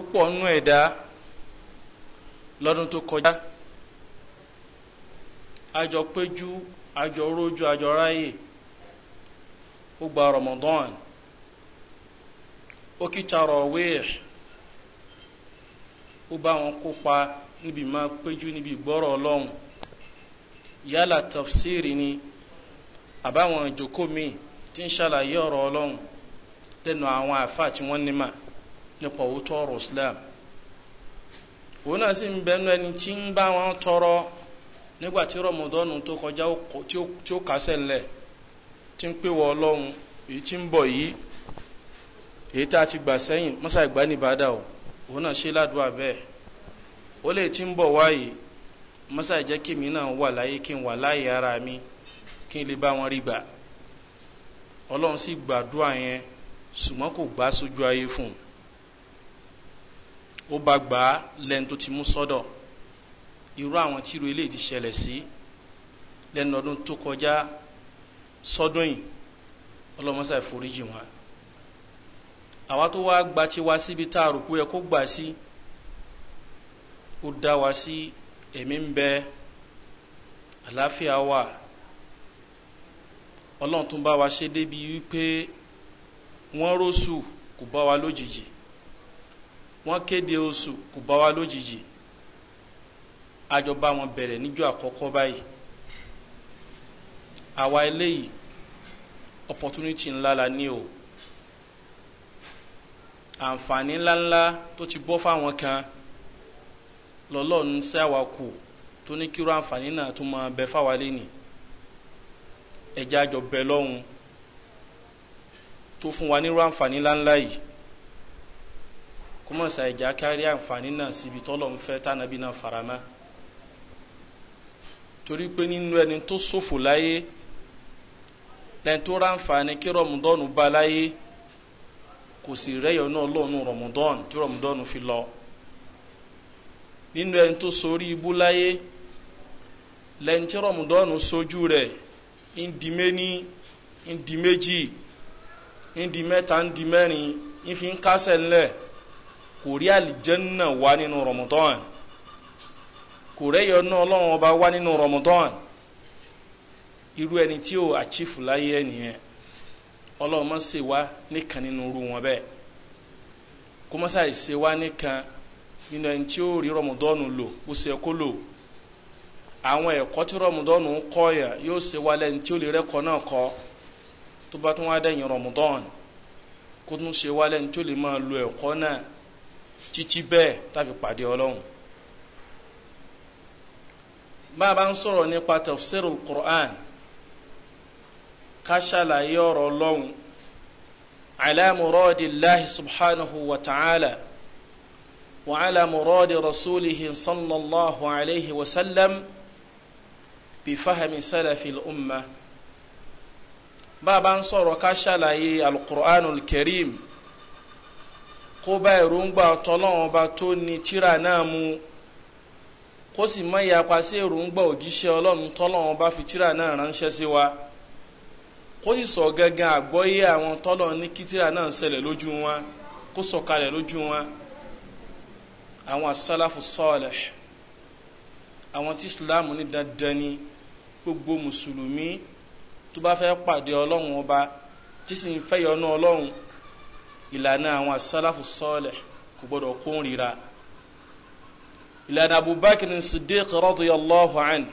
púpọ̀ nú ẹ̀dá lọ́dún tó kọjá àjọ péjú àjọ rójú àjọ ráyè ó gba Ramadan ó kí tarawih ó bá wọn kópa níbi máa péjú níbi ìgbọ́rọ̀ ọlọ́run yálà tafsiri ni àbáwọn ìjókòó mi ti ń ṣàlàyé ọ̀rọ̀ ọlọ́run lẹ́nu àwọn àfáà tí wọ́n ní mà nípa owó tọrọ islam òun náà sì ń bẹnu ẹni tí ń bá wọn tọrọ nígbà tí rọmọdọ́nù tó kọjá tí ó kásẹ̀ ńlẹ̀ tí ń pè wọ ọlọ́run èyí tí ń bọ̀ yìí èyí tá a ti gbà sẹ́yìn mọ́sá ìgbà ní ìbàdà o òun náà ṣe ládùúgbà bẹ́ẹ̀ ó lè ti ń bọ̀ wáyé mọ́sá ìjẹ́ kí mi náà wà láyé kí n wà láyé ara mi kí n lè bá wọn rí gbà ọlọ́run sì gbàdúrà yẹn ṣùgbọ́n kò gbà sójú ayé fún un ó bá gbà á lẹ́nu tó ti mú sọ́dọ̀ irú àwọn tíru eléyìí ti ṣẹlẹ̀ sí lẹ́nu ọdún tó kọjá sọ́dún yìí ọlọ́mọsá ìforíjì wọn àwa tó wá gba tí wá síbi tá a rò pé ẹ kó gbà sí ó dá wa sí ẹ̀mí ń bẹ àlàáfíà wà ọlọ́run tó ń bá wa ṣe débi wípé wọ́n rọ́ṣù kò bá wa lójijì wọ́n kéde oṣù kò bá wa lójijì àjọba wọn bẹ̀rẹ̀ níjọ́ àkọ́kọ́ báyìí àwa eléyìí opportunity ńlá la ní o àǹfààní ńláńlá tó ti bọ́ fáwọn kan lọ́lọ́run sí àwa kù tó ní kíró àǹfààní náà tó máa bẹ fáwa lẹ́nìí ẹ̀jẹ̀ àjọ bẹ lọ́hùn tó fún wa nírú àǹfààní ńláńlá yìí kọmọsa ẹja kárí àǹfààní náà síbi tọ́lọ̀ ń fẹ́ tánàbí náà farama torí pé nínú ẹni tó ṣòfò láyé lẹ́ni tó ráǹfààní kí rọmọdọ́nù bá láyé kò sì rẹ́yọ̀ náà lọ́nu rọmọdọ́nù tí rọmọdọ́nù fi lọ nínú ẹni tó sorí ibú láyé lẹ́ni tí rọmọdọ́nù sojú rẹ̀ ń di méní ń di ń kásẹ̀ ńlẹ̀ kò rí àlìjẹ́nà wá nínú rọ̀mùtọ́n kò rẹ́yọ̀ náà ọlọ́run ọba wá nínú rọ̀mùtọ́n irú ẹni tí ó àchífù láyé ẹnìyẹn ọlọ́run má ṣe wá nìkan nínú irú wọn bẹ́ẹ̀ kó má ṣàì ṣe wá nìkan nínú ẹni tí ó rí rọ̀mùtọ́n lò ó ṣe kó lò àwọn ẹ̀kọ́ tí rọ̀mùtọ́n kọ́ yà yóò ṣe wá lẹ́ni tí ó lè rẹ́kọ̀ọ́ náà kọ́ tó bá tún wá dẹ̀yìn rọ̀mùtọ́n kó tún ṣe wá lẹ́ni tí ó lè máa lo ẹ̀kọ́ náà títí bẹ́ẹ̀ tàbí pàdé ọlọ́run bá a bá ń sọ̀rọ̀ nípa tafsirul Qur'an ká ṣàlàyé ọ̀rọ̀ ọlọ́run ala muradillahi subhanahu wa ta'ala wa ala muradi rasulihi sallallahu alayhi wa sallam bi fahmi salafil ummah bá a bá ń sọ̀rọ̀ ká ṣàlàyé al-Qur'anul Karim kó bá èròǹgbà tọ́lọ́wọ́n ọba tó ní tíra náà mu kó sì má yapa sí èròǹgbà òjíṣẹ́ ọlọ́run tọ́lọ́wọ́n ọba fi tíra náà ránṣẹ́ sí wa kó sì sọ gangan àgbọ́yé àwọn tọ́lọ̀ ní kí tíra náà ṣẹlẹ̀ lójú wọn kó sọ̀kalẹ̀ lójú wọn àwọn asálàfù sọ́ọ̀lẹ̀ àwọn tí ìsìláàmù ní dandan ni gbogbo mùsùlùmí tó bá fẹ́ pàdé ọlọ́run ọba tí sì ń fẹ́ yọnú ọlọ́run ìlànà àwọn asálàfù sọ́ọ̀lẹ̀ kò gbọ́dọ̀ kórìíra ìlànà abubakar siddiq radiyallahu an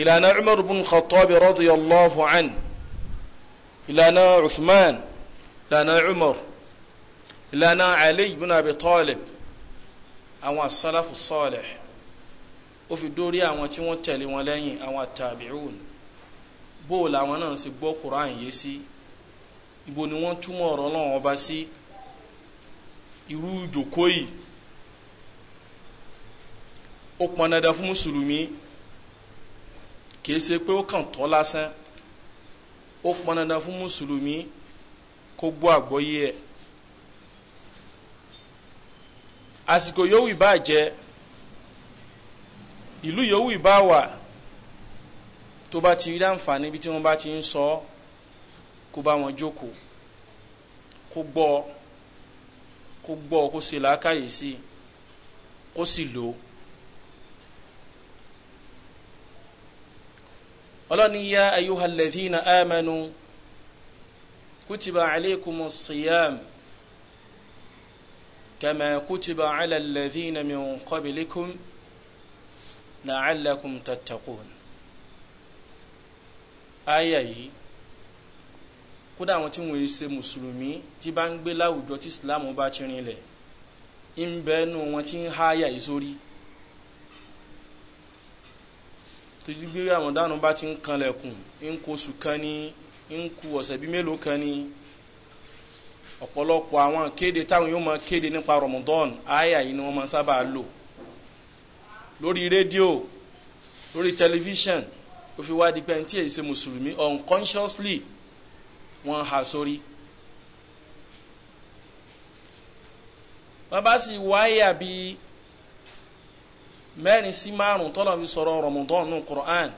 ìlànà umar bin khattabi radiyallahu an ìlànà uthman ìlànà umar ìlànà ali bin abi talib àwọn asálàfù sọ́ọ̀lẹ̀ ó fi dórí àwọn tí wọ́n tẹ̀lé wọn lẹ́yìn àwọn àtàbíùn bóòlù àwọn náà sì gbọ́ kuraani yé sí. Si ibo ni wọ́n túmọ̀ ọ̀rọ̀ náà ọba sí irú ìjòkó yìí ó pọn dandan fún mùsùlùmí kìí ṣe pé ó kàn tọ́ lásán ó pọn dandan fún mùsùlùmí kó gbọ́ àgbọ́yé ẹ̀ àsìkò yòówù ìbá jẹ ìlú yòówù ìbá wà tó bá ti rí àǹfààní bí tí wọ́n bá ti ń sọ ọ́ kó bá wọn jókòó kó gbọ́ kó gbọ́ kó ṣe làákàyè sí kó sì lò ó. ọlọ́ni ya ayuha alladhina amanu kutiba alaykumus siyam kama kutiba ala alladhina min qablikum la'allakum tattaqun. aya yìí kódà àwọn tí wọn ṣe mùsùlùmí tí bá ń gbé láwùjọ tí ìsìláàmù bá ti rinlẹ̀ ń bẹ́ẹ̀nu wọn tí ń háyà ìsórí tójú gbé àwọn dànù bá ti ń kanlẹ̀kùn ń kó oṣù kan ní ń ku ọ̀sẹ̀ bíi mélòó kan ní ọ̀pọ̀lọpọ̀ àwọn kéde táwọn yóò máa kéde nípa rọmọdọ́n àyà yìí ni wọ́n máa sábà lò lórí rédíò lórí tẹlifíṣàn ó fi wá di pé ẹni tí èyí ṣe mùsùlùmí unconsciously. wọn ha sórí. bàbá sì wáyà bíi mẹ́rin sí márùn tọ́lọ̀ fi sọ̀rọ̀ rọ̀mùdán nù Qur'an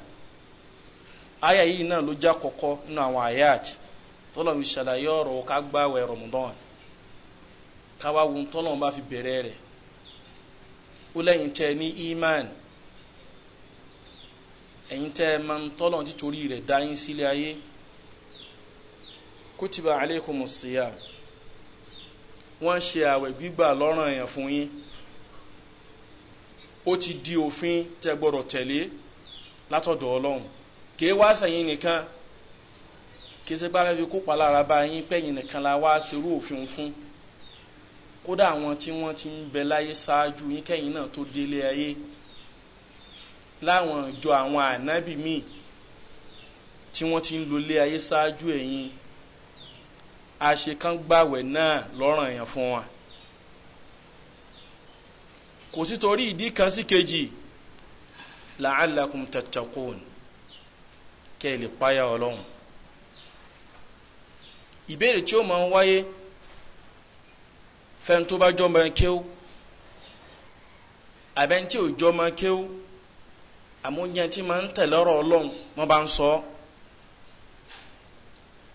àyà yìí náà ló já kọ́kọ́ àwọn àyàt tọ́lọ̀ fi ṣàlàyé ọ̀rọ̀ ká gbààwẹ̀ rọ̀mùdán káwá wù tọ́lọ̀ bá fi bẹ̀rẹ̀ rẹ̀ ó lẹ́yìn tẹ́ ní iman ẹ̀yin tẹ́ máa kutiba aleikum siyam wọ́n ṣe àwẹ̀ gbígbà lọ́ràn èèyàn fún yín ó ti di òfin tẹ́ gbọ́dọ̀ tẹ̀lé látọ̀dọ̀ ọlọ́run kìí wá sẹ́yìn nìkan kìí ṣe bá fẹ́ fi kópa lára bá yín pẹ́yìn nìkan la wá ṣerú òfin fún kódà àwọn tí wọ́n ti ń bẹ láyé ṣáájú yín kẹ́yìn náà tó délé ayé láwọn ìjọ àwọn ànábì míì tí wọ́n ti ń lò lé ayé ṣáájú ẹ̀yìn àṣekángbàwẹ̀ náà lọ́ràn yẹn fún wa kò sí torí ìdí kan sí kejì la'allakum tattaqun kẹ́ ẹ lè páyà ọlọ́run ìbéèrè tí ó máa ń wáyé fẹ́ni tó bá jọmọ kéwú àbẹ́ntí ò jọmọ kéwú àmúyẹn tí máa ń tẹ̀lé ọ̀rọ̀ ọlọ́run wọ́n bá ń sọ ọ́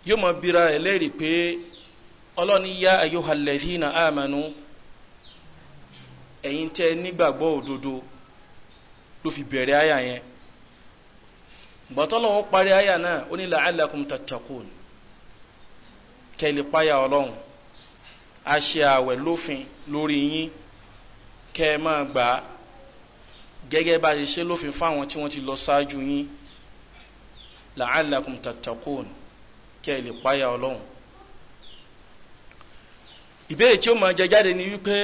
yóò mọ bira ẹ lẹ́rìí pé ọlọ́ni yá ayyuhalladhina amanu ẹ̀yin tẹ́ nígbàgbọ́ òdodo ló fi bẹ̀rẹ̀ àyà yẹn gbọ́tọ́lọ́ wọn parí àyà náà ó ní la'allakum tattaqun kẹ́lí páyà ọlọ́run a ṣe àwẹ̀ lófin lórí yín kẹ́ ẹ máa gbà á gẹ́gẹ́ bá a ṣe ṣe lófin fáwọn tí wọ́n ti lọ ṣáájú yín la'allakum tattaqun kẹ́ ẹ lè páyà ọlọ́run ìbéèrè tí ó máa jẹ jáde ni wípé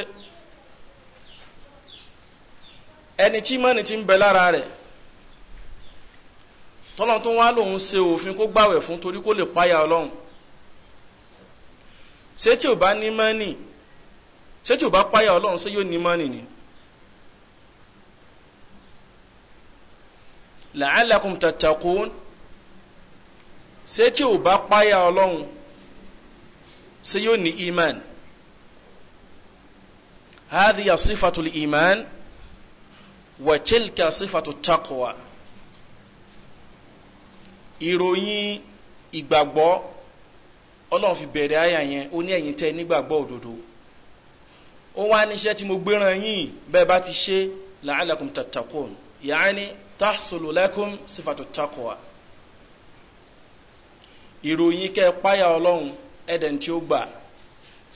ẹni tí mọ́ni ti ń bẹ lára rẹ̀ tọ́lọ́n tó wá lòun ṣe òfin kó gbàwẹ̀ fún torí kó lè páyà ọlọ́run ṣé tí ò bá ní mọ́ni ṣé tí ò bá páyà ọlọ́run ṣé yóò ní mọ́ni ni. la'allakum tattaqun ṣé tí ò bá páyà ọlọ́run ṣé yóò ní iman hadhihi sifatu iman wa tilka sifatu taqwa ìròyìn ìgbàgbọ́ ọlọ́run fi bẹ̀rẹ̀ àyà yẹn ó ní ẹ̀yin tẹ́ nígbàgbọ́ òdodo ó wá níṣẹ́ tí mo gbéra yín bẹ́ẹ̀ bá ti ṣe la'alakum tattaqun ya'ani tahsulu lakum sifatu taqwa ìròyìn kẹ́ páyà ọlọ́run ẹ̀dẹ̀ tí ó gbà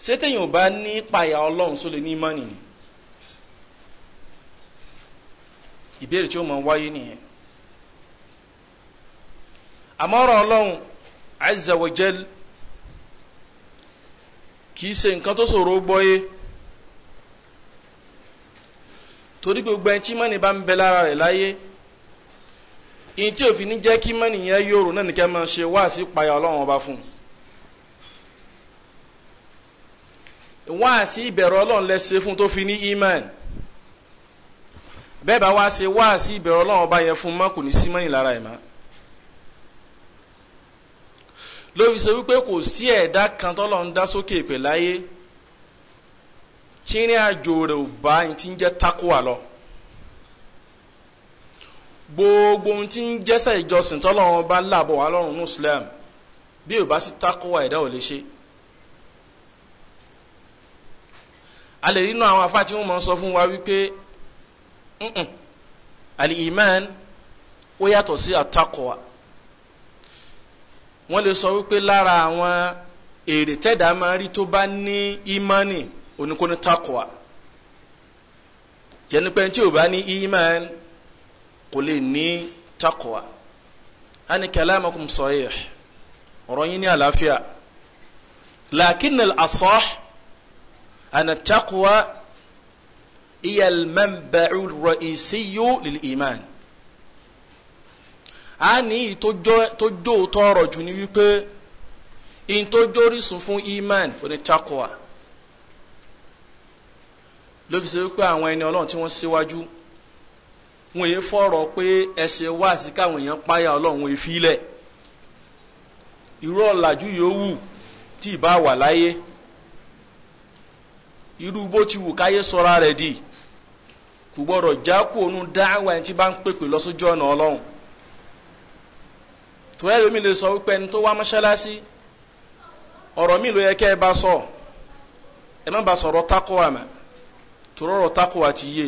sétẹ̀yìn ò bá ní páyà ọlọ́run sólè ní mọ́nì ni ìbéèrè tí ó mọ̀ wáyé nìyẹn àmọ́ ọlọ́run azza wa ṣe nǹkan tó ṣòro gbọ́yé torí gbogbo ẹni tí mọ́nì bá ń bẹ lára rẹ̀ láyé ìyìn tí òfin ní jẹ́ kí mẹ́nìyàn yòrò náà nìkẹ́ máa ṣe wá sí payà ọlọ́run ọba fún un wá sí ìbẹ̀rù ọlọ́run lẹ́sẹ̀ fún tó fi ní imán bẹ́ẹ̀ bá wá sí wá sí ìbẹ̀rù ọlọ́run ọba yẹn fún mọ́ kò ní sí mẹ́yìn lára ẹ̀ mọ́ lórí sọ wípé kò sí ẹ̀dá kan tọ́lọ́ ń dá sókè ìpè láyé àjò rẹ̀ ò bá ẹni tí ń jẹ́ tákùwà lọ gbogbo ohun tí ń jẹ́sẹ̀ ìjọsìn tọ́lọ́run bá làbọ̀ wá lọ́rùn ní islam bí ò bá sì takọ́wà ẹ̀dá ò lè ṣe. a lè rí inú àwọn afá tí wọ́n máa ń sọ fún wa wípé al-iman ó yàtọ̀ sí àtakọ̀wà wọ́n lè sọ wípé lára àwọn èrè tẹ́dá máa rí tó bá ní imani oníkóní takọ̀wà yẹnni pé tí ò bá ní imani kò lè ní takwa ani kalamakum sahih ọ̀rọ̀ yín ní àlàáfíà lakin al-asah ana takwa iya al-manba'u ar-ra'isiyyu lil-iman a ní ìtójó tọrọ jù ní wípé ìtójórísùn fún iman oní takwa ló fi ṣe wípé àwọn ẹni ọlọ́run tí wọ́n síwájú. Si wọn yìí fọ̀rọ̀ pé ẹsẹ̀ wá sí káwọn èèyàn páyà ọlọ́run èéfì lẹ̀ irú ọ̀làjú yòówù tí ì bá wà láyé irú bó ti wù káyé sọra rẹ̀ di kò gbọ́dọ̀ já kó onú dáhùn ẹni tí bá ń pèpè lọ́sọ́jọ́ ọ̀nà ọlọ́run tó ẹ lómi lè sọ wípé ẹni tó wá mọ́ṣáláṣí ọ̀rọ̀ mi ló yẹ kẹ́ ẹ bá sọ ẹ má bá sọ̀rọ̀ tako àmà tó rọrọ̀ tako àti yé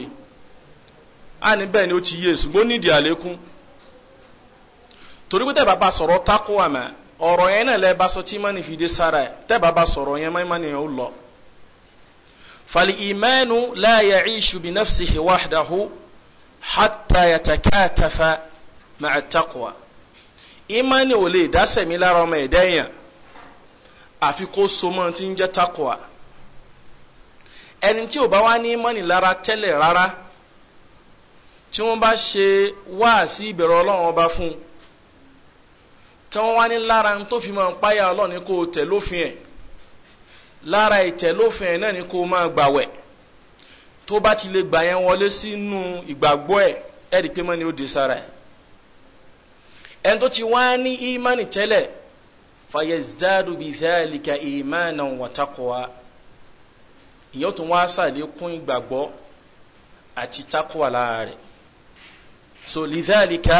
á ní bẹ́ẹ̀ ni ó ti yé e, ṣùgbọ́n nídìí àlékún torí pé tẹ́ bàbá sọ̀rọ̀ tako àmọ́ ọ̀rọ̀ yẹn náà lẹ́ bá sọ tí mánì fìdí sára ẹ̀ tẹ́ bàbá sọ̀rọ̀ yẹn mánì mánì yẹn ó lọ. فالإيمان لا يعيش بنفسه وحده حتى يتكاتف مع التقوى ìmánì ò lè dá sẹ̀mí lára ọmọ ẹ̀dá èèyàn àfi kó so mọ́ tí ń jẹ́ takwa ẹni tí ò bá wá ní ìmánì lára tẹ́lẹ̀ rárá tí wọ́n bá ṣe wáàsí ìbẹ̀rù ọlọ́run ọba fún un tí wọ́n wá ní lára tó fi máa ń páyà ọlọ́run ni kó o tẹ̀ lófin ẹ̀ lára ìtẹ̀ lófin ẹ̀ náà ni kó o máa gbàwẹ̀ tó bá ti lè gbà yẹn wọlé sínú ìgbàgbọ́ ẹ̀ ẹ̀ pé mọ́ ó de sára ẹ̀ ẹni tó ti wá ní ìmánì tẹ́lẹ̀ fayazdadu bidhalika imanan wa ìyẹn ó wá sàlékún ìgbàgbọ́ àti taqwa lára rẹ̀ so lidhalika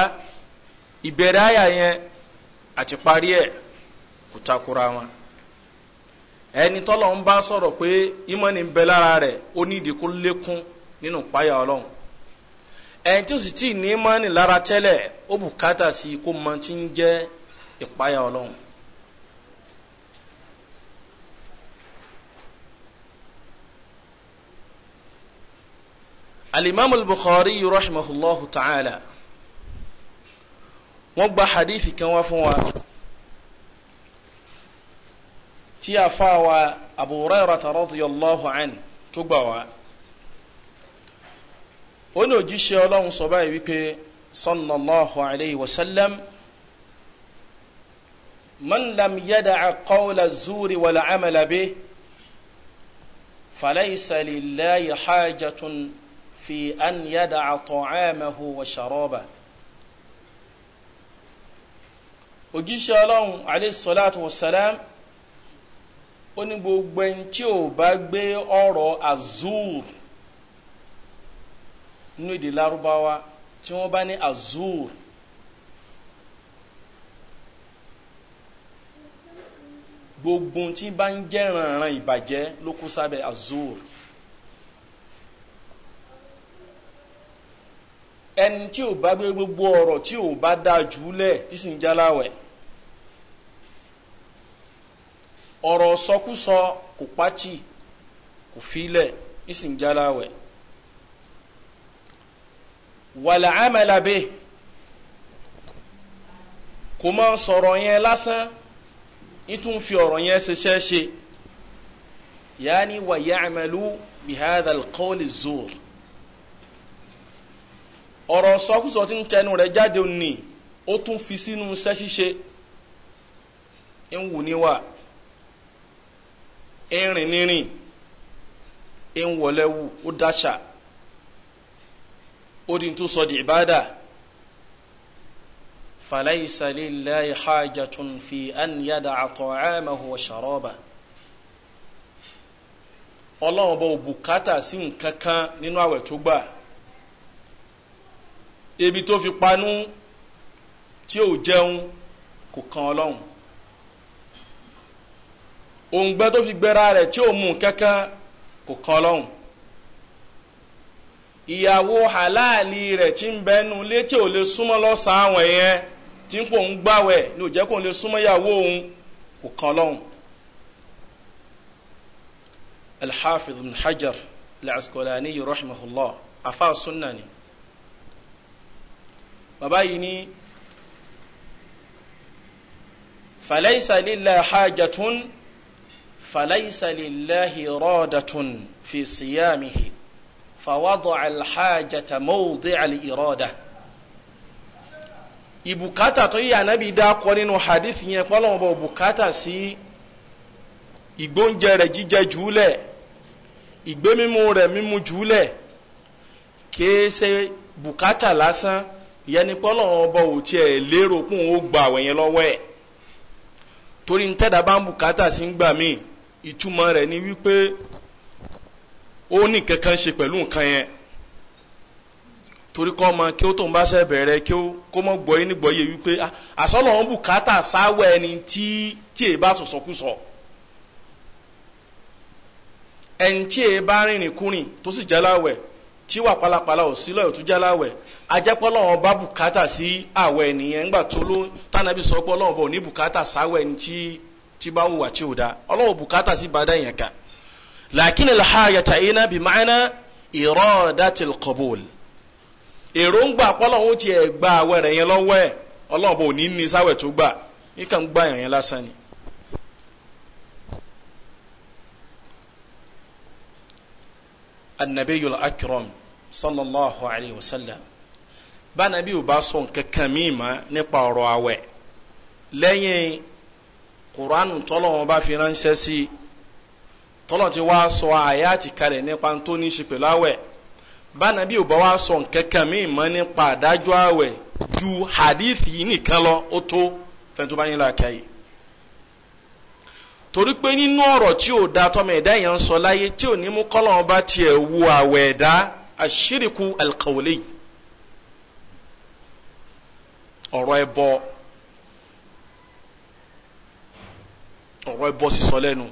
ìbẹ̀rẹ̀ àyà yẹn àti parí ẹ̀ kò takura wọn ẹni tọ́lọ̀ ń bá sọ̀rọ̀ pé ìmọ̀ni ń bẹ lára rẹ̀ ó ní ìdí kó lékún nínú páyà ọlọ́run ẹni tí ó sì tí ì ní ìmọ̀ni lára tẹ́lẹ̀ ó bùkátà sí ti ń jẹ́ ìpáyà ọlọ́run الإمام البخاري رحمه الله تعالى وقبع حديث كما فوا تيا فاوى أبو هريرة رضي الله عنه تقبوا ono jíṣẹ́ ọlọ́run sọ báyìí wípé sallallahu alayhi wa sallam man lam yadaca qawla zuuri wala camala bih falaysa lillahi xaajatun في أن يدع طعامه وشرابه òjíṣẹ́ ọlọ́run aleṣọ́láàtù wasalam ó ní gbogbo ẹni tí ò bá gbé ọ̀rọ̀ azur nínú èdè lárúbáwá tí wọ́n bá ní azur gbogbo tí bá ń jẹ́ rànràn ìbàjẹ́ ló kó sábẹ́ azur ẹni tí ò bá gbé gbogbo ọ̀rọ̀ tí ò bá dáa jù ú lẹ̀ tí sì ń jáláwẹ̀ ọ̀rọ̀ sọkúsọ kò pátì kò filẹ̀ tí sì ń jáláwẹ̀ wàlà àmàlàbẹ̀ kò máa sọ̀rọ̀ yẹn lásán ìtún fi ọ̀rọ̀ yẹn ṣiṣẹ́ ṣe yaani wàyà àmàlú bihadal kọ́ọ̀lì zoro ọ̀rọ̀ sọkúsọ tí ń tẹnu rẹ̀ jáde ní ó tún fi sínú iṣẹ́ ṣíṣe ń wù níwà ń rìn nírìn ń wọlé wù ó dáṣà ó di tó sọ di ìbádà falaysa lillahi hajatun fi an yada'a ta'amahu wa sharabahu ọlọ́run bùkátà sí nǹkan kan nínú àwẹ̀ tó gbà ebi tó fi panú tí ò jẹun kò kan ọlọ́run òǹgbẹ tó fi gbẹra rẹ̀ tí ò mú kankan kò kan ọlọ́run ìyàwó halali rẹ̀ tí ń bẹnu ilé tí ò lè súnmọ́ lọ́sàn-án àwọn yẹn tí ń pò ń gbàwẹ̀ ni ò jẹ́ kó lè súnmọ́ ìyàwó òun kò kan ọlọ́run. alḥafiz ibn hajar al-asqalani rahimahullah afa sunnani bàbá yìí ní falaysa lillahi hajatun falaysa lillahi iradatun fi siyamihi fawada'a alhajata mawdi'a alirada ìbùkátà tó yí ànábì dákọ nínú hadith yẹn pọ́lọ́wọ́n bọ̀ bùkátà Si, ìgbóúnjẹ rẹ̀ jíjẹ jùúlẹ̀ ìgbé mímu rẹ̀ mímu jùúlẹ̀ kìí ṣe ìyẹn ni pé ọlọ́run ọba ò tiẹ̀ lérò pé òun ó gba àwẹ̀ yẹn lọ́wọ́ ẹ̀ torí ntẹ́dá bá ń bùkátà sí ń gbà mí ìtumọ̀ rẹ̀ ni wípé ó ní kankan ṣe pẹ̀lú nǹkan yẹn torí kọ́ ọmọ kí ó tó ń bá ṣe bẹ̀rẹ̀ kí ó kó mọ̀ gbọ́ yín nígbọ́ yé wípé ah, àsọ̀lọ̀ ń bùkátà sáwọ́ ẹni tí tí èyí bá sọ̀sọ̀kúsọ ẹni tí èyí bá rìnrìn kúrìn tó sì jẹ́ láwẹ̀ tí wà pálapàla ò sílẹ̀ ò tún jáláwẹ̀ ajẹ́pọ́lọ́ wọn bá bùkátà sí àwẹ̀ nìyẹn ńgbà tó ló tànàbí sọ pé ọlọ́wọ́n bọ̀ ní bùkátà sáwẹ̀ ní tí tí bá wù wá tí ò da ọlọ́wọ́n bùkátà sí bàdá yẹn kan. làkínní làhàyàtà iná bí màánà ìrọ́ọ̀dátìl kọ̀bọ̀l. èròǹgbà pọ́lọ́wọ́n ti ẹ̀ gba àwẹ̀ rẹ̀ yẹn lọ́wọ́ ẹ̀ ọlọ́wọ́n bọ̀ ní ní sáwẹ̀ tó gbà النبي الأكرم صلى الله عليه وسلم bánabi ò bá sọ nǹkan لين قرآن mọ́ nípa ọ̀rọ̀ àwẹ̀ lẹ́yìn kuranu tọ́lọ́wọ́n bá fi ránṣẹ́ sí tọ́lọ́ ti wá sọ àyátì kalẹ̀ nípa tó ní í ṣe pẹ̀lú àwẹ̀ bánabi ò bá wá sọ nǹkan kan míì mọ́ nípa ju hadith yìí nìkan lọ ó tó fẹ́ẹ́ tó bá yín láàkàyè torí pé nínú ọ̀rọ̀ tí ò da tọmọ ẹ̀dá yẹn ń sọ láyé tí ò ní mú kọ́lọ́n bá tiẹ̀ wu àwẹ̀ ẹ̀dá àṣírìkù alqawli ọ̀rọ̀ ẹbọ ọ̀rọ̀ ẹbọ sísọ lẹ́nu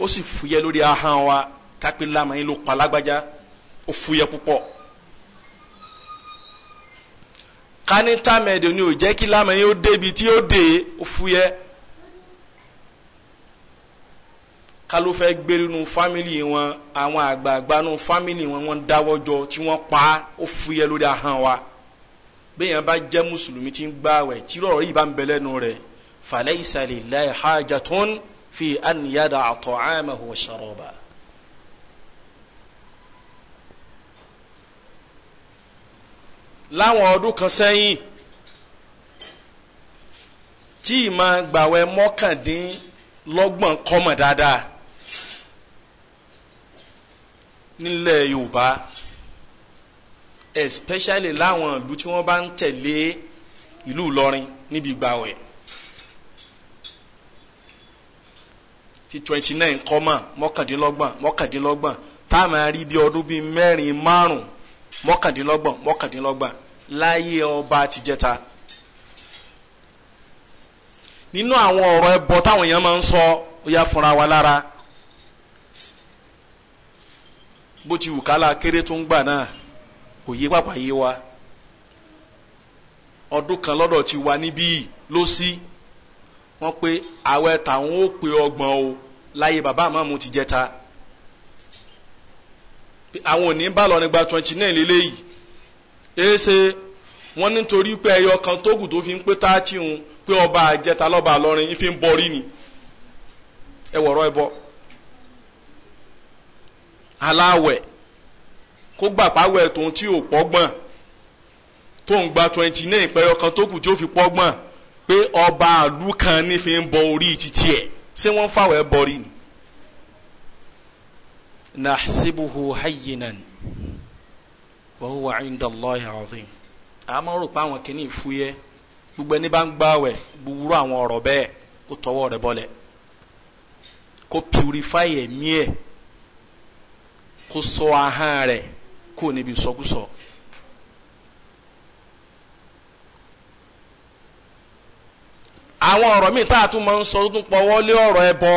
ó sì fúyẹ́ lórí ahọ́n wa kápẹ́ lámàá ló pa lágbájá ó fúyẹ́ púpọ̀ kánítàmẹ́dẹ̀ ni ò jẹ́ kí lámàá yóò débi tí ó dé ó fúyẹ́. kálọ́ fẹ́ gbérí nu fámìlì wọn àwọn àgbààgbà nu fámìlì wọn wọn dáwọ́jọ tí wọ́n pa ó fúyẹ́ lórí ahọ́n wa bẹ́ẹ̀yàn bá jẹ́ mùsùlùmí tí ń gbààwẹ̀ tí rọ̀rọ̀ yìí bá ń bẹ lẹ́nu rẹ̀ falaysa lillahi hajatun fi an yada'a ta'amahu wa sharabahu. láwọn ọdún kan sẹ́yìn tí ìmọ̀ gbàwẹ̀ mọ́kàndínlọ́gbọ̀n kọ́mọ̀ dáadáa nílẹ̀ yorùbá especially láwọn ìlú tí wọ́n bá ń tẹ̀lé ìlú ìlọrin níbi ìgbàwẹ̀ ti twenty nine kọ́mà mọ́kàndínlọ́gbọ̀n mọ́kàndínlọ́gbọ̀n tá a máa rí bí ọdún bíi mẹ́rin márùn mọ́kàndínlọ́gbọ̀n mọ́kàndínlọ́gbọ̀n láyé ọba àtijẹ́ta nínú àwọn ọ̀rọ̀ ẹbọ táwọn èèyàn máa ń sọ ó yá fúnra wa lára. bó ti wù kálá kéré tó ń gbà náà kò yé wa ọdún kan lọ́dọ̀ ti wà níbí ló sí wọ́n pé àwẹ̀ tàwọn ó pe ọgbọ̀n o láyé bàbá àmọ́mu ti jẹta àwọn òní bá lọ nígbà twenty nine lélẹ́yìí wọ́n nítorí pé ẹyọ kan fi ń pé táàtì pé ọba àjẹta lọ́ba àlọ́rin ni ẹ wọ̀rọ̀ ẹ aláwẹ̀ kó gbà pàwẹ̀ tóun tí ò pọ́gbọ̀n tóun gba twenty nine pẹ̀lú ọkàn tó kù tí ó fi pọ́gbọ̀n pé ọba àlú kan nífi ń bọ orí títí ẹ̀ ṣé wọ́n fàwẹ̀ bọrí ni. nahsibuhu hayyinan wa huwa inda Allahi azim àmọ́ rò pé àwọn kìíní fúyẹ́ gbogbo ẹni bá ń gbààwẹ̀ gbúgbúrú àwọn ọ̀rọ̀ bẹ́ẹ̀ kó tọwọ́ rẹ̀ bọlẹ̀ kó purify ẹ̀mí ẹ̀ kó sọ ahọ́n rẹ̀ kó níbi sọkúsọ. àwọn ọ̀rọ̀ míì tá a tún máa ń sọ tún pọ̀wọ́ lé ọ̀rọ̀ ẹbọ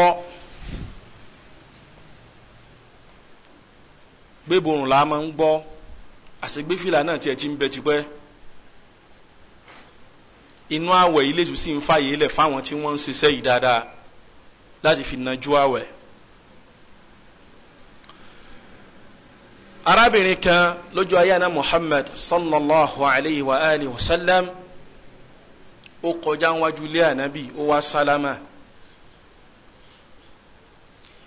gbéborùn là á máa ń gbọ́ àṣegbéfìlà náà tiẹ̀ ti ń bẹ tipẹ́ inú àwẹ̀ ilé ìtúsí ń fàyè lẹ̀ fáwọn tí wọ́n ń ṣiṣẹ́ yìí dáadáa láti fi najú àwẹ̀. arábìnrin kan lójú ayé àná Muhammad sallallahu alayhi wa alihi wa sallam ó kọjá wájú ilé ànábì ó wá sálámà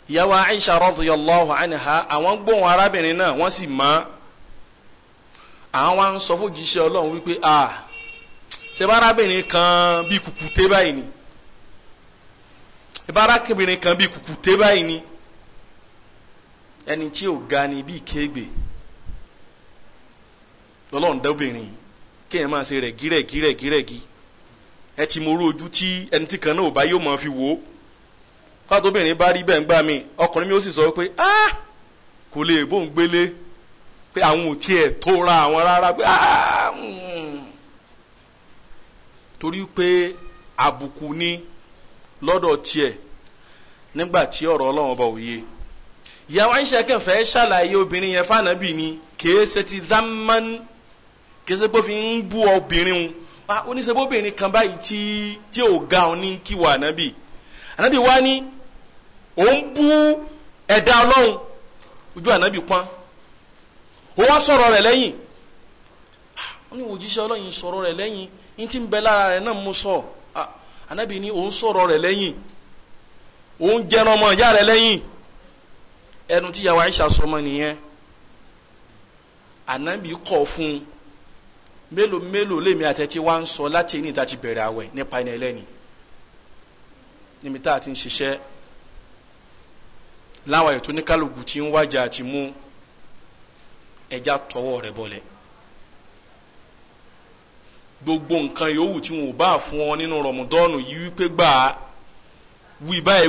ìyá wa Aisha radiyallahu anha àwọn gbóhùn arábìnrin náà wọ́n sì mọ̀ àwọn wa ń sọ fún jíṣẹ́ Ọlọ́run wípé a ṣe bá arábìnrin kan bíi kùkùté báyìí ni ìbárakìnrin kan bíi kùkùté báyìí ni ẹni tí ò ga ni bíi kéègbè lọ́lọ́run dẹ́bìnrin kéèyàn máa ṣe rẹ̀gí rẹ̀gí rẹ̀gí rẹ̀gí ẹ ti morú ojú tí ẹni tí kan náà ò bá yóò máa fi wò ó káàtóbìnrin bá rí bẹ́ẹ̀ ń gbà mí ọkùnrin mi ó sì sọ pé ah kò lè bóun gbélé pé àwọn ò tiẹ̀ tóra àwọn rárá pé ah torí pé àbùkù ni lọ́dọ̀ tiẹ̀ nígbà tí ọ̀rọ̀ ọlọ́run ọba òye. ya àyíṣà kàn ṣàlàyé obìnrin yẹn anabi ni kìí ti dámán kìí ṣe fi ń bú obìnrin o oníṣẹ́bóbìnrin kan báyìí tí tí ò ga ọ ní kíwà wa ni wá ní bú ẹ̀dá ọlọ́run ojú ànábì pọ́n ó wá sọ̀rọ̀ rẹ̀ lẹ́yìn ó ní òjíṣẹ́ ọlọ́yin sọ̀rọ̀ rẹ̀ lẹ́yìn ní tí ń bẹ lára rẹ̀ náà mo sọ ah, sọ̀rọ̀ rẹ̀ lẹ́yìn ẹnu tí yàwó Aisha sọmọ nìyẹn anabi kọ fún mélòó mélòó lèmi àtẹ̀tí wa ń sọ láti ní ìdájí bẹ̀rẹ̀ àwẹ̀ nípa ẹni ẹlẹ́ni níbi tá a ti ń ṣiṣẹ́ láwọn ètò oníkálukú tí ń wájà àti mú ẹja tọwọ́ rẹ̀ bọ̀lẹ̀ gbogbo nǹkan yòówù tí wọn ò bá fún ọ nínú rọmọdọ́ọ̀nù yìí wípé gbà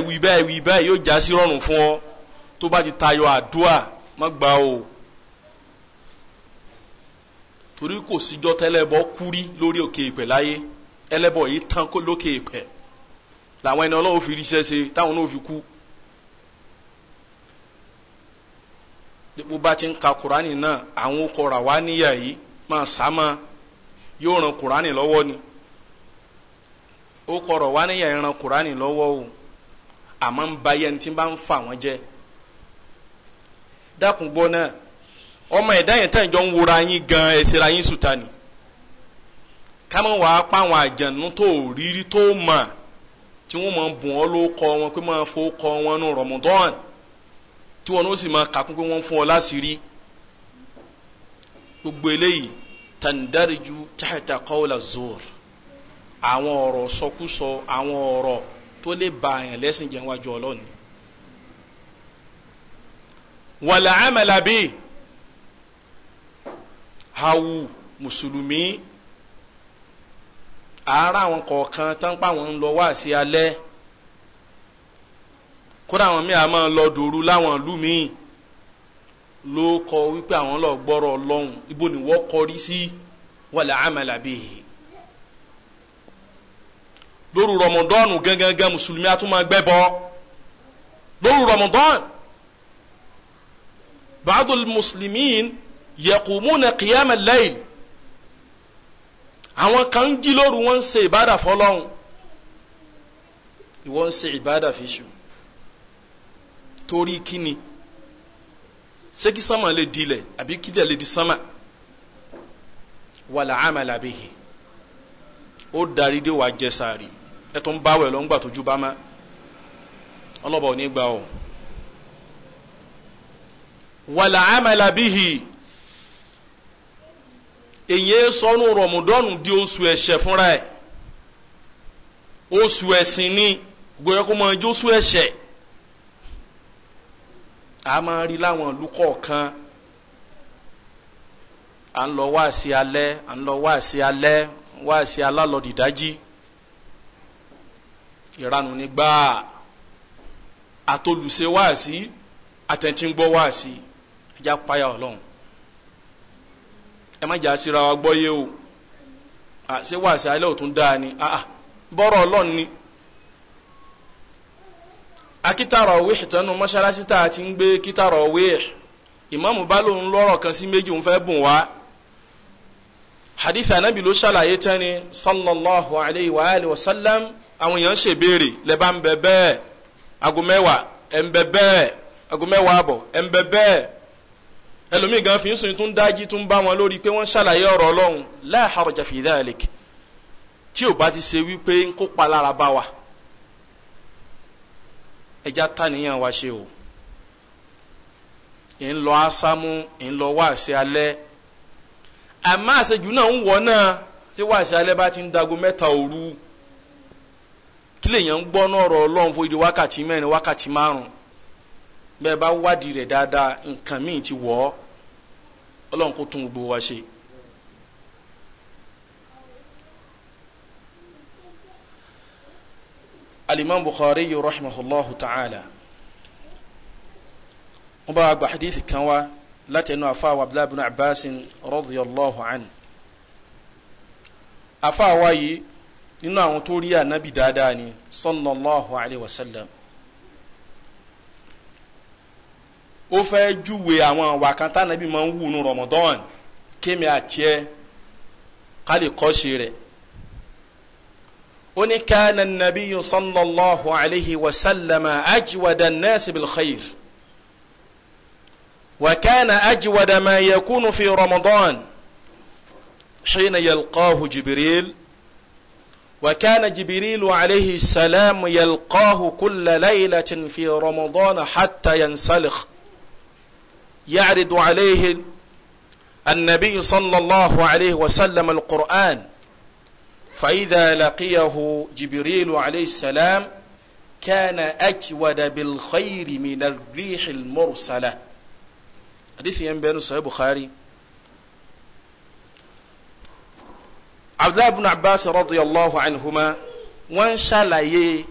wí báyìí wí yóò já sí rọrùn fún ọ tó bá ti tayọ àdúà má gbà o torí kò síjọ tẹlẹbọ kúrí lórí òkè ìpẹ́ láyé ẹlẹ́bọ yìí tán kó lókè ìpẹ́ làwọn ẹni Ọlọ́run fi ríṣẹ́ ṣe táwọn náà fi kú. bó bá ti ń ka kurani náà àwọn okọ rà wá níyà yìí máa sá máa yóò ran kurani lọ́wọ́ ni ó kọrọ̀ wá níyà ìran kurani lọ́wọ́ o àmọ́ ń ba yẹn tí bá ń fa wọn jẹ́ dákun gbọ́ náà ọmọ ẹ̀dá yẹn tẹ̀ ń jọ ń wura yín gan ẹ̀sẹ̀ ra yín sùtà ni kámọ́ wàá pa àwọn àjànú tó rírí tó mà tí wọ́n máa bùn ọ́ ló kọ́ wọn pé máa fọ́ kọ́ wọn nù rọ̀mùdọ́n tí wọn ó sì máa kàkún pé wọ́n fún ọ láṣìírí gbogbo eléyìí tandariju tahta qawla zur àwọn ọ̀rọ̀ sọkúsọ àwọn ọ̀rọ̀ tó lè ba lẹ́sìn jẹ́ wájú ọlọ́ni wàlà amalabe hawu mùsùlùmí ara àwọn kọ̀ọ̀kan tán pa àwọn ń lọ wá sí alẹ́ kódà àwọn míì a máa lọ dòru láwọn ìlú míì ló kọ wípé àwọn lọ gbọ́rọ̀ ọlọ́run ibo ni wọ́n kọrí sí wàlà amalabe yìí lóru rọmọdọ́ọ̀nù gángan gán mùsùlùmí a tún máa gbẹ́ bọ́ lóru rọmọdọ́ọ̀nù. بعض المسلمين يقومون قيام الليل àwọn kan ń jí lóru wọn ń ṣe ìbádà fọ́lọ́run ìwọ ń ṣe ìbádà fíṣù torí kíni ṣé kí sánmà lè dilẹ̀ àbí kílẹ̀ lè di sánmà wàlà àmàlà bìhì ó darí dé wàá jẹ sàárì ẹ tó ń báwẹ̀ lọ ń gbà tójú bá má ọlọ́ba ò ní gbà ọ́ wàlà àmàlà bíhì èyí sọnù rọmùdọ́nù di oṣù ẹ̀ṣẹ̀ fúnra ẹ̀ oṣù ẹ̀sìn ni gbọ́dọ̀ kó máa jó oṣù ẹ̀ṣẹ̀ a máa rí láwọn ìlú kọ̀ọ̀kan à ń lọ wáàsí alẹ́ à ń lọ wáàsí alẹ́ wáàsí alálọ́dìdájí ìranù ni gbáà àtolùṣe wáàsí àtẹ̀tí ń gbọ́ wáàsí ẹjá payà ọlọ́run ẹ má jà síra wa gbọ́ yé o ṣé wàásù alẹ́ òtún dáa ni bọ́rọ̀ ọlọ́run ni akítàrọ̀ wíì tẹnu mọ́ṣáláṣí tá a ti ń gbé kítàrọ̀ wíì ìmáàmù bá lóun lọ́rọ̀ kan sí méjì òun fẹ́ bùn wá hadith anabi ló ṣàlàyé tẹ́ni sallallahu alayhi wa alayhi wa sallam àwọn èèyàn ń ṣèbéèrè lẹ́bàá ń bẹ bẹ́ẹ̀ aago mẹ́wàá ń bẹ bẹ́ẹ̀ aago mẹ́wàá àbọ̀ ń bẹ bẹ́ẹ̀ ẹlòmíì gan fi ń sùn tún dájí tún bá wọn lórí pé wọ́n ṣàlàyé ọ̀rọ̀ ọlọ́run la haraja fi dhalik tí ò bá ti ṣe wípé ń kópa lára bá wa ẹja tàníyàn wa ṣe o ń lọ ásámú ń lọ wáàsí alẹ́ àmọ́ àṣejù náà ń wọ̀ náà tí wáàsí alẹ́ bá ti ń dago mẹ́ta òru kí lèèyàn ń gbọ́ náà ọ̀rọ̀ ọlọ́run fún ìdí wákàtí mẹ́rin wákàtí márùn bẹ́ẹ̀ bá wádìí rẹ̀ dáadáa nǹkan míì ti wọ̀ ọ́ ọlọ́run kó tún gbogbo wa ṣe. alimami bukhari yi rahmatulahu ta'ala wọn bá gba hadith kan wá láti ẹnu afa wa abdullahi bin abbas radiyallahu an afa wa yìí nínú àwọn tó rí ànábì dáadáa ni sallallahu alayhi wa sallam. ó fẹ́ júwe àwọn àwà kan tánàbí máa ń wù nù Ramadan kémi àtiẹ́ ká lè kọ́ṣe rẹ̀. ó ní kana nabiyyu sallallahu alayhi wa sallama ajwada an-nas bil khair wa kana ajwada ma yakunu fi Ramadan hina yalqahu Jibril وكان جبريل عليه السلام يلقاه كل ليلة في رمضان حتى ينسلخ يعرض عليه النبي صلى الله عليه وسلم القرآن فإذا لقيه جبريل عليه السلام كان أكود بالخير من الريح المرسلة حديث ينبين صحيح بخاري عبد الله بن عباس رضي الله عنهما وان شاء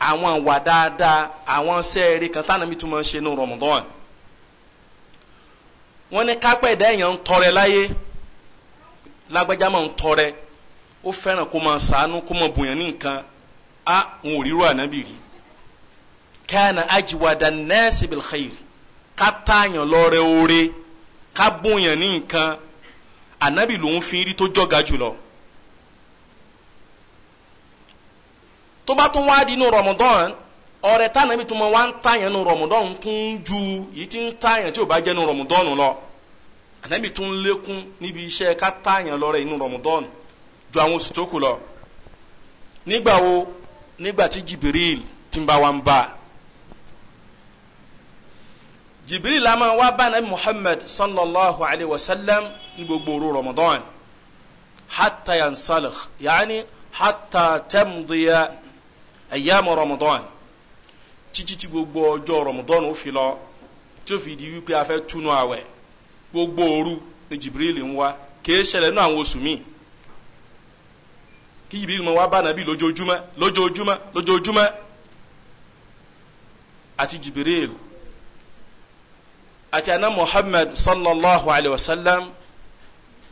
àwọn àwà dáadáa àwọn sẹ́ẹ̀rí kan tánàmì tó máa ń ṣe Ramadan wọ́n ní kápẹ́ ẹ̀dá èèyàn ń tọrẹ láyé lágbájá máa ń tọrẹ ó fẹ́ràn kó máa sàánú kó máa bùyàn ní nǹkan á wọn ò ríru ànábì rí kana ajiwada nẹ́ẹ̀sì bil khair ká tààyàn lọ́rẹ oore ká bùyàn ní nǹkan ànábì lòún fi rí tó jọ̀ga jùlọ. tó bá tún wá di inú Ramadan ọrẹ tá nàbí tó mọ wá ń tàyàn nu rọmọdọ́n tún ju yìí ti ń tàyàn tí ò bá jẹ́ nu rọmọdọ́n lọ ànábì tún lékún níbi iṣẹ́ ká tàyàn lọ́rẹ̀ inú rọmọdọ́n ju àwọn oṣù tó kù lọ. nígbà wo nígbà tí Jibril ti ń bá wa ń bá Jibril la wá bá nàbí Muhammad sallallahu alayhi wa sallam ní gbogbo òru rọmọdọ́n hatta yaani hatta tamdiya rọmọdọ́n títí tí gbogbo ọjọ́ rọmọdọ́nù ó fi lọ tí ó fi di wípé a túnú àwẹ̀ gbogbo òru ni Jibril ń wá kìí ṣẹlẹ̀ nínú àwọn oṣù míì kí Jibril máa wá bá nàbí lójoojúmọ́ lójoojúmọ́ lójoojúmọ́ àti Jibril àti àná Muhammad sallallahu alayhi wa sallam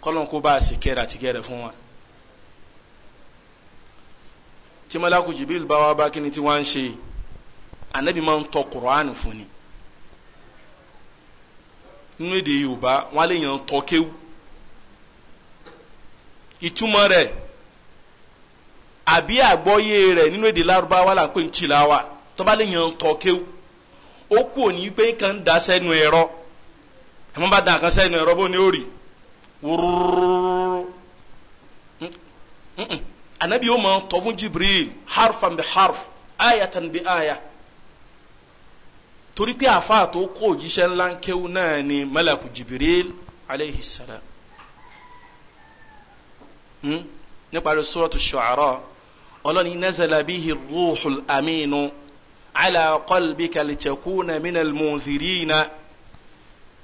kọlọ́n kó bá a sì kẹ́rẹ́ àti kẹ́rẹ́ fún wa tí malaku bá wa bá kí ni tí wọ́n ń ṣe yìí. anabi máa ń tọ kùránì ni nínú èdè yorùbá wọn lè yàn tọ kéwù ìtumọ̀ rẹ̀ àbí àgbọ́yé rẹ̀ nínú èdè lárúbáwá là ń pè ní tìláwà wa bá lè yàn tọ kéwù ó kú òní pé kàn bá kan sẹ́nu ẹ̀rọ bó ni ó rì wúrúrúrú anabi yóò máa fún jibril harfan bi harf ayatan bi ayah. torí pé àáfàá tó kó òjíṣẹ́ ńlá ń kéwú náà ni malaku jibril aleyhi salam hmm? nípa rẹ̀ suratu shu'ara ọlọ́ni nazala bihi ruhul aminu ala qalbika litakuna minal munzirina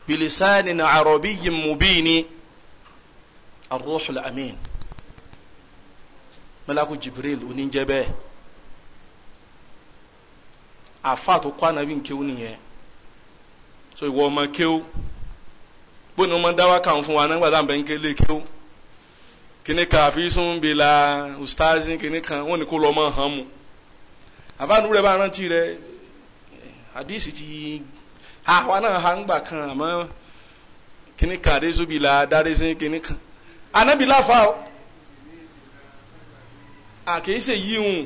bilisanin arabiyyin mubini ruhul amin malaku jibril oníjẹ́ àfa tó kọ́ anabi nkéwù nìyẹn so ìwọ ma kéwù bóni wọn dá wákà fún wa nígbà tá à ń bẹ ń kélé kéwù kíní kan àfisùn bìlà ustazin kíní kan wọn ni kó lọ́ọ́ mọ́ hàn mu àbánu rẹ bá rántí rẹ àdìsí ti àwa náà ha ń gbà kan àmọ́ kíní kan àdìsí bìlà dárísí kíní kan anabi láfa àkèésè yíhun.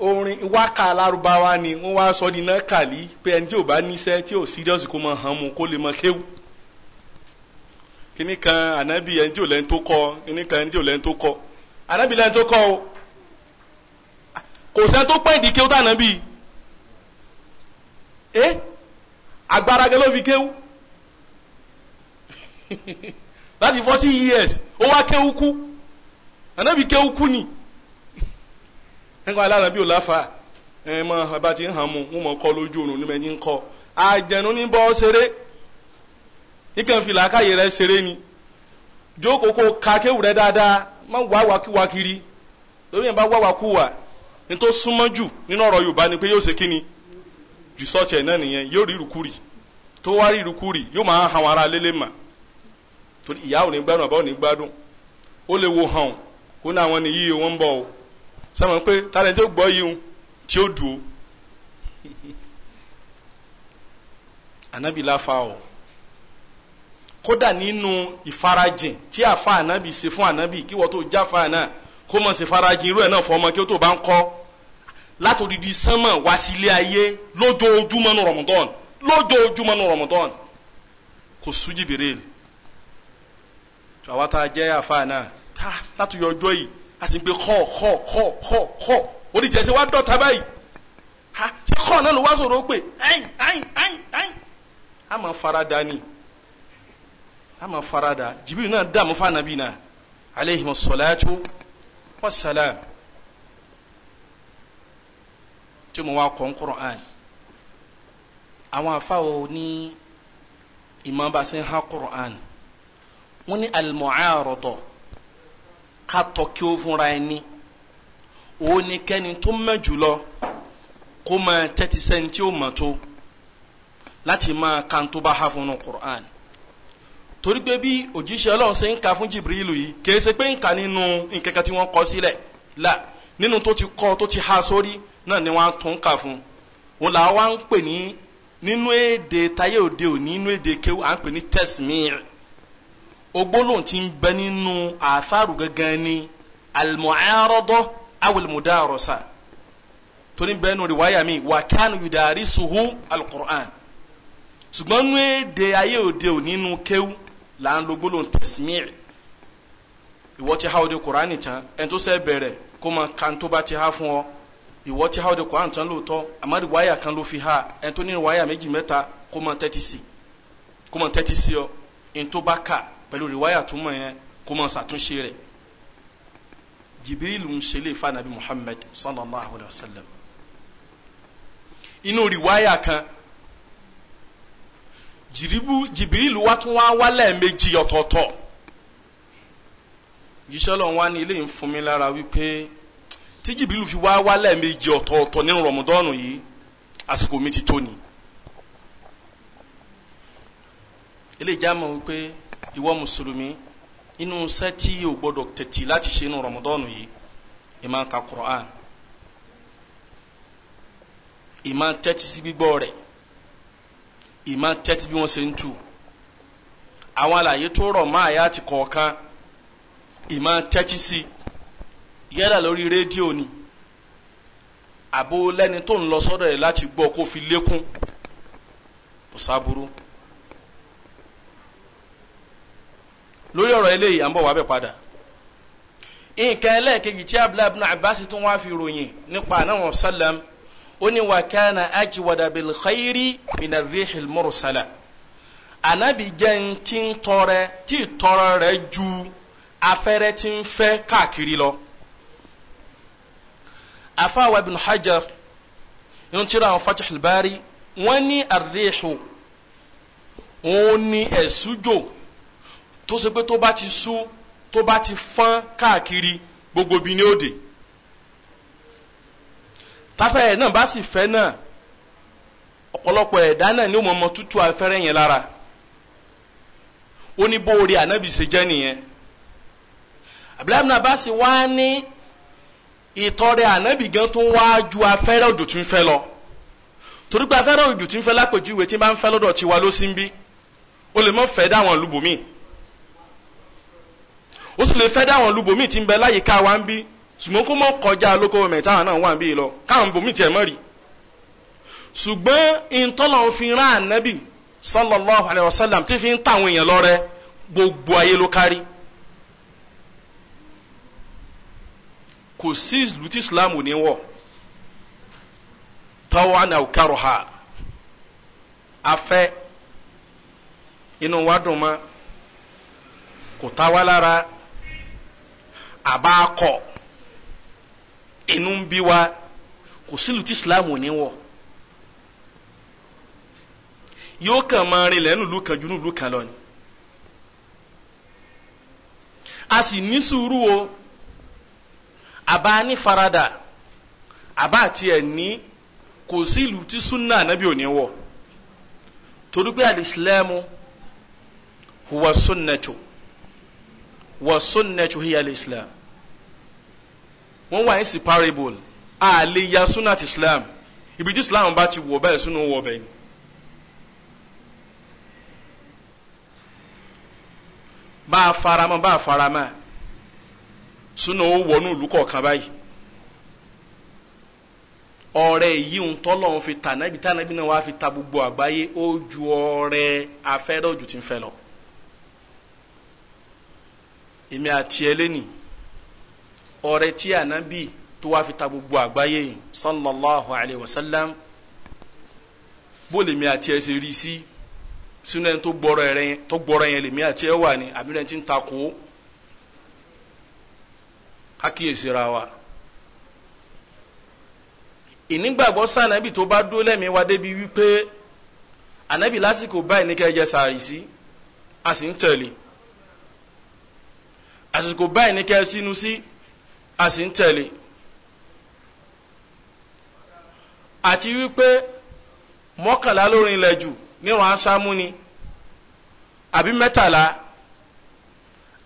orin waka alárúbáwá ni wọ́n wá sọ ní nákàlí pé ẹni tí ò bá níṣẹ́ tí ò serious kó mọ hàn mu kó lè mọ kéwù kíní kan ànábì ẹni tí ò lẹ́ni tó kíní kan ẹni tí ò lẹ́ni tó kọ ànábì lẹ́ni tó o kò sẹ́ni tó pẹ́ ìdí kéwù tó ànábì ẹ agbára gẹ́gẹ́ ló fi kéwù láti years ó wá kéwù kú ànábì kéwù ni. nígbà alára bí ò láfa ẹ mọ ẹbá ti ń hàn mu wọn mọ kọ lójú oorun ní mẹjì ń kọ àjẹnu ní bọ́ ṣeré ìkànfìlà káyè rẹ ṣeré ni jókòókò ka kéwù rẹ dáadáa má wà wákíwá kiri lórí yẹn bá wà wákúwà ní tó súnmọ́ jù nínú ọ̀rọ̀ yorùbá ni pé yóò ṣe kíni rìsọ́ọ̀tì ẹ̀ náà nìyẹn yóò rí ìrùkúrì tó wá rí ìrùkúrì yóò máa hàn wàrà mà ìyá ò ní ò ní wọn sọmọ pé tálẹ̀ tó gbọ́ yìí tí ó dùn ó anabi láfa o kódà nínú ìfarajìn tí àfa anabi ṣe fún anabi kí wọ́n tó jáfa náà kó mọ̀ sí farajìn irú ẹ̀ náà fọmọ kí ó tó bá ń kọ́ látòdìdí sánmọ̀ wá sílé ayé lójoojúmọ́ nu Ramadan lójoojúmọ́ nu Ramadan kò sú Jibril tí àwa tá a jẹ́ àfa náà látòyọjọ́ yìí a sì ń gbé kọ́ kọ́ kọ́ kọ́ kọ́ oníjẹsẹ̀ wa dọ̀ta báyìí ha ṣé kọ́ náà ló wá sọ̀rọ̀ ó pè ẹ̀yìn ẹ̀yìn ẹ̀yìn ẹ̀yìn a máa farada ni a máa farada jìbìrì náà dààmú fún náà aleyhi sọláàtú wa tí mo wá kọ́ ń Qur'an àwọn afáwo ní ìmọ̀ bá a ń ha Qur'an wọ́n ní al-mu'arada ká tọ́ kí ó fúnra ẹni òun ni kẹ́ni tó mọ̀ jùlọ kó máa tẹ́tí sẹ́ni tí ó mọ̀ tó láti máa kan tó bá há fún Qur'an torí pé bí òjíṣẹ́ ọlọ́run ṣe ń ka fún Jibrilu yìí kì í ṣe pé nǹkan nínú nǹkan tí wọ́n kọ sílẹ̀ la nínú tó ti kọ tó ti há sórí náà ni wọ́n á tún kà fún un làwọn á ń pè ní nínú èdè táyé òde òní nínú èdè kéwù à ń pè ní tẹ̀símìírì ogbólóhùn tí ń bẹ nínú àtharu gangan ni almu'arada awil mudarasa torí bẹ́ẹ̀ nù riwaya mi wà kánú yudari suhu alukur'an ṣùgbọ́n nú èdè ayé òde òní nínú kéwù là ń lo gbólóhùn tẹ̀símìrì ìwọ ti ha òde kùránì tán ẹni tó sẹ́ bẹ̀rẹ̀ kó máa kan tó bá ti ha fún ọ ìwọ ti ha òde kùránì tán lóòótọ́ àmọ́ riwaya kan ló fi ha ẹni tó ní riwaya méjì mẹ́ta kó máa tẹ́tí sí ọ ẹni tó bá kà pẹ̀lú riwaya tó mọ̀ yẹn kó mọ̀ ṣàtúnṣe rẹ̀ jibril ń ṣẹlẹ̀ fanabi muhammad sallallahu alayhi wa sallam inú riwaya kan jibril wá tún wá wálẹ̀ méjì ọ̀tọ̀ọ̀tọ̀ jíṣẹ́ lọ́n wá ní ilé ń fún mi lára wípé tí jibril fi wá wálẹ̀ méjì ọ̀tọ̀ọ̀tọ̀ nínú rọ̀mọdọ́ọ̀nù yìí àsìkò mi ti tó ni ilé ìjà mọ̀ wípé ìwọ mùsùlùmí inú sẹ́tì ò gbọ́dọ̀ tètè láti ṣe inú rọmọdọ́nù yìí ìmá ka Qur'an ìmá tẹ́tí si gbígbọ́ rẹ̀ ìmá tẹ́tí bí wọ́n ṣe ń tù àwọn àlàyé tó rọ̀ máa yá ti kọ̀ọ̀kan ìmá tẹ́tí sí yálà lórí rédíò ni àbó lẹ́ni tó ń lọ sọ́dọ̀ rẹ̀ láti gbọ́ kó fi lékún kò sábúrú. lórí ọ̀rọ̀ eléyìí à ń bọ̀ wá bẹ̀ padà nǹkan ẹlẹ́ẹ̀kejì tí abdullahi ibn abbas tún wá fi ròyìn nípa anáwọ̀ sálẹ̀m ó ní wà kánà ajwada bil khayri min ar-rihil mursala anabi jẹ́ ń tí ń tọrẹ tí tọrọ rẹ̀ ju afẹ́rẹ́ tí ń fẹ́ káàkiri lọ afaawa ibn hajar yóò tira àwọn fatih al-bari wọ́n ní ar wọ́n ní ẹ̀sùjò. E tó ṣe pé tó bá ti sú tó bá ti fọ́n káàkiri gbogbo ibi ni ó dé tafẹ́rẹ́ náà bá sì fẹ́ náà ọ̀pọ̀lọpọ̀ ẹ̀dá náà ni ó mọ ọmọ tútù afẹ́rẹ́ yẹn lára ó ní bóore ànábì ṣe jẹ́ nìyẹn abdulhamid náà bá sì wá ní ìtọrẹ ànábì gan tó ń wá ju afẹ́rẹ́ òjò tí ń fẹ́ lọ torí pé afẹ́rẹ́ òjò tí fẹ́ lápèjúwe tí bá ń fẹ́ lọ́dọ̀ tiwa ló sí ń bí ó lè mọ̀ fẹ́ dáwọn ìlú ó sì lè fẹ́ dáwọn olùbòmí ti ń bẹ láyìíká wa ń bí ṣùgbọ́n kó mọ̀ kọjá local government táwọn náà wà ń bí lọ káwọn bòmí tiẹ̀ mọ́ rí ṣùgbọ́n ìtọ́lọ̀ fi rán ànábì sallallahu alayhi wa sallam tí fi ń tàwọn èèyàn lọ́rẹ gbogbo ayé ló kárí kò sí ìlú tí islam ò ní wọ̀ tọ́wọ́ àná òkàrò ha afẹ́ inú wa dùn mọ́ kò tá wa lára a b'a kọ inú bí wa kò sílùú tí islam ò ní wọ yóò kàn máa rin lẹ́nu ìlú kan ju ìlú kan lọ ni a sì ní sùúrù o àbá ní farada àbá tiẹ̀ ní kò sílùú tí sunna anabi ò ní wọ torí pé alìsílámù huwa sunnatu wa sunnatu hiya islam wọ́n wà inseparable a lè ya sunnat islam ibi tí islam bá ti wọ̀ bẹ́ẹ̀ sunu wọ̀ bẹ́ẹ̀ bá a farama bá a farama sunu wọ̀ ní ìlú kọ̀ọ̀kan báyìí ọrẹ yìí ń tọ́lọ́run fi tà náà náà wàá fi ta gbogbo àgbáyé ó ju ọrẹ afẹ́rẹ́ òjò tí ń fẹ́ lọ èmi àti ẹ lẹ́nì ọ̀rẹ́ tí ànábì tó wá fi ta gbogbo àgbáyé yìí sallallahu alayhi wa sallam bó lèmi àti ẹ ṣe rí sí sínú ẹni tó gbọ́rọ̀ yẹn tó gbọ́rọ̀ yẹn lèmi àti ẹ wà ní àbí ẹni tí ń takò kákíyèsí ra wa ìnígbàgbọ́ sí ànábì tó bá dúró lẹ́mìí wa débi wípé ànábì lásìkò báyìí ní kẹ́ sàárì sí a sì ń tẹ̀lé àsìkò báyìí ní kẹ́ ẹ sínú sí a sì ń tẹ̀lé àti wípé mọ́kànlá lórin ilẹ̀ jù nírun aṣáámú ni àbí mẹ́tàlá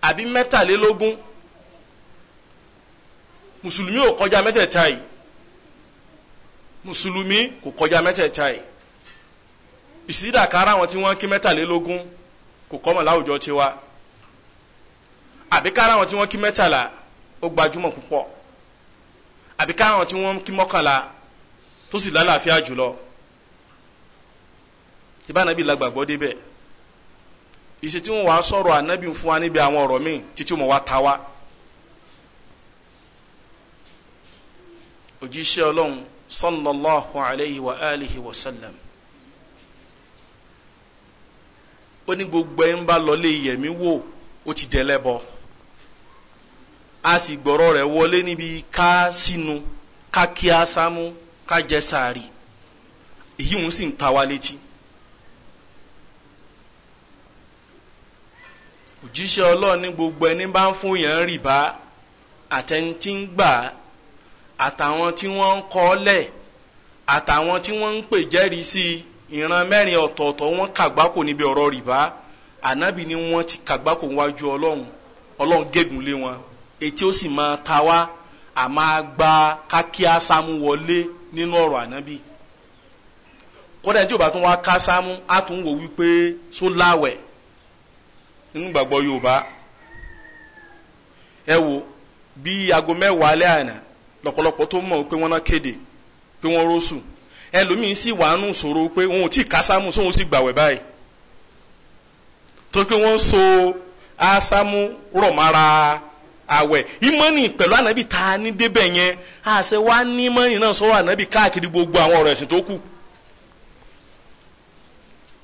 àbí mẹ́tàlélógún mùsùlùmí ò kọjá mẹ́tẹ̀ẹ̀ta yìí mùsùlùmí kò kọjá mẹ́tẹ̀ẹ̀ta yìí ìsídàkárà àwọn tí wọ́n kí mẹ́tàlélógún kò kọ́mọ̀ láwùjọ tiwa àbí kára àwọn tí wọ́n kí mẹ́tàlá ó gbajúmọ̀ púpọ̀ àbí kára àwọn tí wọ́n kí mọ́kànlá tó sì lálàáfíà jùlọ ìbánabi làgbàgbọ́ débẹ̀ ìṣe tí wọn wàá sọ̀rọ̀ ànábì fún wa níbi àwọn ọ̀rọ̀ míì títí wọn wá ta wá òjíṣẹ́ Ọlọ́run sallallahu alayhi wa alihi wa sallam ó ní gbogbo ẹ̀ ń bá lọlé yẹ̀mí wò ó ti dẹ́lẹ́bọ a sì gbọ̀rọ̀ rẹ̀ wọlé níbi ká sínú ká kí á sámú ká jẹ sáàrì èyí òun sì ń ta wá létí. òjíṣẹ́ ọlọ́run ní gbogbo ẹni bá ń fún yẹn rìbá àtẹni tí ń gbà àtàwọn tí wọ́n ń kọ́ lẹ̀ àtàwọn tí wọ́n ń pè jẹ́rìí sí ìran mẹ́rin ọ̀tọ̀ọ̀tọ̀ wọ́n kàgbákò níbi ọ̀rọ̀ rìbá ànábì ni wọ́n ti kàgbákò wájú ọlọ́run ọlọ́run gégùn lé wọn eti ó si máa ta wá a máa gba kákíá sámú wọlé nínú ọ̀rọ̀ ànábì kódà tí o bá tún wá ká sámú á tún wò wípé só láwẹ̀ nínú gbàgbọ́ Yorùbá ẹ wo bí aago mẹ́wàá alẹ́ àná lọ́pọ̀lọpọ̀ tó mọ̀ pé wọ́n náà kéde pé wọ́n rósù ẹlòmíín sì wà nù sòro pé wọn ò tí ì ká sámú sì gbàwẹ̀ báyìí torí pé wọ́n so ásámú rọ̀ mára àwẹ̀ ìmọ̀nì pẹ̀lú ànábì tá a ní débẹ̀ yẹn àṣẹ wa ní ìmọ̀nì náà sọ́wọ́ ànábì káàkiri gbogbo àwọn ọ̀rọ̀ ẹ̀sìn tó kù.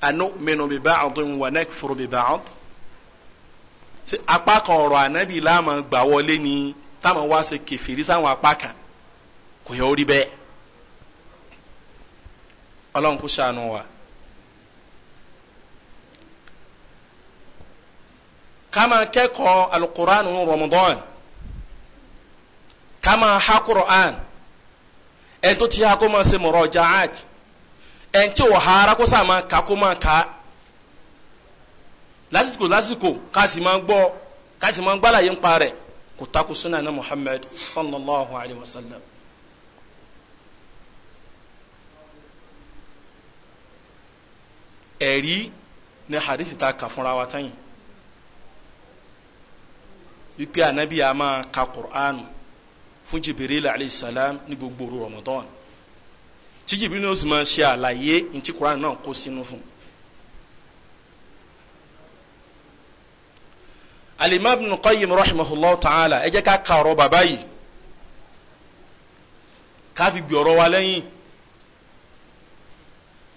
àná mẹ́nu bí bá àwọn wà náà fúru bí bá àwọn. ṣé apá kan ọ̀rọ̀ ànábì láàmà gbà wọlé ni táwọn wá ṣe kẹfìrí sáwọn apá kan kò yẹ orí bẹ́ẹ̀. ọlọ́run kò ṣàánú wa. kama kẹ́kọ̀ọ́ alukur'an nu rọmọdọ́n kama ha kur'an ẹn tó ti ha kó ma se mọ̀rọ̀ jaaj ẹn tí o hara kó sáà ma ka kó ma ka lásìkò lásìkò kásì ma gbọ́ kásì ma gbala yín kparẹ́ kò takò sunan sallallahu alayhi wa sallam. ẹ̀rí ni hadithi ta kà fúnra wa tán yìí wípé anabi a máa ka Qur'an fún Jibril alayhi salam ní gbogbo òru Ramadan tí Jibril náà sì máa ṣe àlàyé ntí Qur'an náà kó sínú fún. Al-Imam Qayyim rahimahullah ta'ala ẹ jẹ́ ká ka ọ̀rọ̀ bàbá yìí ká fi gbé ọ̀rọ̀ wa lẹ́yìn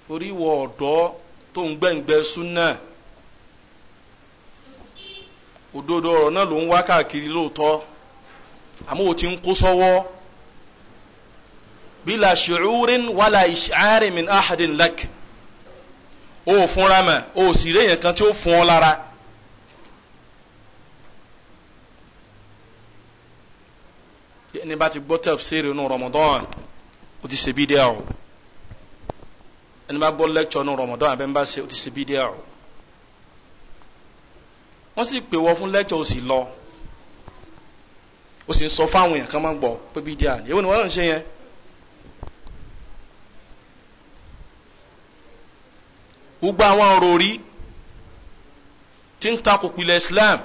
orí wọ ọ̀dọ́ tó ń gbẹ̀ngbẹ̀ súnà òdodo ọ̀rọ̀ náà ló ń wá káàkiri lóòótọ́ àmọ́ ò ti ń kó sọ́wọ́ bila ṣùúrin wàlà ìṣàárín min ahadin lak o ò fúnra mọ̀ o ò sì réyìn kan tí ó fún ọ lára. ní bá ti gbọ́ tafsiri nínú Ramadan o ti ṣe bídíà o ẹni bá gbọ́ lẹ́kṣọ̀ nínú Ramadan abẹ́ ń bá ṣe o ti ṣe bídíà o wọ́n sì pè wọ́ fún lẹ́tọ̀ òsì lọ ó sì ń sọ fáwọn èèyàn kan máa ń gbọ́ pé bí díà èwo ni wọ́n náà ń ṣe yẹn. gbogbo àwọn ọ̀rọ̀ orí tí ń takò pilẹ̀ Islam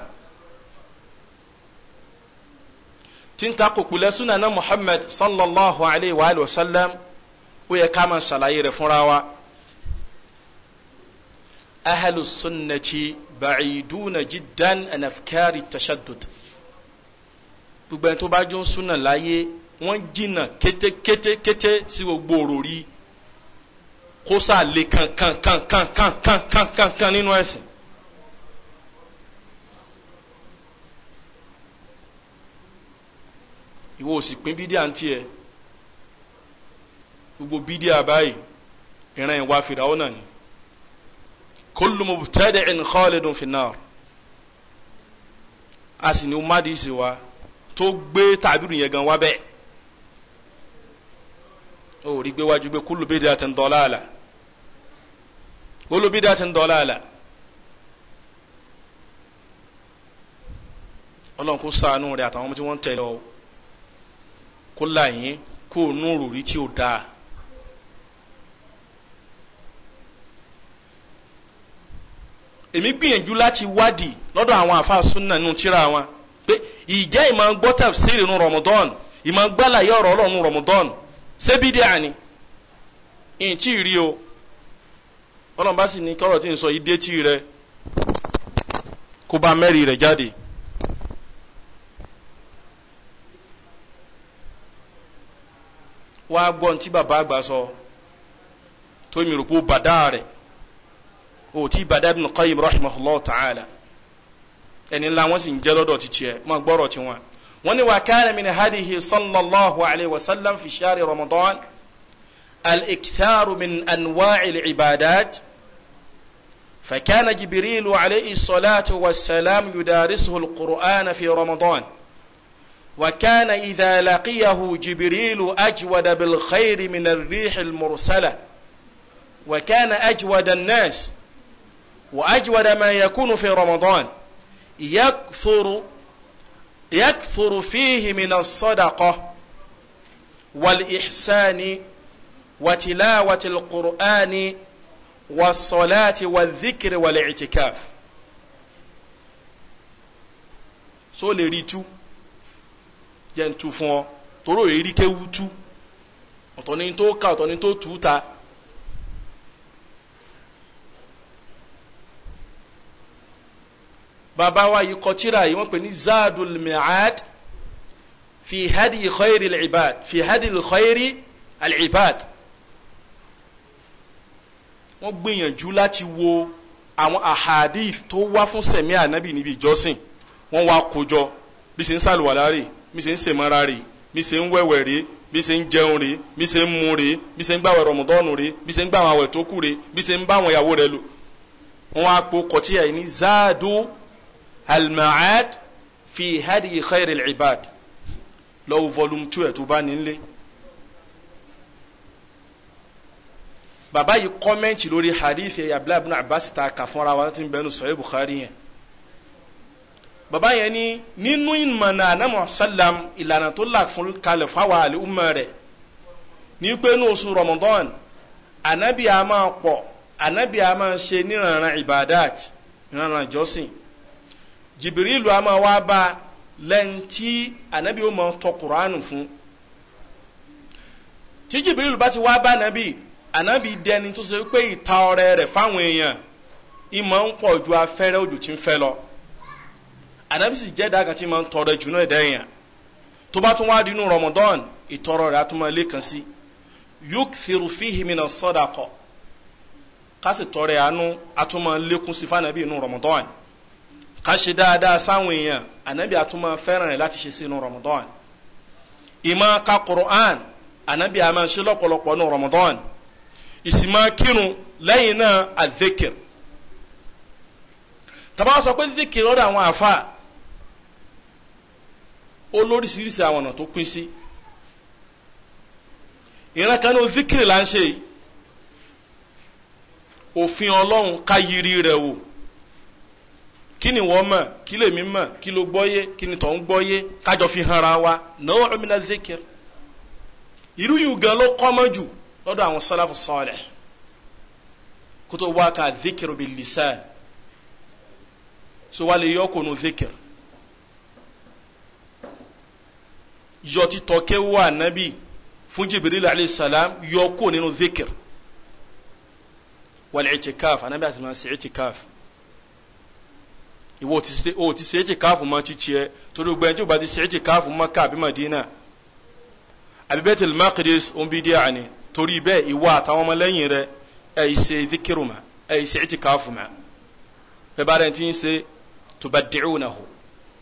tí ń takò pilẹ̀ sunana Muhammad sallallahu alayhi wa sallam ó yẹ ká máa ṣàlàyé rẹ̀ fúnra wa ahlus ba'iduna jiddan an afkari tashaddud gbogbo ẹni tó bá jó súnà láyé wọ́n jìnnà kétékétékété sí gbogbo òròrí kó sáà lè kankankankankankankan nínú ẹ̀sìn. ìwọ ò sì pín bídíà ń tiẹ̀ gbogbo bídíà báyìí ìran ìwà fìdáwọ́ náà ni kullu mubtadi'in khalidun finnar a sì ní umadi sì wa tó gbé tàbírù yẹn gan wá bẹ́ẹ̀ ó rí gbé wájú gbé kullu bid'atin dalala kullu bid'atin dalala ọlọ́run kó ṣàánú rẹ̀ àtàwọn ọmọ tí wọ́n ń tẹ̀lé ọ kó láyìn kó nú òrùrí tí ó dáa. èmi gbìyànjú láti wádìí lọ́dọ̀ àwọn àfa sunna nù tíra wọn pé ìjẹ́ ìmọ̀ gbọ́ tafsiri nù Ramadan ìmọ̀ gbàlàyé ọ̀rọ̀ ọlọ́run Ramadan sẹ́bídìí àní ìǹtí rí o ọlọ́run bá sì ní kọ́rọ̀ tí ń sọ yìí dé tí rẹ kó bá mẹ́rin rẹ̀ jáde. wá gbọ́n tí bàbá àgbà sọ tó mi rò pé ó bàdá rẹ̀. o ti bàdá ibn qayyim rahimahullah ta'ala ẹni la wọn sì ń jẹ́ lọ́dọ̀ ti tiẹ̀ wọn gbọ́rọ̀ ti wọn. wọn ni wa kana min hadihi sallallahu alayhi wa sallam fi shari ramadan al-iktharu min anwa'il ibadat. فكان جبريل عليه الصلاة والسلام يدارسه القرآن في رمضان وكان إذا لقيه جبريل أجود بالخير من الريح المرسلة وكان أجود الناس وأجود ما يكون في رمضان يكثر يكثر فيه من الصدقة والإحسان وتلاوة القرآن والصلاة والذكر والاعتكاف so lè rí tú jẹ́ ń tu fún ọ toró èrí kéwu tú ọ̀tọ̀ ni tó ka ọ̀tọ̀ ni tó tù ta bàbá wa yìí kọ tírà yìí wọ́n pè ní zaadul mi'ad fi hadi khayri al-ibad fi hadi khayri al-ibad wọ́n gbìyànjú láti wo àwọn ahadith tó wá fún sẹ̀mí ànábì níbi ìjọsìn wọ́n wá kójọ bí ṣe ń sàlùwàlá rè bí ṣe ń sèmọ́ra rè bí ṣe ń wẹ̀wẹ̀ rè bí ṣe ń jẹun rè bí ṣe ń mu rè bí ṣe ń gbàwẹ̀ rọ̀mọ̀dọ́nù rè bí ṣe ń gbàwọn àwẹ̀ tó kù rè bí ṣe ń bá àwọn ìyàwó rẹ̀ lò wọ́n á po kọ̀tíyà yìí ní zaadu al-ma'ad fi hadi khairil ibad lọ́wọ́ volume two ẹ̀ tó bá nílé. bàbá yìí kọ́mẹ́ǹtì lórí hadith yẹn abdullahi ibn abbas ta kà fúnra wa láti bẹnu sọ̀rọ̀ bukhari yẹn. bàbá yẹn ni nínú ìmọ̀nà anamu sallam ìlànà tó là fún kalẹ̀ fáwọn àlè umar rẹ̀ ní pé ní oṣù ramadan anabi a máa pọ̀ anabi a máa ṣe níranran ibadat níranran jọ́sìn jibirilu a máa wá bá lẹ́ǹtí anabi ó máa tọ kuranu fún tí jibirilu bá ti wá bá anabi anabi dẹni tó ṣe pé ìta ọrẹ rẹ̀ fáwọn èèyàn ìmọ̀ ń pọ̀ ju afẹ́rẹ́ òjò tí ń fẹ́ lọ anabi sì jẹ́ dáa kan tí máa ń tọrọ jù náà dẹ́yìn tó bá tún wá di inú Ramadan ìtọrọ rẹ̀ atúmọ̀ ilé kan sí yukthiru fihi mina sadaqa kásì tọrẹ àánú atúmọ̀ lékún sí fún anabi inú Ramadan ká ṣe dáadáa sáwọn èèyàn ànábì àtúmọ̀ fẹ́ràn rẹ̀ láti ṣe sínú Ramadan ìmọ̀ ka Qur'an ànábì àmọ́ ṣe lọ́pọ̀lọpọ̀ ní Ramadan ìsìmọ̀ kírun lẹ́yìn náà àdékìr tàbá sọ pé díkìr lọ́dọ̀ àwọn àfa ó lóríṣiríṣi àwọn ọ̀nà tó pín sí ìran kan ní díkìr là ń ṣe òfin Ọlọ́run ká yiri rẹ̀ wò. Kini ni wọ́n mọ̀ kí lèmi mọ̀ kí ló gbọ́ yé kí ni tọ́ ń gbọ́ yé kájọ fi hanra wa náwó ọ̀mìnà zikir irú yìí gan ló kọ́mọ́ jù lọ́dọ̀ àwọn sálàfù sọ́ọ̀lẹ̀ kótó wá ka zikir bi lisan so wà lè yọ kónú zikir yọ titọ́ kéwú ànábì fún jibiril alayhi salam yọ kó nínú zikir wàlẹ̀ ẹ̀tìkáf ànábì àti ìwọ ò ti ṣèjì káàfù mọ́ títí ẹ torí gbẹ́ni tí o bá ti ṣèjì káàfù mọ́ káàbí Madina àbí Baitul Maqdis ń bí díẹ̀ àní torí bẹ́ẹ̀ ìwọ àtàwọn ọmọlẹ́yìn rẹ ẹ̀ ì ṣe díkìrù mọ́ ẹ̀ ì ṣèjì káàfù mọ́ bẹ́ẹ̀ bá rẹ̀ ti ń ṣe tubaddi'unahu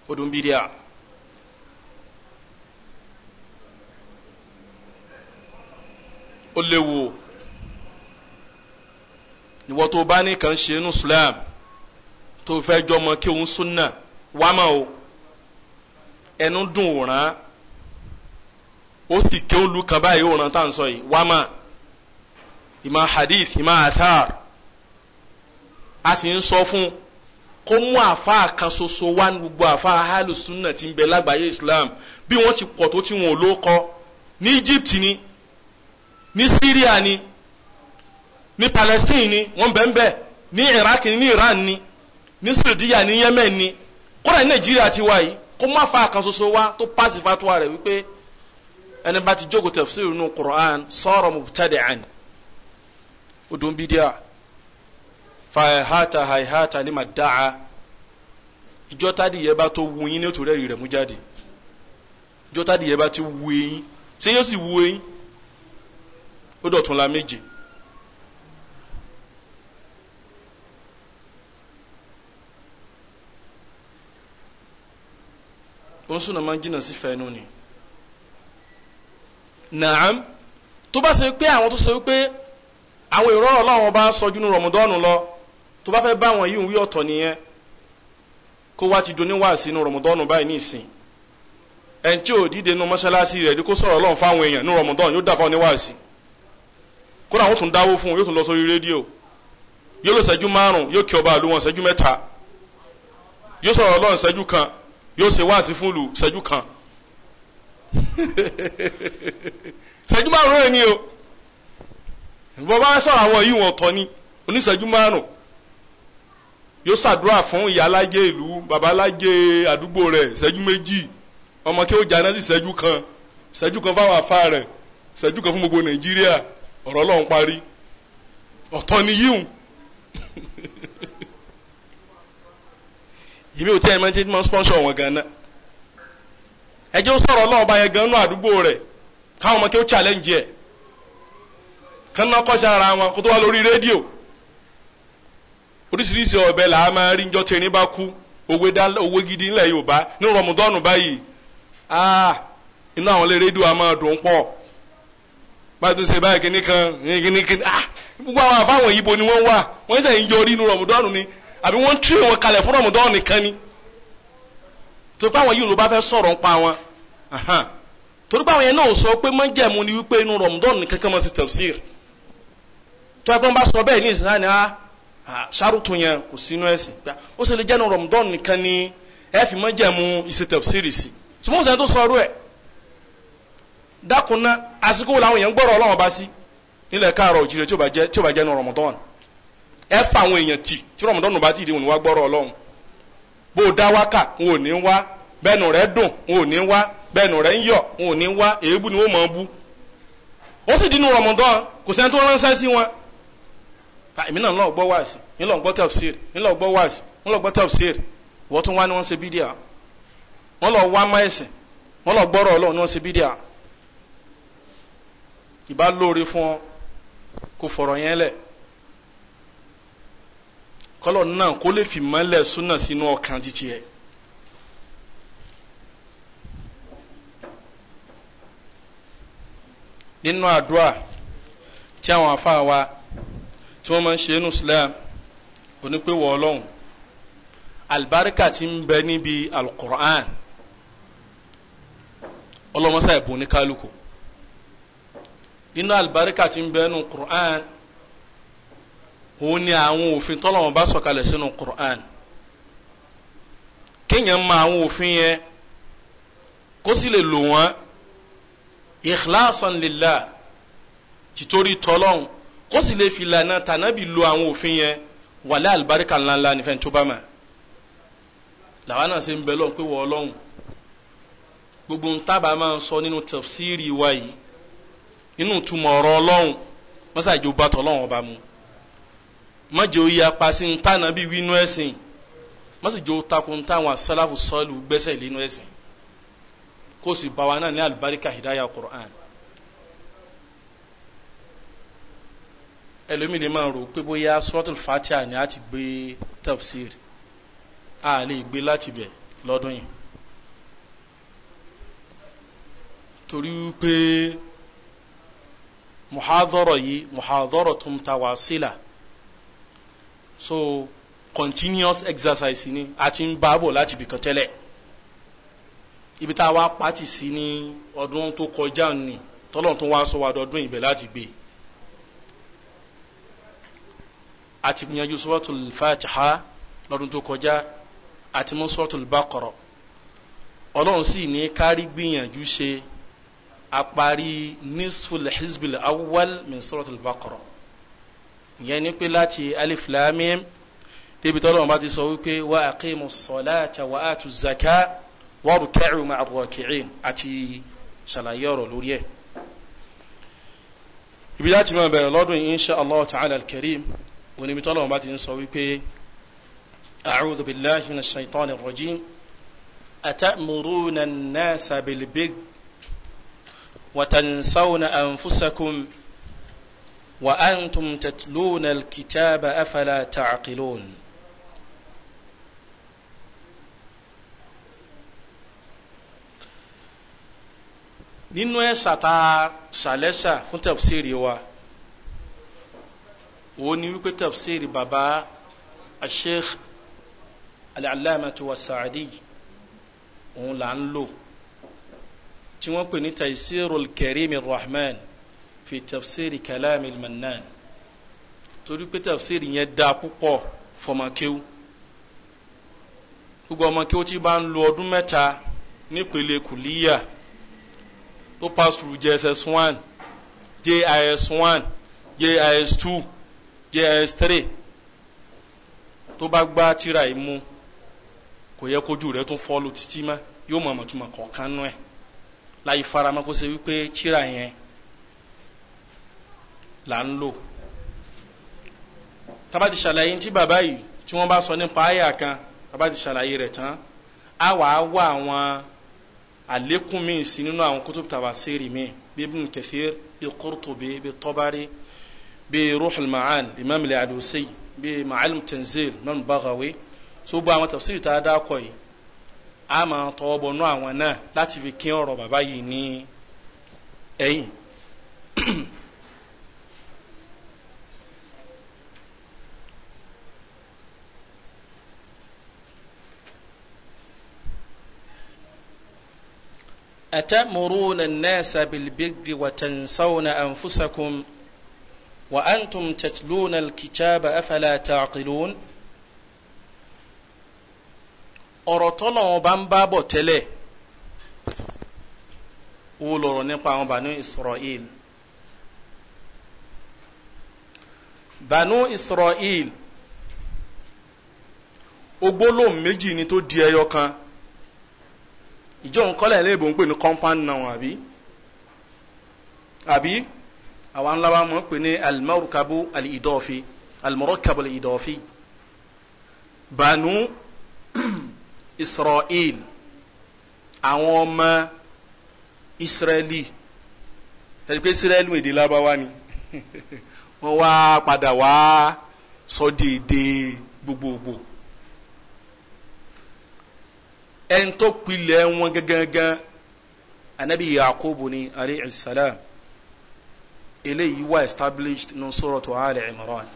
o dun bí díẹ̀ ó léwu ìwọ tó bá ní kàn ṣe nù Islam tó fẹ́ jọmọ kí òun súnà wámọ̀ o ẹnu dùn òràn ó sì ké olú kan báyìí òràn tá à ń sọ yìí wámọ̀ ìmọ̀ hadith ìmọ̀ athar a sì ń sọ fún kó mú àfa kan ṣoṣo wá ní gbogbo àfa ahalu sunna tí ń bẹ lágbàáyé islam bí wọ́n ti pọ̀ tó tí wọn ò ló kọ ní egypt ni ní syria ni ní palestine ni wọ́n bẹ́ẹ̀ bẹ́ẹ̀ ní iraq ni ní iran ni ní sùdíyà ní yemen ni kódà ní nàìjíríà ti wá yìí kó má fa kan ṣoṣo wá tó paasi fatuwa rẹ̀ wípé ẹni bá ti jókòó tafsir nù quran sọ̀rọ̀ mubtadi'an odun bidia fàhátà hàhátà lima da'a ìjọta di yẹ bá tó wu yín ní òtò rẹ̀ rẹ̀ mú jáde ìjọta di yẹ bá ti wu yín ṣé yóò sì wu yín ó dọ̀tún la méje òun sùn náà máa ń jìnnà sí fẹ́ inú ni. nàám tó bá ṣe pé àwọn tó ṣe wípé àwọn ìró Ọlọ́run bá ń sọjú ní rọmọdọ́ọ̀nù lọ tó bá fẹ́ bá wọn yìí ń wí ọ̀tọ̀ nìyẹn kó wá ti doni wá sí inú rọmọdọ́ọ̀nù báyìí ní ìsìn ẹ̀ ń tí ò dídé inú mọ́ṣáláṣí rẹ̀ dé kó sọ̀rọ̀ Ọlọ́run fáwọn èèyàn ní rọmọdọ́ọ̀nù yóò dàfọ́ ní sí kódà wọn tún dáwó fún un yóò tún lọ sórí rédíò yóò lọ ṣẹ́jú márùn yóò kí ọba àlú wọn ṣẹ́jú mẹ́ta yóò sọ̀rọ̀ Ọlọ́run ṣẹ́jú kan yóò ṣe wáàsí fún lu ṣẹ́jú kan ṣẹ́jú márùn-ún ẹni o bọ́ bá sọ̀rọ̀ àwọn yìí wọ́n tọ́ ni oníṣẹ́jú márùn yóò ṣàdúrà fún ìyálájẹ ìlú babalájẹ àdúgbò rẹ̀ ṣẹ́jú méjì ọmọ kí ó jáná sí ṣẹ́jú kan ṣẹ́jú kan fáwọn afá rẹ̀ ṣẹ́jú kan fún gbogbo Nàìjíríà ọ̀rọ̀ Ọlọ́run parí ọ̀tọ̀ ni yíhun ìbí òtí ẹ̀mọ́ tí wọ́n sponsor wọn gan ná ẹ jẹ́ ó sọ̀rọ̀ ọlọ́run bá yẹn gan nú àdúgbò rẹ̀ káwọn ọmọ kí ó challenge ẹ̀ kán ná kọ́ṣẹ́ ara wọn kó tó wá lórí rédíò oríṣiríṣi ọ̀bẹ là á máa rí njọ́ tẹ̀rín bá gidi ńlẹ̀ Yorùbá ní rọmọdọ́nù báyìí ah, àwọn ilé rédíò a máa dùn pọ̀ a ṣe báyìí kíní kan ah gbogbo ni wọ́n wà wọ́n inú àbí wọ́n ń tírè wọn kalẹ̀ fún rọmọdọ́n nìkan ni torí pé àwọn yìí ló bá fẹ́ sọ̀rọ̀ nípa wọn torí pé àwọn yẹn náà sọ pé májẹ̀mú ni wípé inú rọmọdọ́n nìkan kan máa ṣe tafsir tó ẹgbẹ́ bá sọ bẹ́ẹ̀ ní ìsìláàní á ah, ah, ṣàrùtù yẹn kò sínú ẹ̀sìn ó sì lè jẹ́ inú rọmọdọ́n nìkan ni ẹ fi májẹ̀mú ìṣe tafsir sí ṣùgbọ́n sẹ́ni tó sọ ọrú ẹ̀ dákunná àsìkò làwọn yẹn ń gbọ́rọ̀ ọlọ́wọ́n bá sí nílẹ̀ káàrọ̀ òjìrè tí ò ẹ fa àwọn èèyàn tì tí rọmọdọ́n nù bá ti di òun wá gbọ́rọ̀ ọlọ́run bó o dá wákà n ò ní wá bẹ́ẹ̀nù rẹ dùn n ò ní wá bẹ́ẹ̀nù rẹ ń yọ̀ n ò ní wá èébú ni wọ́n mọ̀ ọ́ bú ó sì dínú rọmọdọ́n kò sẹ́ni tó ránṣẹ́ sí wọn. èmi náà ń lọ gbọ́ wáàsì ń lọ gbọ́ tafsir ń lọ gbọ́ wáàsì ń lọ gbọ́ tafsir wọ́n tún wá ní wọ́n ṣe bídíà wọ́n lọ wá máìsì wọ́n lọ gbọ́rọ̀ ọlọ́run ní wọ́n ṣe bídíà ìbá lóore fún ọ kò fọ̀rọ̀ yẹn lẹ̀ kọlọ náà kó lè fi mọ́lẹ̀ súnà sínú ọkàn títí ẹ̀. nínú àdúrà tí àwọn afáà wa tí wọ́n máa ń ṣe nínú Islam onípéwọ̀ ọlọ́run alibarika tí ń bẹ níbi alukur'an ọlọ́mọsáyẹ̀ bò ní kálukú nínú alibarika tí ń bẹ nínú kur'an òun ni àwọn òfin tọ́lọ́wọ́n bá sọ̀kalẹ̀ sínú Qur'an kéèyàn mọ àwọn òfin yẹn kó sì lè lò wọ́n ikhlasan lillah tìtorí tọ́lọ́hún kó sì lè fi lànà tànàbí lo àwọn òfin yẹn wàlẹ́ àlùbáríkà ńláńlá nífẹ̀ẹ́ tó bá mà làwọn náà ṣe ń bẹ lọ́hùn pé wọ́n ọlọ́hùn gbogbo ntábà máa ń sọ nínú tafsiri wa yìí nínú túmọ̀ ọ̀rọ̀ ọlọ́hùn mọ́sàájú bá tọ́lọ́hùn ọba mu. ma jẹ́ oyi apasi nta nàbí wí inú ẹ̀sìn má sì jẹ́ òtakùn ntá àwọn asálàfù sọ́ọ̀lù gbẹ́sẹ̀ lé inú ẹ̀sìn kó sì bá wa náà ní alibarika hidaya Qur'an. ẹlòmíì lè máa rò pé bóyá suratul fatiha ni a ti gbé tafsir a lè gbé láti bẹ̀ yi yìí torí pé muhadhara yìí ta tún tawasila. so continuous exercise ni a ti ń bá bọ̀ láti ibìkan tẹ́lẹ̀ ibi tá a wá pàtì sí ní ọdún tó kọjá ni tọ́lọ̀ tó wá sọ wá dọdún ibẹ̀ láti gbé a ti gbìyànjú suratul Fatiha lọ́dún tó kọjá àti mú suratul Baqara ọlọ́run sì ní kárí gbìyànjú ṣe a parí nisful hizbil awwal min suratul Baqara ìyẹn ni pé láti alif lam mim débi tọ́lọ́run bá ti sọ wípé wa aqimu salata wa atu zaka warukẹ́rù ma rọ̀kìrín àti ṣàlàyé ọ̀rọ̀ lórí ẹ̀ ibi láti máa bẹ̀rẹ̀ lọ́dún yìí insha allah ta'ala al-karim onímì tọ́lọ́run bá ti sọ wípé a'udhu billahi minash shaitani rajim atamuruna an-nasa bil-birri wa tansawna anfusakum. وأنتم تتلون الكتاب أفلا تعقلون nínú ẹ̀sà tá a ṣàlẹ́sà fún tafsiri wa wo ni wípé tafsiri baba asheikh al-allamatu wa saadi òun là ń lò tí wọ́n pè ní taisirul karim rahman fi tafsiri kalam al-Mannan torí pé tafsiri yẹn dáa púpọ̀ fọmọkéwù gbogbo ọmọkéwù tí bá ń lo ọdún mẹ́ta nípele kùlíyà tó pass through JSS one JIS one JIS two JIS three tó bá gbá tírà yìí mú kò yẹ kójú rẹ̀ tún fọ́ọ̀lù títí má yóò mọ̀ ọ̀mọ̀túnmọ̀ kọ̀ọ̀kan nú ẹ̀ láì farama kó ṣe wípé tírà yẹn là ń lò tabati ṣàlàyé tí bàbá yìí tí wọ́n bá sọ nípa àyà kan tabati ṣàlàyé rẹ̀ tán á wà á wá àwọn àlékún míì sí nínú àwọn kutub tafsiri míì bí Ibn Kathir bí Qurtubi bí Tabari bí Ruhul Ma'an Imam al-Alusi bí Ma'alim Tanzil Imam Baghawi tó gbọ́ àwọn tafsiri tá a dá kọ́ yìí a máa tọwọ́ bọnú àwọn náà láti fi kí ọ̀rọ̀ bàbá yìí ní ẹ̀yìn. أتأمرون الناس بالبر وتنسون أنفسكم وأنتم تتلون الكتاب أفلا تعقلون ọ̀rọ̀ tọ́lọ́wọ́n bá ń bá bọ̀ tẹ́lẹ̀ wo lọ̀rọ̀ nípa àwọn bànú Israel bànú Israel ogbólóhùn méjì ni tó di ẹyọ kan ìjọ nkọ́lẹ̀ léèbò ń pè ní compound noun àbí àbí àwọn ńlá wa mọ̀ ń pè ní alimọ́rukabu alìdọ́fi alimọ́rukabu alìdọ́fi banu israel àwọn ọmọ israeli ẹni pé israeli èdè lábáwá ni wọ́n wá padà wá sọ déédéé gbogbogbò ẹni tó pilẹ̀ wọn gangan anabi yakubu ni alayhi salam eléyìí wà established nínú suratu ali imran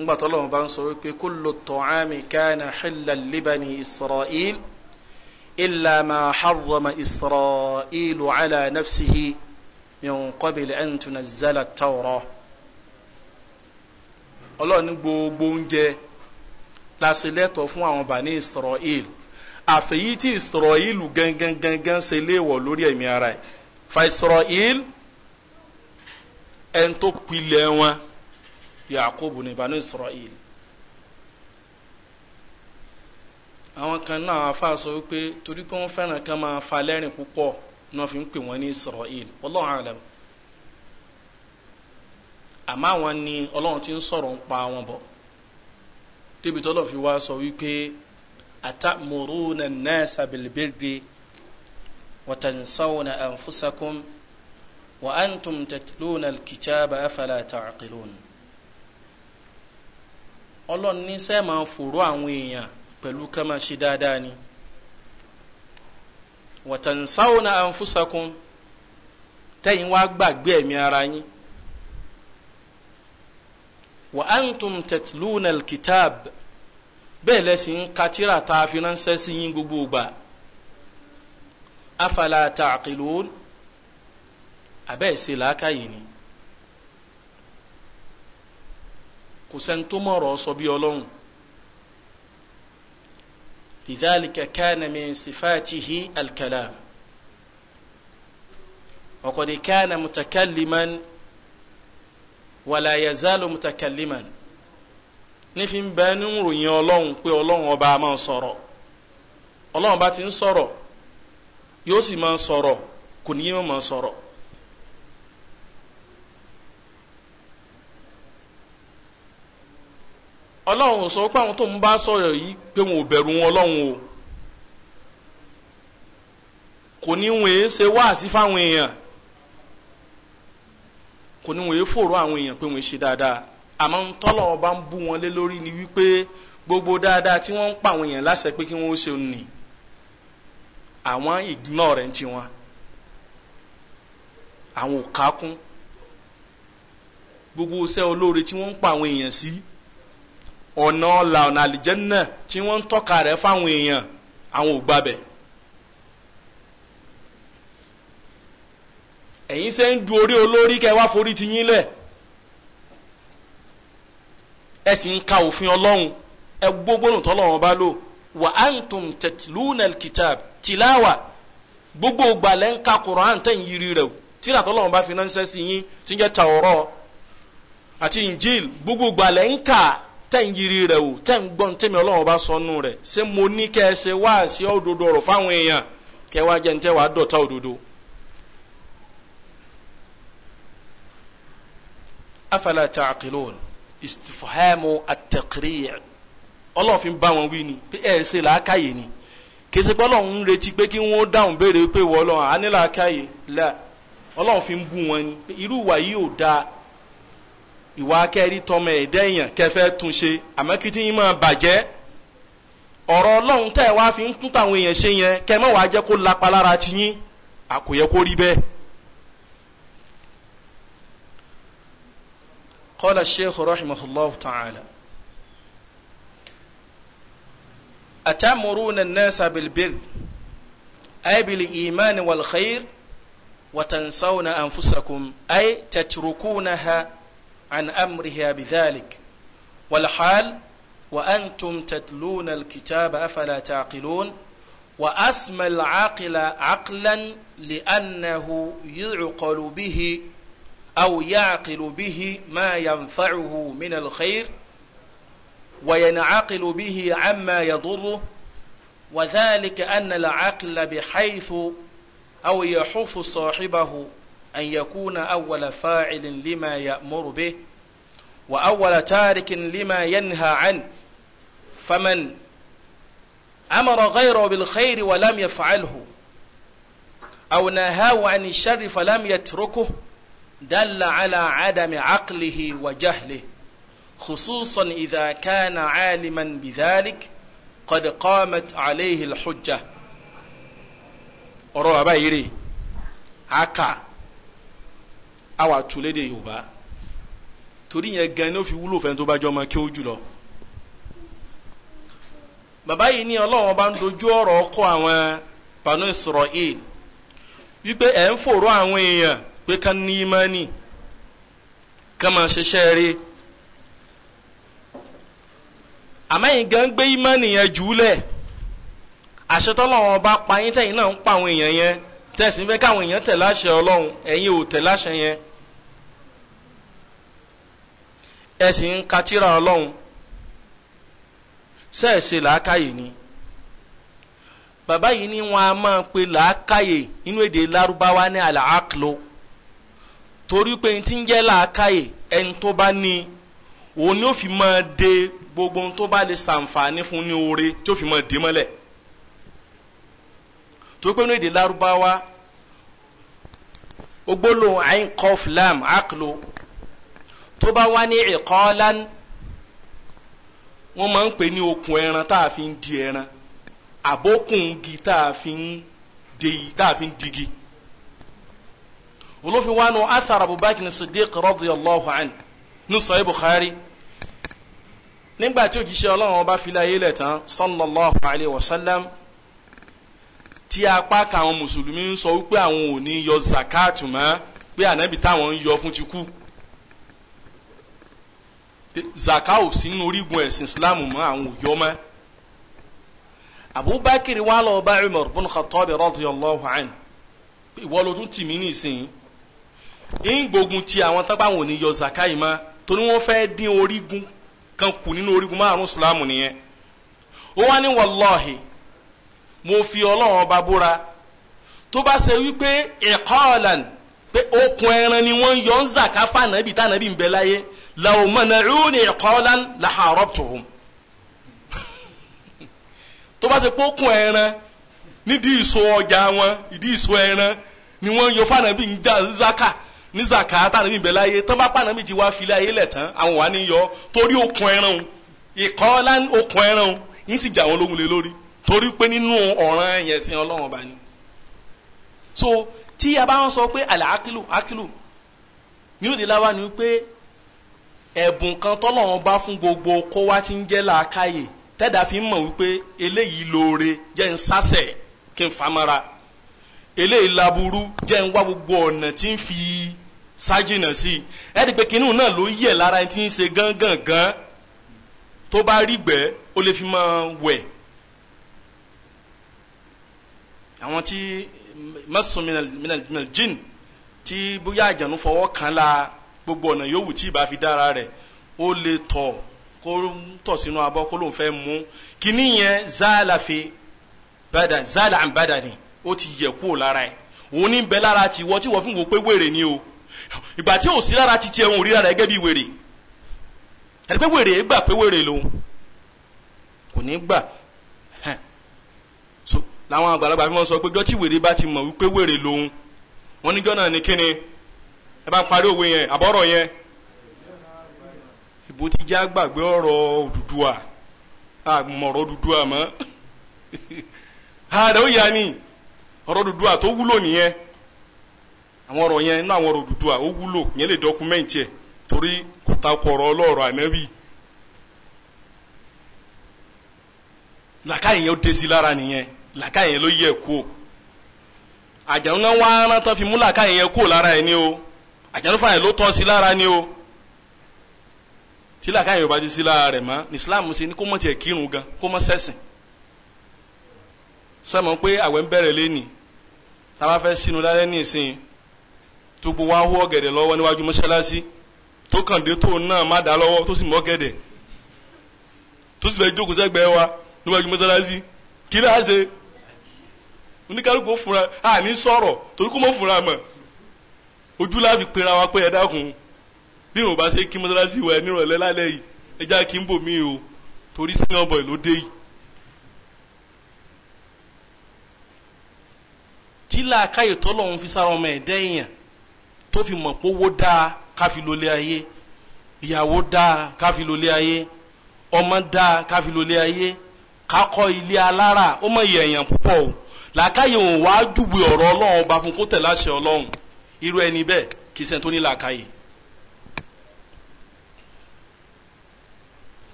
ngbàtọ́ lọ́wọ́ bá ń sọ wípé kullu ta'ami kana hillan li bani isra'il illa ma harrama isra'ilu ala nafsihi min qabili an tunazzala at-tawrah gbogbo oúnjẹ láti lẹ́tọ̀ fún àwọn bani israel àfẹ̀yí tí israel gangan gangan ṣe léèwọ̀ lórí ẹ̀mí ara ẹ̀ fa israel ẹni tó pilẹ̀ wọn yakubu ní bani israel àwọn kan náà afa sọ wípé torí pé wọ́n fẹ́ràn kan máa fa lẹ́rìn púpọ̀ náà fi ń pè wọ́n ní israel wallahu alam àmọ́ àwọn ni ọlọ́run ti ń sọ̀rọ̀ ń pa wọn bọ̀ débi tọ́lọ̀ fi wá sọ wípé atamuruna an-nasa bil-birri wa tansawna anfusakum wa antum tatluna al-kitaba afala ta'qilun ọlọ́run ní sẹ́ẹ̀ máa fòró àwọn èèyàn pẹ̀lú ká máa ṣe dáadáa ni wa tansawna anfusakum wá gbàgbé ẹ̀mí ara yín wa antum tatluna alkitab bẹ́ẹ̀ lẹ́sìn katira tá a fi ránṣẹ́ sí yín gbogbo gbà afala taqilun abẹ́ ṣe làákàyè ni kò sẹ́ni tó sọ bí ọlọ́run lidhalika kana min sifatihi alkalam wa kana mutakalliman wala yazalu mutakalliman nífin bẹ́ẹ̀ ní ròyìn ọlọ́run pé ọlọ́run ọba máa ń sọ̀rọ̀ ọlọ́run ọba ti ń sọ̀rọ̀ yóò sì máa ń sọ̀rọ̀ kò ní yóò máa ń sọ̀rọ̀. ọlọ́run sọ pé àwọn tó ń bá sọ̀rọ̀ yìí pé wọn ò bẹ̀rù wọn ọlọ́run o kò ní wọn èé ṣe wáàsí fáwọn èèyàn kò ní wọ́n yé fòrò àwọn èèyàn pé wọ́n ṣe dáadáa àmọ́ ń ọba ń bú wọn lé lórí ni wípé gbogbo dáadáa tí wọ́n ń pa àwọn èèyàn láṣẹ pé kí wọ́n ṣe nì àwọn ignore ń tiwọn àwọn ò kákún gbogbo iṣẹ́ olóore tí wọ́n ń pa àwọn èèyàn sí ọ̀nà ọ̀la ọ̀nà àlìjẹ́ náà tí wọ́n ń tọ́ka rẹ̀ fáwọn èèyàn àwọn ò gbàbẹ̀ ẹ̀yin ṣe ń du orí olórí kẹ́ wá forí ti yín lẹ̀ ẹ sì ń ka òfin ọlọ́run ẹ gbogbo nù bá lò wa antum tatluna alkitab gbogbo gbalẹ̀ ń ka Qur'an tẹ̀ ń yiri rẹ̀ tíra tọ́lọ́run bá fi ránṣẹ́ sí yín tí ń jẹ́ àti gbogbo gbalẹ̀ ń ka tẹ̀ ń yiri rẹ̀ o tẹ̀ ń tẹ̀mí ọlọ́run bá rẹ̀ ṣé mo ní kẹ́ ẹ ṣe wá òdodo ọ̀rọ̀ fáwọn èèyàn kẹ́ wá jẹ́ afala ta'qilun istifhamu at-taqri' ọlọ́run fi ń bá wọn wí ni pé ẹ̀ ṣe làákàyè ni kì í ṣe pé ọlọ́run ń retí pé kí wọ́n dáhùn béèrè pé wọ́n ọlọ́run á ní làákàyè là ọlọ́run fi ń bú wọn ni pé irú ìwà yìí ò dáa ìwà akẹ́rí tọmọ ẹ̀dá èèyàn kẹfẹ́ tún ṣe àmọ́ kí tí yín máa bàjẹ́ ọ̀rọ̀ wá fi ń tún táwọn èèyàn ṣe yẹn kẹ́ mọ́ wàá jẹ́ kó lapa lára ti yín àkòyẹ kó rí bẹ́ẹ̀ قال الشيخ رحمه الله تعالى أتأمرون الناس بالبر أي بالإيمان والخير وتنسون أنفسكم أي تتركونها عن أمرها بذلك والحال وأنتم تتلون الكتاب أفلا تعقلون وأسمى العاقل عقلا لأنه يعقل به أو يعقل به ما ينفعه من الخير وينعقل به عما يضره وذلك أن العقل بحيث أو يحف صاحبه أن يكون أول فاعل لما يأمر به وأول تارك لما ينهى عنه فمن أمر غيره بالخير ولم يفعله أو نهاه عن الشر فلم يتركه دل على عدم عقله وجهله خصوصا إذا كان عالما بذلك قد قامت عليه الحجة ọ̀rọ̀ bàbá yìí rè aka àwọn àtúlédè yorùbá torí yẹn gan ni ó fi wúlò fẹ́ni tó bá jọ ọmọ kí ó jùlọ bàbá yìí ní ọlọ́wọ́n bá ń dojú ọ̀rọ̀ kọ àwọn Banu Israel wípé ẹ̀ ń fòrò àwọn èèyàn pé ká ní ìmánì ká máa ṣiṣẹ́ rí àmẹ́yìn gan gbé ìmánì yẹn jùlẹ̀ àṣetọ́ lọ́wọ́ bá pa yín tẹ̀yìn náà ń pa àwọn èèyàn yẹn tẹ̀sí fẹ́ káwọn èèyàn tẹ̀ láṣẹ ọlọ́run ẹ̀yin ò tẹ̀ láṣẹ yẹn ẹ̀sìn ń katira ọlọ́run làákàyè ni bàbá yìí ni wọ́n á máa pe làákàyè nínú èdè larubawa ní àlàákìlò. torí pé n ti ń jẹ́ làákàyè ẹni tó bá ní òun ni ó fi máa de gbogbo ohun tó bá lè ṣàǹfààní fún ní oore tí ó fi máa dé mọ́lẹ̀ torí pé inú èdè lárúbáwá ogbólóhùn ayin kof lam aklo tó bá wá ní ìkọ́lán wọ́n máa ń pè ní okùn ẹran tá a fi ń di ẹran àbókùn igi tá a fi ń digi olófin wa nu athar abubakar siddiq radiyallahu anhu ní sahih bukhari nígbà tí òjíṣẹ́ ọlọ́run ọba filẹ̀ ayé lẹ̀ tán sallallahu alayhi wa sallam tí apá kan àwọn mùsùlùmí ń sọ wípé àwọn ò ní yọ zakat mọ́ pé ànábì táwọn ń yọ fún ti kú zaka ò sí nínú orígun ẹ̀sìn islam mọ́ àwọn ò yọ mọ́ abubakar wà lọ́ọ́ bá umar bin khattab radiyallahu anhu ìwọ ló tún tì mí nìsín ń ti àwọn tó bá wọn yọ zaka yìí torí dín orígun kan kù nínú orígun márùn sùlámù nìyẹn ó wá ní wàlọ́ọ̀hì mo fi ọlọ́run ọba búra tó bá ṣe wípé ẹ̀kọ́ọ̀lan pé okun ẹran ni wọ́n yọ ń zaka fànàbì tànàbì ń bẹ láyé làwọn mọ̀nàrún ní ẹ̀kọ́ọ̀lan làhàrọ̀tùhùn tó bá ṣe pé okùn ẹran nídìí ọjà wọn ìdí ẹran ni wọ́n yọ ń ní zaka tá nàbí bẹ láyé tán bá pa nàbí ti wá filẹ̀ ayé lẹ̀ tán àwọn wà ní yọ torí okùn ẹran ìkọ́lá okùn ẹran yìí sì jà wọn lógun lé lórí torí pé nínú ọ̀ràn yẹn sin ọlọ́run bá ní. so tí a bá ń sọ pé àlẹ́ akilu akilu ní òde láwa ni pé ẹ̀bùn kan tọ́lọ́run bá fún gbogbo kó wá ti ń jẹ́ làákàyè tẹ́dà fi ń mọ̀ wípé eléyìí lóore jẹ́ ń sásẹ̀ kí n famara eléyìí laburu jẹ́ ń wá gbogbo ọ̀nà tí ń fi sájìnà sí i ẹ rí i pé kinní náà ló yẹ lára ẹni tí ń ṣe gángangan tó bá rí gbẹ́ ó lè fi máa wẹ̀ àwọn tí mẹ́sàn-án minal jinn tí bóyá àjànú fọwọ́ kan la gbogbo ọ̀nà yòówù tí ìbá fi dára rẹ̀ ó lè tọ̀ kó tọ̀ sínú abọ́ kó lóun fẹ́ mú kinní yẹn záàlàfi bàdà záàlà àǹbàdà ni ó ti yẹ kúrò lára ẹ òun ní bẹ lára ti wọ tí wọ́n fún wo pé wèrè ni o ìgbà tí ò sí lára ti tiẹ̀ òun ríra rẹ̀ gẹ́gẹ́ bí wèrè ẹni pé wèrè gbà pé wèrè lòun kò ní gbà so làwọn àgbàlagbà fi mọ sọ pé jọ́ tí wèrè bá ti mọ̀ wípé wèrè lòun wọ́n níjọ́ náà ní kíni ẹ bá parí òwe yẹn àbọ̀rọ̀ yẹn ìbò ti já gbàgbé ọ̀rọ̀ Odùduwà àmọ̀rọ̀ Odùduwà mọ́ àdó yanni. ọ̀rọ̀ Odùduwà tó wúlò nìyẹn àwọn ọ̀rọ̀ yẹn inú àwọn dudu Odùduwà ó wúlò yẹn lè dọ́kúmẹ́ǹtì torí kò ta kọ̀rọ̀ ọlọ́ọ̀rọ̀ ànábì yẹn ó dé sí lára nìyẹn làkàyè yẹn ló yẹ kú o àjànú náà wá aná tán fi mú yẹn kú lára o àjànú ló tọ́ sí lára o tí bá sí lára rẹ̀ mọ́ ní Islam ṣe kó mọ̀ tiẹ̀ kírun gan kó mọ̀ sẹ́sìn pé ń bẹ̀rẹ̀ tá a bá fẹ́ sínú lálẹ́ ní ìsìn tó gbowó ahó ọ̀gẹ̀dẹ̀ lọ́wọ́ níwájú mọ́ṣáláṣí tó kàn dé tó náà má dá lọ́wọ́ tó sì mọ́ ọ̀gẹ̀dẹ̀ tó sì fẹ́ jókòó sẹ́gbẹ̀ẹ́ wa níwájú mọ́ṣáláṣí kí ló á ṣe oníkálukú fúnra à ní sọ̀rọ̀ torí kó mọ̀ fúnra mọ̀ ojú láfi pera wa pé ẹ dákun bí wọn bá ṣe kí mọ́ṣáláṣí wa ẹ nírọ̀lẹ́ lálẹ́ yìí ẹ já kí n bò mí o torí senior boy ló dé yìí tí làákàyè tọ́lọ́run fi sára ọmọ ẹ̀dá èèyàn tó fi mọ̀ pé owó dáa káfi lólé ayé ìyàwó dáa káfi lólé ayé ọmọ dáa káfi lólé ayé kakọ ilé alára ó mọ ìyẹ̀yàn púpọ̀ o làákàyè òun wàá júwe ọ̀rọ̀ ọlọ́run ọba fún kó tẹ̀lé àṣẹ ọlọ́run irú ẹni bẹ́ẹ̀ kì í sẹ́ni tó ní làákàyè.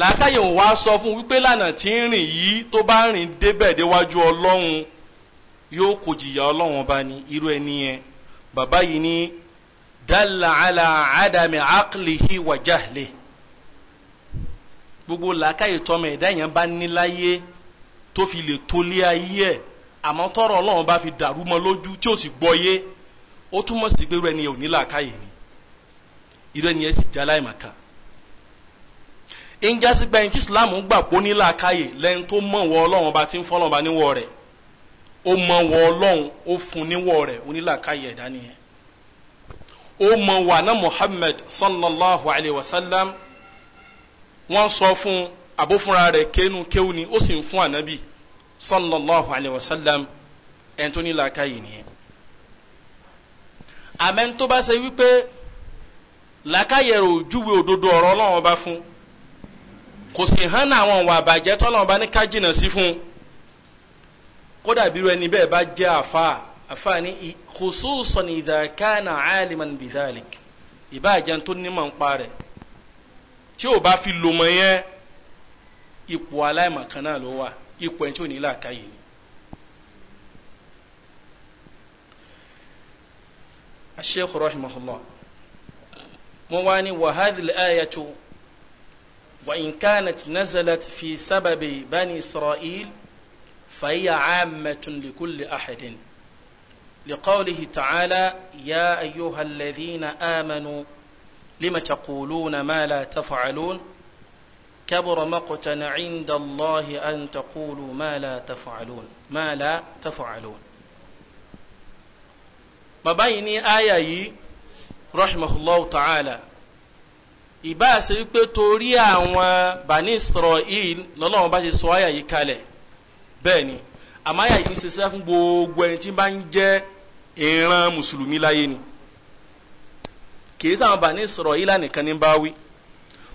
làákàyè òun wàá sọ fún wípé lànà tí ń rìn yìí tó bá yóò kó jìyà ọlọ́run ọba ní irú ẹni yẹn bàbá yìí ní dalla ala adami aqlihi wa jahlihi gbogbo làákàyè tọ́mọ ẹ̀dá yẹn bá níláyé tó fi lè tolé ayé ẹ̀ àmọ́ tọrọ ọlọ́run bá fi dàrú mọ́ lójú tí ó sì gbọ́ yé ó túmọ̀ sí pé ẹni yẹn ò ní làákàyè ni irú ẹni yẹn sì jẹ́ aláìmọ̀kan ìjásígbà ẹni tí islam gbà pé ní làákàyè lẹ́yìn tó mọ̀ wọ ọlọ́run bá ti ń fọ́ ọlọ́run bá níwọ̀ rẹ̀ O mọ wọ ọlọ́run ó fún níwọ̀ rẹ̀ onílàkàyè ẹ̀dá nìyẹn ó mọ wà ná Muhammad sallallahu alayhi wa sallam wọ́n sọ fún abófúnra rẹ̀ kéénu kéwù ni ó sì ń fún ànábì sallallahu alayhi wa sallam ẹni tó nílàkàyè nìyẹn àmẹ́ni tó bá ṣe wípé làkàyè rẹ̀ ò júwe òdodo ọ̀rọ̀ ọlọ́run ọba fún kò sì hàn àwọn ìwà àbàjẹ́ tọ́lọ́run ọba ní ká jìnnà sí fún un kódà bírú ẹni bẹ́ẹ̀ bá jẹ́ àfa àfa ni khususan idha kana aliman bidhalik ìbá jẹ́ tó nímọ̀ ń pa rẹ̀ tí o bá fi lòmọ̀ yẹn ipò aláìmọ̀kan ló wà ipò ẹni tí ò ní làákàyè ni. الشيخ رحمه الله مواني وهذه الآية وإن كانت نزلت في سبب بني إسرائيل فهي عامة لكل أحد لقوله تعالى يا أيها الذين آمنوا لم تقولون ما لا تفعلون كبر مقتا عند الله أن تقولوا ما لا تفعلون ما لا تفعلون ما بين آية رحمه الله تعالى إباس يكتوري عن بني إسرائيل لله ما lọ́lọ́run يكاله bẹ́ẹ̀ ni àmáyà yìí ṣiṣẹ́ fún gbogbo ẹni tí bá ń jẹ́ ìran mùsùlùmí láyé ni kì í sáwọn Bani Israila nìkan ní bá wí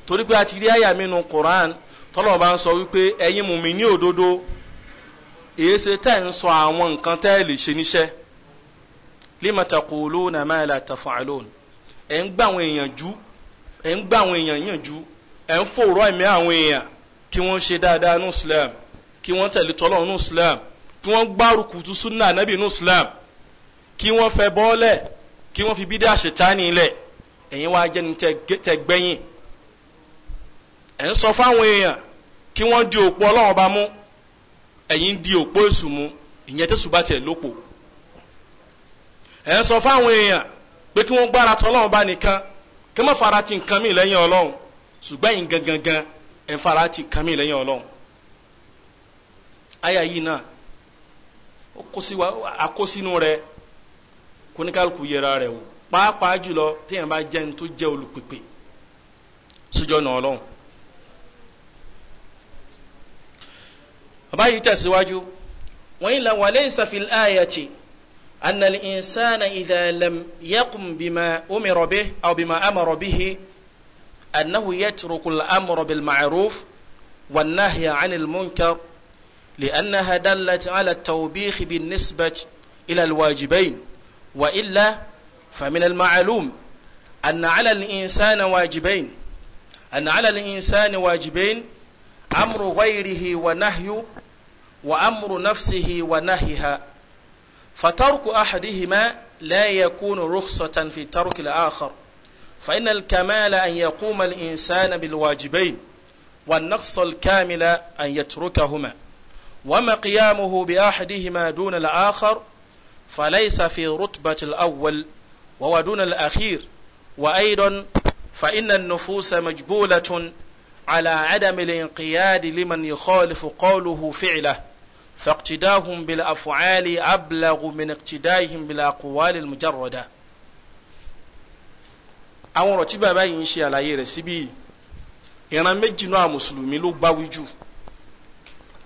torí pé a ti rí àyà mínú Quran tọ́lọ̀ bá ń sọ wípé ẹ̀yin mùmínì òdodo èyí ṣe tẹ́ ń sọ àwọn nǹkan tẹ́ lè ṣe níṣẹ́ lima taquluna ma la taf'alun ẹ̀ ń gbà àwọn èèyàn jú ẹ̀ ń gbà àwọn èèyàn yànjú ẹ̀ ń fòrọ̀ ẹ̀mí àwọn èèyàn kí wọ́n ṣe dáadáa ní Islam kí wọ́n tẹ̀lé tọ́lọ́run nù islam kí wọ́n gbárùkù tù sunna anabi nù islam kí wọ́n fẹ́ bọ́ọ̀lẹ̀ kí wọ́n fi bídé àṣetánì lẹ̀ ẹ̀yin wá jẹ́ ni tẹ gbẹ́yìn ẹ̀ ń sọ fáwọn èèyàn kí wọ́n di òpó ọlọ́run bá mú ẹ̀yin di òpó èṣù mú ìyẹn tẹ̀sù bá tiẹ̀ lópo ẹ̀ ń sọ fáwọn èèyàn pé kí wọ́n gbára tọ́lọ́run bá nìkan kí wọ́n fara ti nǹkan mí lẹ́yìn ọlọ́run ṣùgbọ́n ẹ̀yin gangan gan ẹ̀ ń fara ti nǹkan mí lẹ́yìn ọlọ́run àyà yìí náà ó kó sí wa àkó sínú rẹ̀ kó ní kálukú yẹra rẹ̀ wò pàápàá jùlọ téèyàn bá jẹ́ ní tó jẹ́ olùpèpè sójọ́ náà ọlọ́run. bàbá yìí tẹ̀síwájú wọ́n yìí la walaysa fil ayati anna al-insana idha lam bima umira aw bima amara bihi annahu yatruku al-amra 'anil munkar. لأنها دلت على التوبيخ بالنسبة إلى الواجبين وإلا فمن المعلوم أن على الإنسان واجبين أن على الإنسان واجبين أمر غيره ونهي وأمر نفسه ونهيها فترك أحدهما لا يكون رخصة في ترك الآخر فإن الكمال أن يقوم الإنسان بالواجبين والنقص الكامل أن يتركهما وما قيامه بأحدهما دون الآخر فليس في رتبة الأول وهو دون الأخير وأيضا فإن النفوس مجبولة على عدم الانقياد لمن يخالف قوله فعله فاقتداهم بالأفعال أبلغ من اقتدائهم بالأقوال المجردة àwọn تبا tí bàbá على ń ṣe àlàyé rẹ̀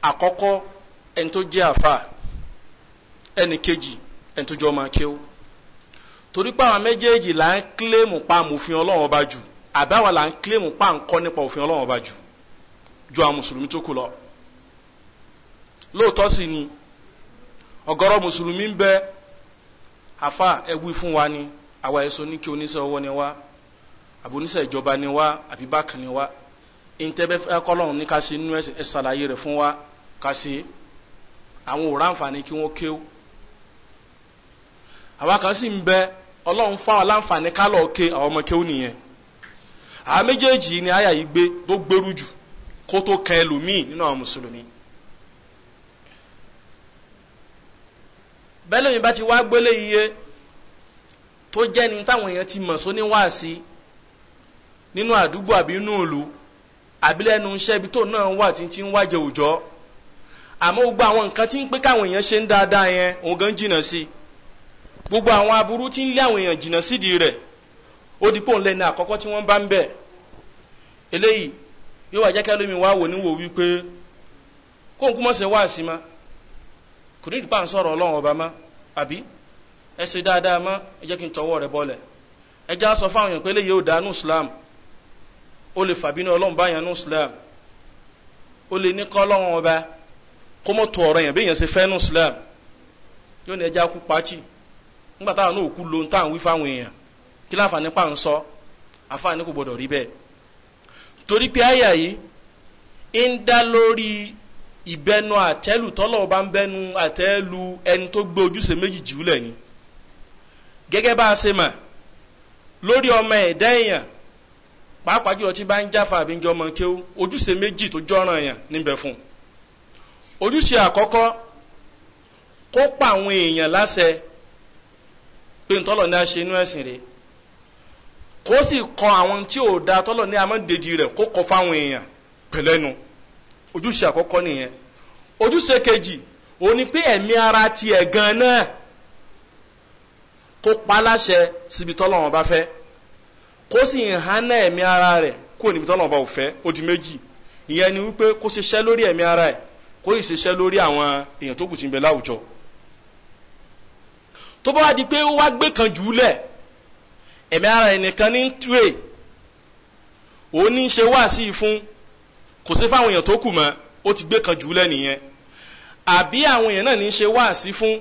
àkọ́kọ́ ẹni tó jẹ́ àfa ẹni kejì ẹni tó jẹ́ ọmọ akéwò torí pé àwọn méjèèjì là ń kílèmù pa àmòfin ọlọ́run ọba jù àbáwá là ń kílèmù pa ńkọ́ nípa òfin ọlọ́run ọba jù ju àwọn mùsùlùmí tó kù lọ lóòótọ́ sì ni ọ̀gọ̀rọ̀ mùsùlùmí ń bẹ àfa ẹwí fún wa ni àwa ẹ̀sọ́ ní kí oníṣẹ́ ọwọ́ ni wá àbí ìjọba ni wá àbí bákan ni wá. ntẹ́bẹ́ fẹ́ kọ́lọ́hún ní ká esalaye nínú ẹ̀sìn fún wa kasi àwọn òrà àǹfààní kí wọ́n kéwò àwa kan ń bẹ ọlọ́run fáwọn láǹfààní ká lọ́ọ́ ké àwọn ọmọ kéwò àwọn méjèèjì ni àyà yìí gbé tó gbèrú jù kó tó nínú àwọn ti wá gbélé iye tó jẹ́ ni àbílẹ̀nu iṣẹ́ ibi tó náà wà tí ti ń wájẹ òòjọ́ àmọ́ gbogbo àwọn nǹkan tí ń pé káwọn èèyàn ṣe ń dáadáa yẹn òun gan jìnnà sí gbogbo àwọn aburú tí ń lé àwọn èèyàn jìnnà sídìí rẹ̀ ó di pòun lẹ́nu àkọ́kọ́ tí wọ́n bá ń bẹ̀ eléyìí yóò wá jẹ́kẹ́ lómi wá wò níwò wípé kóun kú mọ̀sẹ̀ wá sí ma kò ní ìdúpà ń sọ̀rọ̀ ọlọ́run ọba ma àbí ẹ ṣe dáadáa ma ẹ jẹ́ kí n tọwọ́ rẹ̀ bọ́lẹ̀ ẹ já sọ fáwọn èèyàn pé eléyìí ò dánú Islam O le fàbínú ọlọ́run báyàn ní islam ó lè ní kọ́ ọlọ́run ọba kó mọ̀ tó ọ̀rọ̀ yẹn bí èèyàn ṣe fẹ́ ní islam yóò ní ẹja kú pàtì nígbà táwọn náà kú lo táwọn wí fáwọn èèyàn kí láǹfààní pa ń sọ àǹfààní kò gbọdọ̀ rí bẹ́ẹ̀ torí pé àyà yìí ń dá lórí ìbẹnu àtẹ́lù tọ́lọ́wọ́ bá ń bẹnu àtẹ́lù ẹni tó gbé ojúṣe méjì jù lẹ̀ ni gẹ́gẹ́ bá a ṣe mà lórí ọmọ ẹ̀dá èèyàn pàápàá jùlọ tí bá ń jáfa àbí ń jọ ọmọ kéwú ojúṣe méjì tó jọ́ràn yàn níbẹ̀ fún ojúṣe àkọ́kọ́ kó pa àwọn èèyàn láṣẹ pé ntọ́lọ̀ ní a ṣe inú ẹ̀sìn rẹ̀ kó sì kọ àwọn tí ò da tọ́lọ̀ ní amọ́dèdì rẹ̀ kó kọ fáwọn èèyàn pẹ̀lẹ́nu ojúṣe àkọ́kọ́ nìyẹn ojúṣe kejì ó ní pé ẹ̀mí ara tiẹ̀ gan náà kó pa láṣẹ síbi tọ́lọ̀ wọn bá fẹ́ kó sì ń hánà ẹ̀mí ara rẹ̀ kó níbi tọ́lọ̀ ọba òfẹ́ ó méjì ìyẹn ni wípé kó ṣiṣẹ́ lórí ẹ̀mí ara ẹ̀ kó sì ṣiṣẹ́ lórí àwọn èèyàn tó kù tí ń bẹ láwùjọ. tó bá wá di pé ó wá gbé kan jù ú lẹ̀ ẹ̀mí ara ẹ̀ nìkan ní tìrè òun ní í ṣe wá sí i fún kò sí fáwọn èèyàn tó kù mọ́ ó ti gbé kan jù ú lẹ̀ nìyẹn àbí àwọn èèyàn náà ní í ṣe wá sí fún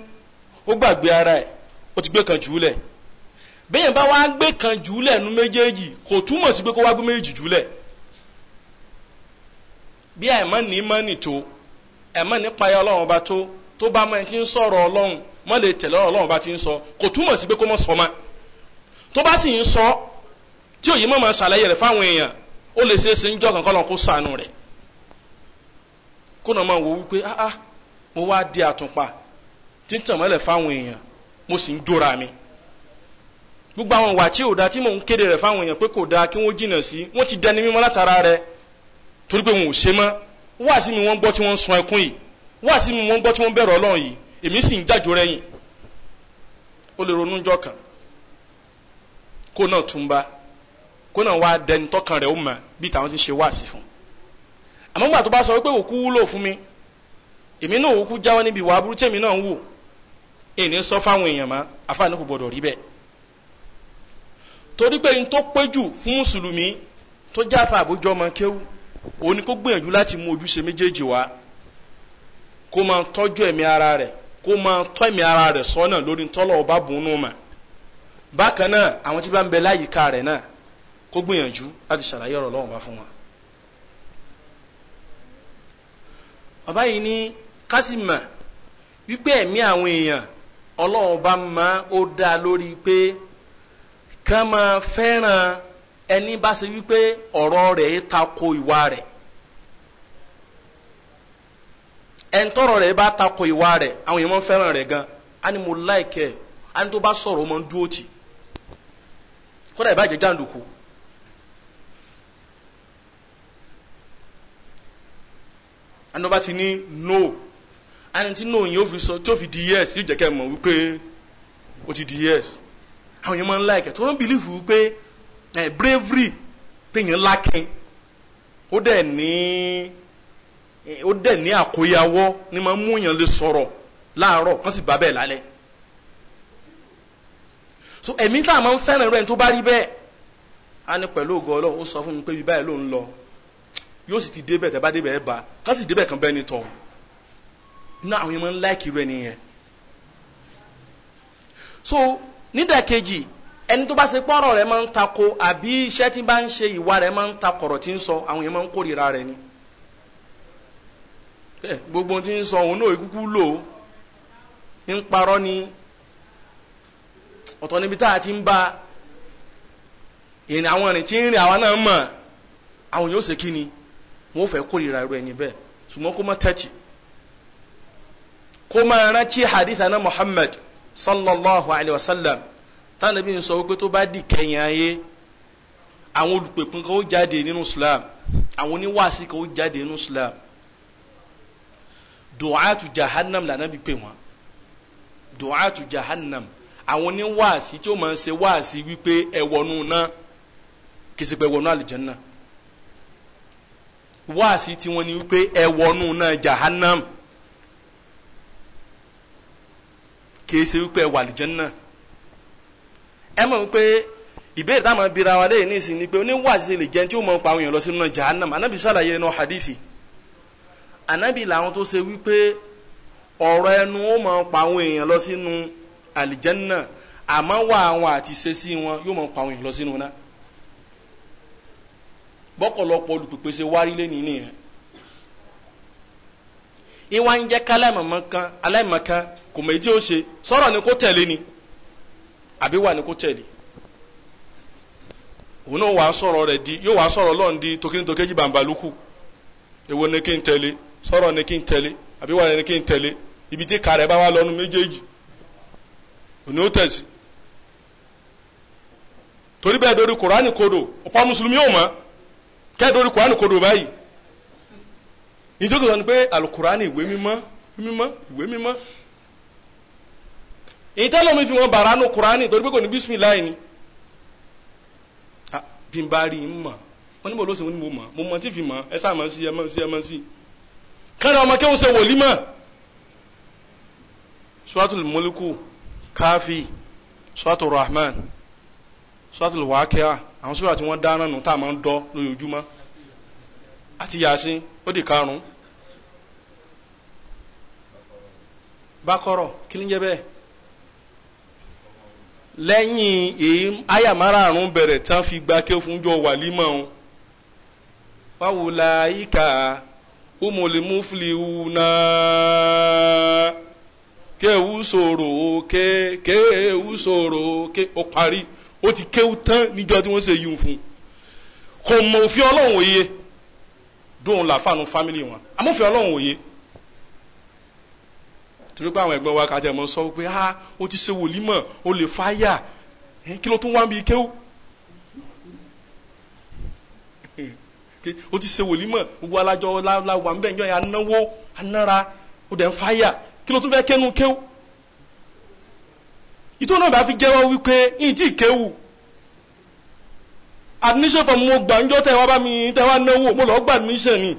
ó gbàgbé ara ẹ̀ ó ti gbé kan jù ú lẹ̀ bẹ́ẹ̀ bá wá gbé kan jùlẹ̀ nu méjèèjì kò túmọ̀ sí pé kó wá gbé méjèèjì jùlẹ̀ bí àìmọ́ ní mọ́nì tó àìmọ́ ní payá ọlọ́run bá tó tó bá mọ́ ẹni tí ń sọ̀rọ̀ ọlọ́run mọ́ lè tẹ̀lé ọlọ́run bá ti ń sọ kò túmọ̀ sí pé kó mọ́ sọ ma tó bá sì ń sọ tí òye mọ́ máa ṣàlàyé rẹ̀ fáwọn èèyàn ó lè ṣe é ṣe ń jọ kankan lọ́n kó sànù rẹ̀ kó máa wò wípé ah ah mo wá di àtùnpà tí mọ́lẹ̀ fáwọn èèyàn mo sì ń dóra mi gbogbo àwọn ìwà tí ò da tí mò ń kéde rẹ̀ fáwọn èèyàn pé kò da kí wọ́n jìnnà sí wọ́n ti dẹni mímọ́ látara rẹ̀ torí pé wọn ò ṣe mọ́ wá sí mi wọ́n gbọ́ tí wọ́n ń sun ẹkún yìí wá sí mi wọ́n gbọ́ tí wọ́n bẹ̀rù Ọlọ́run yìí èmi sì ń jájò rẹ̀yìn ó lè ronú jọ kan kó náà túnba kó náà wá dẹni tọkàn rẹ̀ ó mọ̀ bí tàwọn ti ṣe wá sí fún àmọ́ gbà tó bá sọ pé òkú wúlò fún mi èmi náà òkú jáwọ́ níbi ìwà aburú tèmi náà ń wò èyí sọ fáwọn èèyàn mọ́ àfáàní kò gbọdọ̀ rí bẹ́ẹ̀ torí pé n tó péjù fún mùsùlùmí tó jáfa àbójọ ọmọ kéwù òun ni kó gbìyànjú láti mú ojúṣe méjèèjì wá kó máa tọ́jú ẹ̀mí ara rẹ̀ kó máa tọ́ ẹ̀mí ara rẹ̀ sọ́nà lórí tọ́lọ̀ ọba bùnú mà bákan náà àwọn tí bá ń bẹ láyìíká rẹ̀ náà kó gbìyànjú láti ṣàlàyé ọ̀rọ̀ lọ́wọ́ bá fún wa. bàbá yìí ní kásìmà wípé ẹ̀mí àwọn èèyàn ọlọ́wọ́ bá máa ó dá lórí pé. kàn máa fẹ́ràn ẹni bá ṣe wípé ọ̀rọ̀ rẹ̀ ta ko ìwà rẹ̀ ẹ̀ńtọ́rọ̀ rẹ̀ bá ta ko ìwà rẹ̀ àwọn èèyàn máa ń fẹ́ràn rẹ̀ gan ani mo láìkẹ́ ani tó bá sọ̀rọ̀ o máa ń dúró tì kódà ìbàjẹ́ jàǹdùkú ani tó ti ní no ani tí no yẹn ó fi sọ tí ó fi di yes yóò jẹ́ kẹ́ ẹ mọ̀ wípé ó ti di yes. àwọn èèyàn máa ń láìkẹ tó ń bìlífù pé ẹ bravery pé èèyàn lákin ó dẹ̀ ní ó dẹ̀ ní àkóyawọ́ ni máa ń mú èèyàn lè sọ̀rọ̀ láàárọ̀ kán sì bá bẹ́ẹ̀ lálẹ́ so ẹ̀mí tá a máa ń fẹ́ràn rẹ̀ tó bá rí bẹ́ẹ̀ á ní pẹ̀lú ògo Ọlọ́run ó sọ fún mi pé bíbá ẹ̀ ló ń lọ yóò sì ti débẹ̀ tẹ́ bá débẹ̀ ẹ̀ bá kán sì débẹ̀ kan bẹ́ẹ̀ ni tọ̀ náà àwọn èèyàn máa ń láìkì rẹ̀ nìyẹn so nídàkejì ẹni tó bá ṣe pọ́rọ̀ rẹ̀ máa ń tako àbí iṣẹ́ tí bá ń ṣe ìwà rẹ̀ máa ń ta kọ̀rọ̀ tí ń sọ àwọn èèyàn máa ń kórìíra rẹ̀ ni gbogbo tí ń sọ òun náà ìkúkú lò ó ń parọ́ ni ọ̀tọ̀ níbi tá a ti ń bá ìrìn àwọn ìrìn tí ń rìn àwa náà mọ̀ àwọn yóò ṣe kí ni wọ́n fẹ́ kórìíra irú ẹni ṣùgbọ́n kó má tẹ́tì kó má rántí hadith ana Muhammad sallallahu alayhi wa sallam tánàbí ń sọ wípé tó bá di kẹyìn ayé àwọn olùpèkun kan ó jáde nínú islam àwọn oníwàásí kan ó jáde nínú islam du'atu jahannam lànà bí pè wọn du'atu jahannam àwọn oníwàásí tí ó máa ń ṣe wàásí wípé ẹ̀wọ̀nù náà kìí ṣe pé wàásí tí wọ́n ní wípé ẹ̀wọ̀nù náà jahannam. kìí ṣe wípé wà lìjẹ́nà ẹ mọ̀ wípé ìbéèrè táwọn abira wa lẹ́yìn nísìnyí ni pé oníwàásí lè jẹ́ tí ó mọ̀ pa àwọn èèyàn lọ sínú náà jahannam anábì sàlàyé ẹnu hadithi anábì làwọn tó ṣe wípé ọ̀rọ̀ ẹnu ó mọ̀ pa àwọn èèyàn lọ sínú àlìjẹ́nà àmọ́ wà àwọn àti ṣe sí wọn yóò mọ̀ pa àwọn èèyàn lọ sínú náà bọ́kọ̀lọpọ̀ olùpèpè wárí lẹ́ni nìyẹn ìwà ń jẹ́ kálẹ̀ mọ̀mọ́ kan aláìmọ̀kan kò mọ̀ èjì ó ṣe sọ̀rọ̀ ni kò tẹ̀lé ni àbí wà ni kò tẹ̀lé òun náà wàá sọ̀rọ̀ rẹ̀ di yóò wàá sọ̀rọ̀ lọ́n di tokintokeji bàǹbàlùkù ni kí n tẹ̀lé sọ̀rọ̀ ni kí n tẹ̀lé àbí ni kí n tẹ̀lé ibi tí kàrẹ́ bá wà lọ́nu méjèèjì òun ó tẹ̀sí torí bẹ́ẹ̀ dorí kùránì kodò ọ̀pọ̀ mùsùlùmí ò mọ̀ kẹ́ dorí kùránì kodò báyìí ìjókòó sọ ni pé ìwé mímọ́ ìwé mímọ́ èyí tẹ́lẹ̀ mi fi wọn bàrà nù kúránì torí pé kò ní bísímìláì ni ah, bí n bá rí i mọ̀ wọn níbo ló ṣe wọn ni mo mọ̀ mo mọ̀ tí fi mọ̀ ẹ sáà mọ̀ sí ẹ mọ̀ sí ẹ mọ̀ sí kẹ́rin ọmọ kéwọn ṣe wòlí mọ̀ suratul mulku káfí suratul rahman suratul Wakia, àwọn sọ́wọ́ àti wọ́n dáná nù tá a máa ń dọ́ lójoojúmọ́ àti yasin ó di karùn-ún bákọ́rọ̀ kí bẹ́ẹ̀ lẹ́yìn èyí àyà márààrún bẹ̀rẹ̀ tán fi gba kí o fún jọ wàlímọ̀ o wáwo la yíká umulimu filiwu náà kéwu sòrò ké kéwu sòrò ké o parí o ti kéwu tán níjọ tí wọ́n ṣe yìí fún kò mọ̀ òfin ọlọ́run òye dóun làfàànù fámìlì wọn àmọ́ ọlọ́run òye torí pé àwọn ẹ̀gbọ́n wa kájà mọ́ sọ pé ah o ti ṣe wòlímọ̀ o lè fáyà kí ló tún wá ń kéwù o ti ṣe wòlímọ̀ gbogbo alájọ la wà ń bẹ̀ ya náwó anára o dẹ̀ ń fáyà kí ló tún fẹ́ kẹ́nu kéwù ìtọ́ náà bá fi jẹ́wọ́ wípé yìí tí kéwù admission form mo gbà ńjọ́ tẹ́ wá bá mi tẹ́ wá náwó mo lọ́ọ́ gba admission ni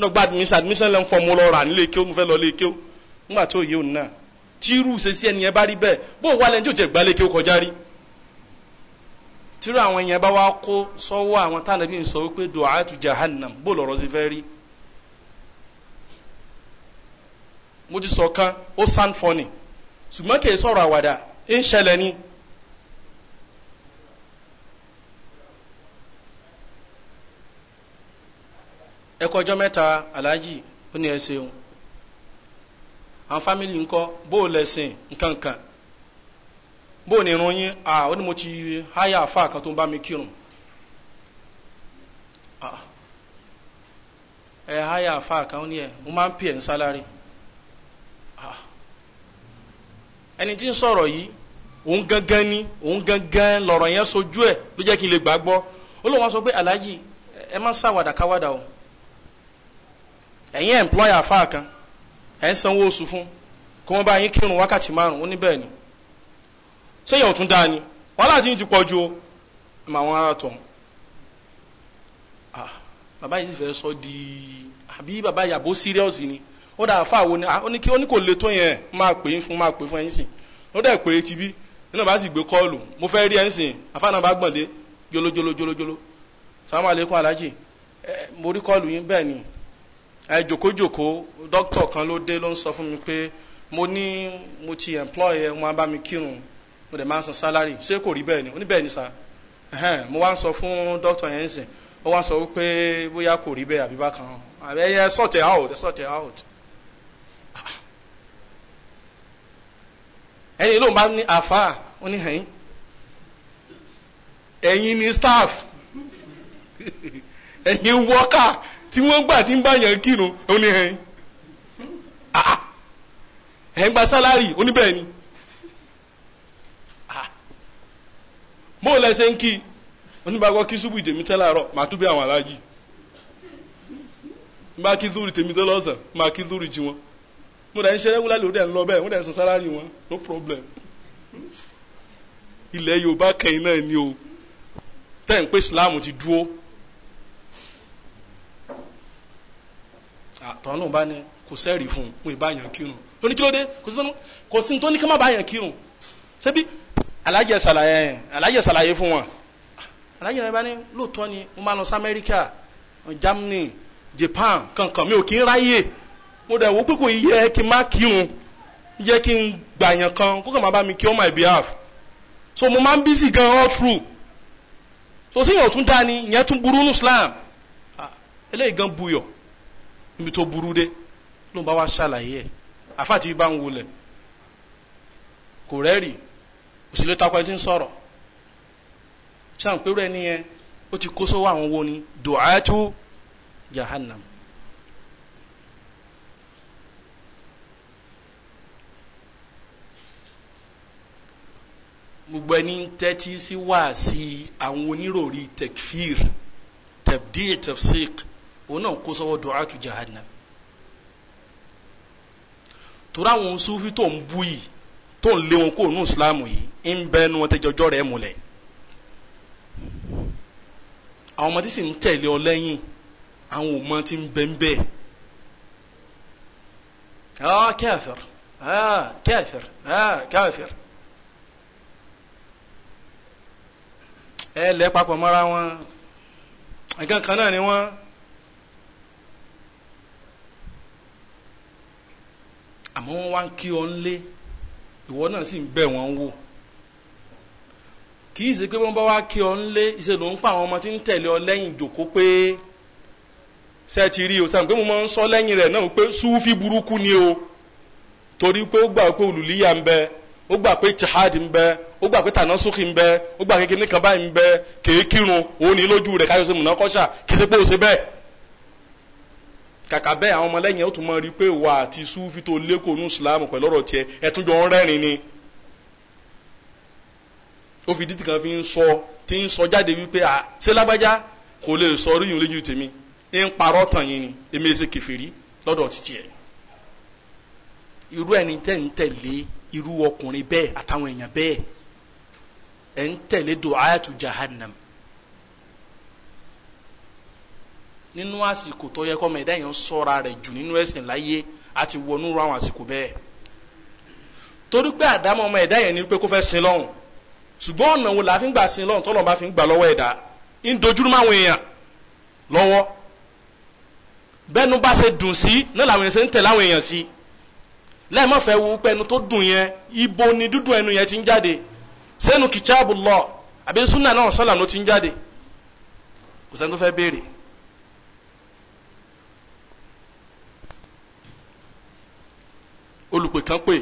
lọ́ọ́ gba admission admission lẹ́nu form mo lọ́ọ́ rà nílé kéwù mo fẹ́ lọ́ọ́ lé kéwù. ńgbà tó yẹ òun náà tírú ṣèṣì ẹnìyẹn bá rí bẹẹ bó wà lẹ́ni tí ò jẹ́ gbalẹ̀ kí ó kọjá rí tírú àwọn àwọn sọ wípé du'atu jahannam bó lọ́rọ̀ sí fẹ́ rí mo ti sọ kan ó sàn kì í àwàdà ń ni. ẹ kọjọ́ mẹta aláàjì ó ní ẹ ṣeun an family ńkọ́ bó o nkankan bó o ní irun yín à mo ti háyà àfa kan tó ń mi kírun ẹ háyà àfa kan ó ní ẹ mo máa ń pè ẹ ń sálárì ẹni tí ń òun gangan ni òun gangan lọ̀rọ̀ yẹn sojú ẹ̀ ló jẹ́ kí n lè gbàgbọ́ ó pé aláàjì ẹ má sáwàdà káwàdà o ẹ̀yin employer àfa kan ẹ̀ ń sanwó oṣù fún kí wọ́n bá yín kírun wákàtí márùn ún níbẹ̀ ni sẹ́yìn ọ̀tún dáa ni wàhálà tí ń ti pọ̀ ju o mà wọn tọ̀ ah, bàbá yìí sì fẹ́ sọ di àbí bàbá yàbó serious ni ó dà fà wo ni ah, ó ní kò le tó yẹn máa pè é fún máa pè é fún ẹ̀yìn sìn ó dẹ̀ pé ti bí nínú bá sì gbé kọ́ọ̀lù mo fẹ́ rí ẹ̀ ń sìn àfààní bá gbọ̀n dé jolojolojolojolo sàmú aleykum mo rí kọ́ọ̀lù yín bẹ́ẹ̀ ni ẹ jòkójòkó dókítà kan ló dé ló ń sọ fún mi pé mo ní mo ti employ ẹ wọn bá mi kírun mo dẹ̀ máa san salary ṣé kò rí bẹ́ẹ̀ ni oníbẹ̀ẹ́ ni sa mo wá ń sọ fún dókítà yẹn sìn ó wá ń sọ wípé bóyá kò rí bẹ́ẹ̀ àbí bákan ẹ sort it out ẹ sort out ẹni ló ń bá ní àfa ó ní ẹ̀yìn ni staff ẹ̀yìn wọ́kà tí wọ́n gbà tí ń bá yàn kírun ó ní hẹ́n ẹ̀ ń gba sálárì oníbẹ̀ ni mo ah. lẹ́sẹ̀ ń kí oníbàgbọ́ kí ṣubú ìjẹ̀mí tẹ́ láàárọ̀ màá tún bí àwọn aláàjì bá kí zúrì tèmi tẹ́ lọ́sàn máa kí zúrì jí wọn mo dẹ̀ ń ṣe rẹ́gúlá lórí ẹ̀ ń lọ bẹ́ẹ̀ mo dẹ̀ ń san sálárì wọn no problem ilẹ̀ yorùbá kẹ́yìn náà ni o tẹ́ ń pé islam ti dúró. àtọ̀hún náà bá ní kò sẹ́ẹ̀rì fún un fún ìbáyàn kírun ó ní kí ló dé kò sí kò sí tó ní ká má báyàn kírun ṣebí alájẹ ṣàlàyé alájẹ ṣàlàyé fún wọn alájẹ náà bá ní lóòótọ́ ni mo máa lọ sí Amẹ́ríkà Germany Japan kankan mi ò kí ń ráyè mo dẹ̀ wò pé kò yẹ kí n má kírun yẹ kí n gbàyàn kan kó kàn má bá mi kí on my behalf so mo máa ń bísí gan all through so sí ìyẹn tún dá ni ìyẹn tún burú ní Islam ah, eléyìí gan buyọ̀ níbi tó burú dé ló ń bá wa ṣàlàyé ẹ̀ àfàtì bá ń wulẹ̀ kò rẹ́rì òsèlè takọ ẹtí ń sọ̀rọ̀ ṣáà pẹ̀lú ẹni yẹn ó ti kó sówó àwọn wo ni du'atu jahannam. gbogbo ẹni tẹ́tí sí wáàsí àwọn oníròrí tekfir tabdi tafsiq. òun náà kó sọ́wọ́ tu jahannam torí àwọn sufi to ń bú yìí tó ń lé wọn kó nù ìsìlámù nu wọn tẹ́jọ́ ti ah kafir ah kafir ah kafir ẹ lẹ́ papọ̀ mọ́ra wọn kan na ni wọ́n. àmọ́ wọ́n wá ń kí ọ ńlé ìwọ náà sì ń bẹ̀ wọ́n wò kì í ṣe pé wọ́n bá wá kí ọ ńlé ìṣe ló ń pa àwọn ọmọ tí ń tẹ̀lé ọ lẹ́yìn ìjòkó pé o sàmì pé mo máa ń sọ lẹ́yìn rẹ̀ náà pé súfì burúkú ni o torí pé ó gbà pé olùlíyà ń bẹ ó gbà pé jihad ń bẹ ó gbà pé tànásùkì ń bẹ ó gbà kan báyìí ń bẹ òun lójú kàkà bẹ́ẹ̀ àwọn ọmọlẹ́yìn ẹ̀ ó tún máa rí i pé wà àti sufi tó lékòó nù sùlámù pẹ̀lú ọ̀rọ̀ tiẹ̀ ẹ̀ tún jọ ń rẹ́rìn ni ó fi dídì kan fi ń sọ tí ń sọ jáde wípé à ṣé lágbájá kò lè sọ orí lójú tèmi ń parọ́ tàn yín ni èmi èsè kẹfìrí lọ́dọ̀ títí ẹ̀ irú ẹni tẹ́ ń tẹ̀lé irú ọkùnrin bẹ́ẹ̀ àtàwọn èèyàn bẹ́ẹ̀ ẹ̀ ń tẹ̀lé do ayatul jahannam nínú àsìkò tó yẹ kọ́mọ ẹ̀dá yẹn sọ́ra rẹ̀ jù nínú ẹ̀sìn láyé àti wọnú ru àwọn àsìkò bẹ́ẹ̀ torí pé àdámọ́ ọmọ ẹ̀dá yẹn ni pé kó fẹ́ sin lọ́hùn ṣùgbọ́n ọ̀nà wo la fi ń gbà sin lọ́hùn tọ́lọ́ bá fi ń gbà lọ́wọ́ ẹ̀dá ń dojúrú máa wọn èèyàn lọ́wọ́ bẹ́ẹ̀nu bá ṣe dùn sí náà làwọn èèyàn ṣe ń tẹ̀ láwọn èèyàn sí lẹ́ẹ̀mọ́fẹ́ wo pé ẹnu tó dùn yẹn ibo ni dúdùn ẹnu yẹn ti ń jáde sẹ́nu kìtàbù lọ àbí súnà náà sọ́là ló ti ń jáde kò sẹ́ni tó fẹ́ béèrè olùpè kan pè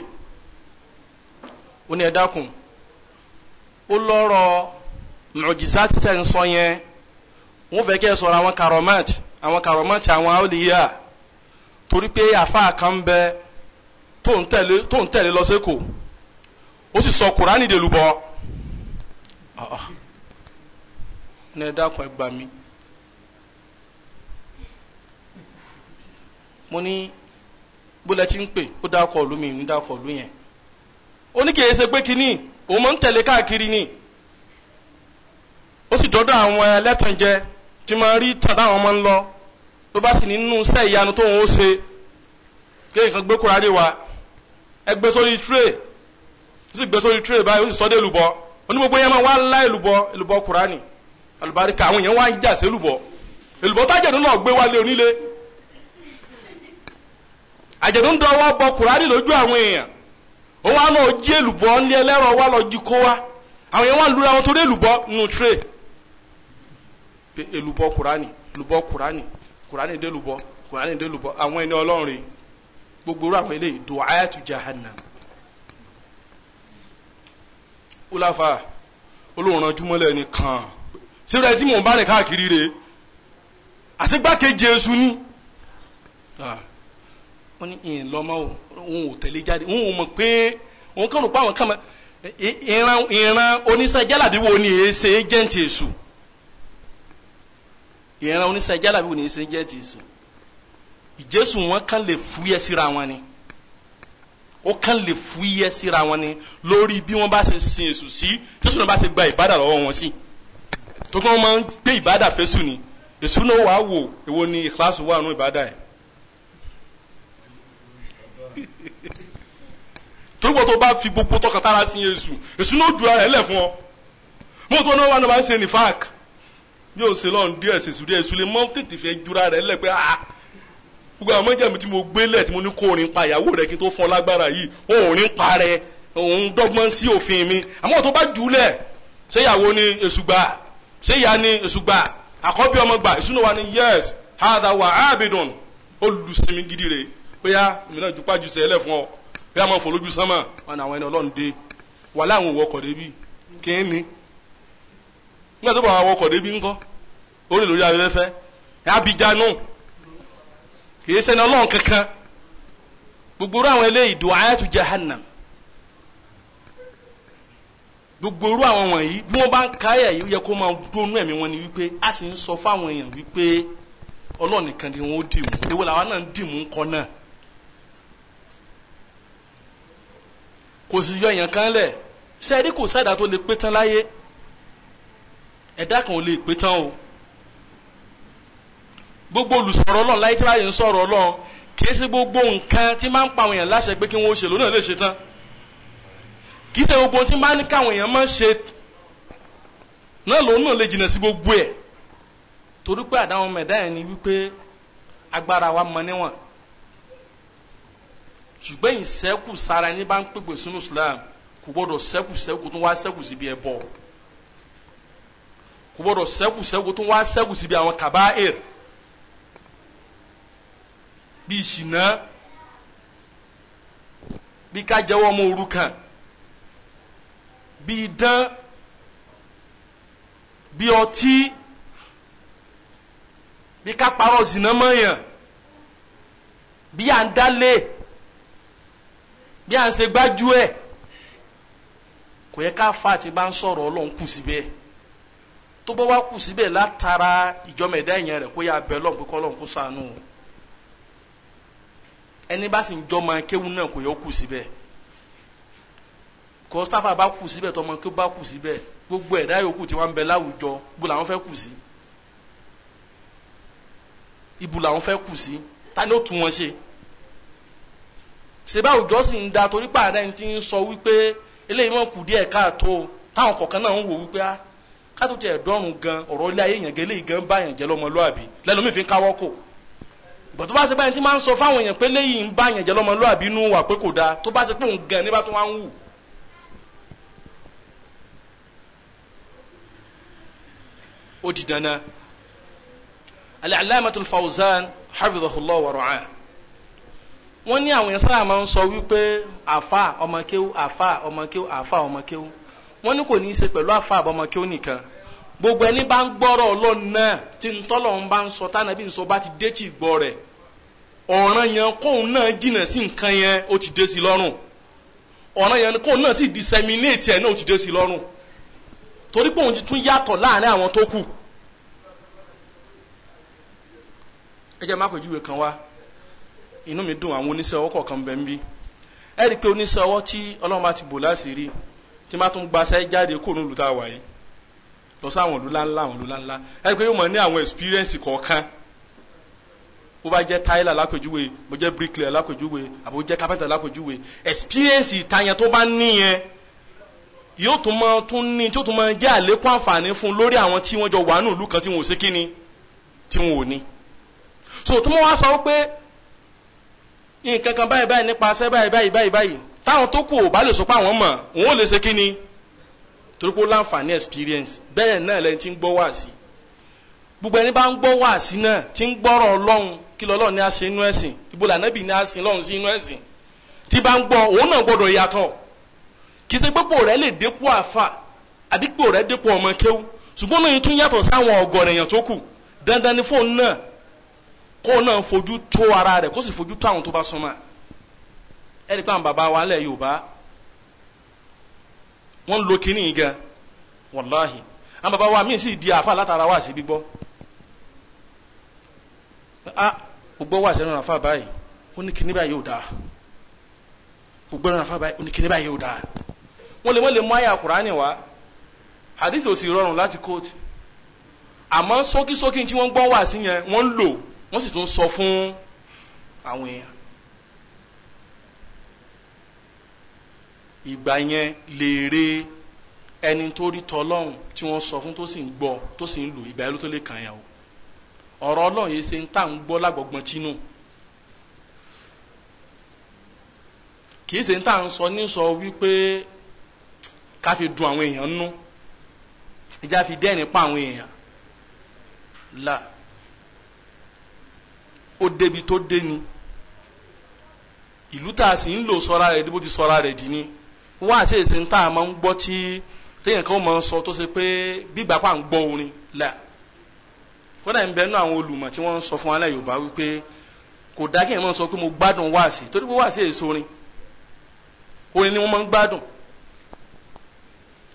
ó ní ẹ dákun ó lọ́rọ̀ mọ̀jísá tẹ̀ ń sọ yẹn wọ́n fẹ́ kí ẹ sọ̀rọ̀ àwọn karomat àwọn karomat àwọn aoliya torí pé àfa kan bẹ tó ń tẹ̀lé tó ń tẹ̀lé lọ sẹ́kọ̀ọ́ ó sì sọ kùránì dèlùbọ́ ah, ah. ní ẹ dákun ẹ mo ní bólẹ̀ tí ń pè ó dákọ̀ ọ̀lú mi ń dákọ̀ ọ̀lú yẹn ó ní kì í ṣe pé kínní òun máa ń tẹ̀lé káàkiri ni ó sì dọ́dọ̀ àwọn ẹlẹ́tànjẹ tí máa rí tàn táwọn máa ń lọ ló bá sì nínú iṣẹ́ ìyanu tóun ó ṣe kí nǹkan gbé kúra lé ẹ gbé sórí tray ó sì gbé sórí tray báyìí ó sì sọ́dọ̀ èlùbọ́ onígbogbo yẹn máa wá lá èlùbọ́ èlùbọ́ kúra ni àlùbáríkà àwọn èèyàn wá ń jà sí èlùbọ́ èlùbọ́ tájẹ̀ nínú ọ̀gbẹ́ wa onílé àjẹ̀dún dọwọ́ bọ kùránì lójú àwọn èèyàn òun á lọ jí èlùbọ́ ní ẹlẹ́rọ wa lọ jí kó wa àwọn èèyàn wà lura wọn torí èlùbọ́ nù tré èlùbọ́ kùránì èlùbọ́ kùránì kùránì dé èlùbọ́ kùránì dé èlùbọ́ àwọn ẹni ọlọ́run rè gbogbo irú àwọn eléyìí dùn ayatu jahannam wúláfà olóòrán nìkan síra ẹ mò ń bá rìn káàkiri rè àti gbákejì èṣù ni. Ah ó ní ìyìn lọ́mọ o òun ò tẹ̀lé jáde òun ò mọ̀ pé òun kàn ń pa àwọn kàmá ìran ìran oníṣẹ́ jálàbí wo ni èé ṣe jẹ́ǹtì èṣù ìran oníṣẹ́ jálàbí wo ni èé ṣe jẹ́ǹtì èṣù ìjésù wọn kàn lè fúyẹ́ síra wọn ni ó kàn lè fúyẹ́ síra wọn ni lórí bí wọ́n bá ṣe sin èṣù sí jésù náà bá ṣe gba ìbádà lọ́wọ́ wọn sí tó kí wọ́n máa ń gbé ìbádà fẹ́sù ni èṣù náà wàá wò èwo ni ìkíláàsì wà nù ìbádà yẹn torí pé tó bá fi gbogbo tọkàtara sí Jésù Jésù náà ju ara ẹ lẹ̀ fún ọ mọ́tò náà wà ní wàá ṣe ní fák bí o ṣe lọ́n díẹ̀ ṣèṣù díẹ̀ Jésù lè mọ́ tètè fẹ́ jura rẹ lẹ̀ pé ah gbogbo àwọn mọ́jà mi tí mo gbé lẹ̀ tí mo ní kó orin pa ìyàwó rẹ kí n tó fún ọ lágbára yìí orin pa rẹ òun dọ́gbọ́n sí òfin mi àmọ́ tó bá jù ú lẹ̀ ṣé ìyàwó ni Jésù gbà ṣé ìyá ni Jésù gbà àkọ́bí ọmọ gbà Jésù náà wà ní yes hada wa abidun olùsinmi gidi rè bóyá mi náà jupájú sẹ́lẹ̀ fún ọ bí a máa fò lójú sánmà wọn àwọn ẹni ọlọ́run dé wà láwọn òwò ọkọ̀ débi ni nígbà tó bá àwọn ọkọ̀ débi ńkọ́ orí lórí afẹ́fẹ́ kì í ọlọ́run kankan gbogbo àwọn eléyìí ayatu jahannam àwọn wọ̀nyí bí wọ́n bá ń ka ẹ̀yà yìí yẹ kó máa wọn ni wípé a sì ń sọ fáwọn èèyàn ni wọ́n dì mú ewé làwọn náà ń dì mú kò sì yọ èèyàn kan lẹ̀ sẹ́ẹ̀rí kò sáàdà tó lè pé tán láyé ẹ̀dá kan ò lè pé tán o gbogbo olùsọ̀rọ̀ ọlọ́run láyé tí wàá yẹn ń sọ̀rọ̀ ọlọ́run kì í ṣe gbogbo nǹkan tí máa ń pa àwọn èèyàn láṣẹ pé kí wọ́n ṣe lónà lè ṣe tán kì í ṣe gbogbo tí máa ń ní káwọn èèyàn máa ṣe náà lòun náà lè jìnnà sí gbogbo ẹ̀ torí pé àdáwọn mẹ̀dá yẹn ni wípé agbára wa mọ níwọ̀n ṣùgbọ́n ìṣẹ́kù sára ẹni bá ń pèpè sínú Islam kò gbọ́dọ̀ ṣẹ́kù ṣẹ́kù tó wá ṣẹ́kù síbi ẹbọ kò gbọ́dọ̀ ṣẹ́kù ṣẹ́kù tó wá ṣẹ́kù síbi àwọn kaba'ir bí ìṣìnà bí ká jẹ́wọ́ ọmọ òrukàn bí idán bí ọtí bí ká parọ́ zìnnà mọ́yàn bí à bí à ń ṣe gbájú ẹ̀ kò yẹ ká fa àti bá ń sọ̀rọ̀ ọlọ́run kù síbẹ̀ tó bá wá kù síbẹ̀ látara ìjọmọ̀ẹ̀dá ìyẹn rẹ̀ kó yà bẹ̀ ọlọ́run pé kọ́ ọlọ́run kó sànù ẹni bá sì ń jọmọ kéwù náà kò yẹ kù síbẹ̀ kọ́ staff bá kù síbẹ̀ tọmọ kéwù bá kù síbẹ̀ gbogbo ẹ̀dá yòókù tí wọ́n ń bẹ láwùjọ bó làwọn fẹ́ kù sí ibù làwọn fẹ́ kù sí ta ó tún wọn ṣe ṣèbá òjò sì ń da torí pàdé ẹni tí ń sọ wípé eléyìí mọ̀ kù díẹ̀ káàtó táwọn kọ̀ọ̀kan náà ń wò wípé á ah, kátó tiẹ̀ dọ́rùn gan ọ̀rọ̀ ilé ayé yẹn gẹ́lẹ́ gan bá yẹn jẹ́ lọ́mọlúàbí lẹ́nu mi fi ń káwọ́ kò bọ̀ tó bá ṣe báyìí tí máa ń sọ fáwọn èèyàn pé léyìí ń bá yẹn jẹ́ lọ́mọlúàbí nù wà pé kò dáa tó bá ṣe pé òun gan níbà tó wá ń wù. ó di dandan Al-Allamatul Fawzan hafidhahullah wọ́n ní àwọn sábà máa ń sọ wípé àfa ọmọkéwú àfa ọmọkéwú àfa ọmọkéwú wọ́n ní kò ní í ṣe pẹ̀lú àfa ọmọkéwú nìkan gbogbo ẹni bá ń gbọ́rọ̀ ọlọ́run náà tí ń tọ́lọ̀ ń bá ń sọ tánàbí ń sọ bá ti dé tì gbọ́ rẹ̀ ọ̀ràn yẹn kóun náà jìnnà sí nǹkan yẹn ó ti dé sí lọ́rùn ọ̀ràn yẹn kóun náà sì disseminate ẹ̀ náà ó ti dé sí lọ́rùn torí pé òun ti tún yàtọ̀ láàrin àwọn tó kù ẹ jẹ́ má pèjúwe kan wá inú mi dùn àwọn oníṣẹ́ ọwọ́ kọ̀ọ̀kan bẹ́ẹ̀ ń bí ẹ rí i pé oníṣẹ́ ọwọ́ tí ọlọ́run bá ti bò láṣìírí tí má tún gbaṣẹ́ jáde kó nílùú tá a wà yìí lọ sí àwọn ìlú ńláńlá àwọn ìlú ńláńlá ẹ rí i pé yóò mọ̀ ní àwọn experience kọ̀ọ̀kan bó bá jẹ́ táyìlà lápèjúwe bó jẹ́ bricklayer lápèjúwe àbó jẹ́ carpenter lápèjúwe experience ìtayẹn tó bá níyẹn yóò tún máa tún ní tí ó tún máa jẹ́ àlékún àǹfààní fún lórí àwọn tí wọ́n jọ wà nínú ìlú tí wọn ò ṣe kíni tí wọn ò ní. so tó mọ́ wá sọ pé nǹkan kan báyìí báyìí nípa aṣẹ́ báyìí báyìí báyìí báyìí táwọn tó kù ò bá lè sọ pé àwọn mọ̀ òun ò lè ṣe kíni torí pé ó láǹfààní experience bẹ́ẹ̀ náà lẹ́ni tí ń gbọ́ wá sí gbogbo ẹni bá ń gbọ́ wá sí náà tí ń gbọ́rọ̀ ọlọ́run kí lọ́lọ́run ní a ṣe inú ẹ̀sìn ibo lànàbì ní a sìn lọ́run sí inú ẹ̀sìn tí bá ń gbọ́ òun náà gbọ́dọ̀ yàtọ̀ kì í ṣe pé pò rẹ lè dépò kó náà fojú tó ara rẹ̀ kó sì fojú tó àwọn tó bá súnmọ́ ẹ̀rí pé àwọn bàbá wa alẹ́ Yorùbá wọ́n lo kínní gan wàláhì àwọn bàbá wa míì sì di àfa látara wá sí gbígbọ́ a gbogbo wà sẹ́nu àfa báyìí ó ní kínní báyìí ò dáa gbogbo ẹ̀rọ àfa báyìí ó ní kínní báyìí ò dáa wọ́n lè wọ́n lè mú àyà Kùránì wá hadith ò sì rọrùn láti kóòtù àmọ́ sókísókí tí wọ́n gbọ́ wá sí yẹn wọ́n lò wọ́n sì tún sọ fún àwọn èèyàn ìgbà yẹn léèrè ẹni tó rí tọlọ́hún tí wọ́n sọ fún tó sì ń gbọ́ tó sì ń lò ìgbà yẹn ló tó lè kàn yà o ọ̀rọ̀ ọlọ́run yìí ṣe ń tà ń gbọ́ lágbọ̀gbọ́n tínú kì í ṣe ń tà ń sọ ní sọ wípé ká fi dun àwọn èèyàn nú ìjà fi dẹ́rìn pa àwọn èèyàn là ó débi tó dé ni ìlú tá a sì ń lò sọ́ra rẹ̀ bó ti sọ́ra rẹ̀ dì ni wọ́n àti èsì ń tá a máa ń gbọ́ tí téèyàn kan máa ń sọ tó ṣe pé bíbá pa ń gbọ́ orin là kódà ń bẹ́ẹ̀ nú àwọn olùmọ̀ tí wọ́n ń sọ fún wa láyò bá wípé kò dá kéèyàn máa sọ pé mo gbádùn wáàsí torí pé wáàsí èso orin orin ni wọ́n máa ń gbádùn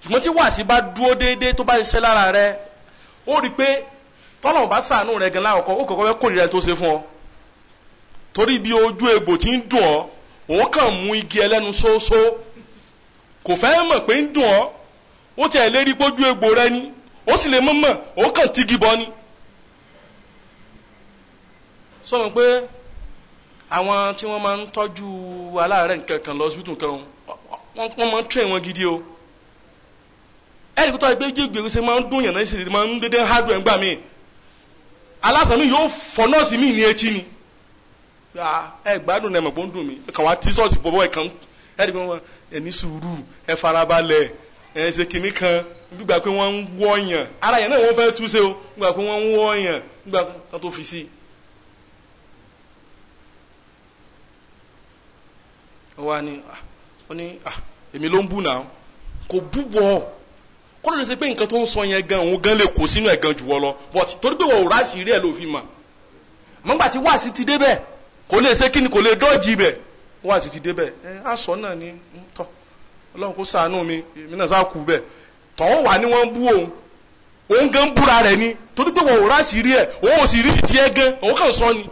ṣùgbọ́n tí wáàsí bá dúró déédéé tó bá ṣiṣẹ́ lára rẹ̀ ó rí i pé tọ́lọ̀ bá sàánú rẹ̀ gan láwọ̀kọ́ ó kọ̀ọ̀kọ́ fẹ́ kórìíra tó ṣe fún ọ torí bí ojú egbò ti ń dùn ọ́ òun kàn mú igi ẹlẹ́nu ṣóṣó kò fẹ́ mọ̀ pé ń dùn ọ́ ó tiẹ̀ lérí gbójú egbò rẹ ni ó sì lè mọ̀mọ̀ òun kàn tigi bọ́ ni. sọ̀rọ̀ pé àwọn tí wọ́n máa ń tọ́jú aláàárẹ̀ nǹkan kan lọ́sibítù kan wọ́n máa ń tún ẹ̀wọ̀n gidi o ẹ̀rí kó ẹgbẹ́ jẹ́ gbèrú ṣe máa ń dún yànnà ìṣèlérí máa ń dédé ń hádùn ẹ̀ ń gbà mí aláṣà mi yóò fọ nọ́ọ̀sì mi ní etí ni. Ah, ẹ gbádùn ẹ mọ̀ pé ó ń dùn mí kàn wá tí sọ́ọ̀sì bọ̀ bọ́ ẹ̀ kàn ẹ̀ dì fún wọn ẹ̀ ní sùúrù ẹ̀ farabalẹ̀ ẹ̀ ṣe kìnnì kan gbígbà pé wọ́n ń wọ́ọ̀yàn ara yẹn náà wọ́n fẹ́ túnṣe o gbígbà pé wọ́n ń wọ́ọ̀yàn gbígbà kan tó fi sí i. ó wá ní ah, ó ní ah, èmi ló ń bù náà kò bú wọ kó ló lè ṣe pé nǹkan tó ń sọ yẹn gan òun gan lè kó sínú ẹ̀ gan jù wọ lọ but torí pé wọ́n ò rásì rí ẹ̀ ló fi mọ̀ tí wáàsí ti débẹ̀ kò lè ṣe kò lè dọ́ọ̀jì ibẹ̀ wọ́n àti ti débẹ̀ ẹ asọ náà ni ń tọ́ ọlọ́run mi èmi náà sá kú bẹ́ẹ̀ wà ní wọ́n bú òun òun gan búra rẹ̀ ni torí pé wọ́n ò rà sí rí ẹ̀ òun ò sì rí ìtìẹ́ gan òun kàn ni.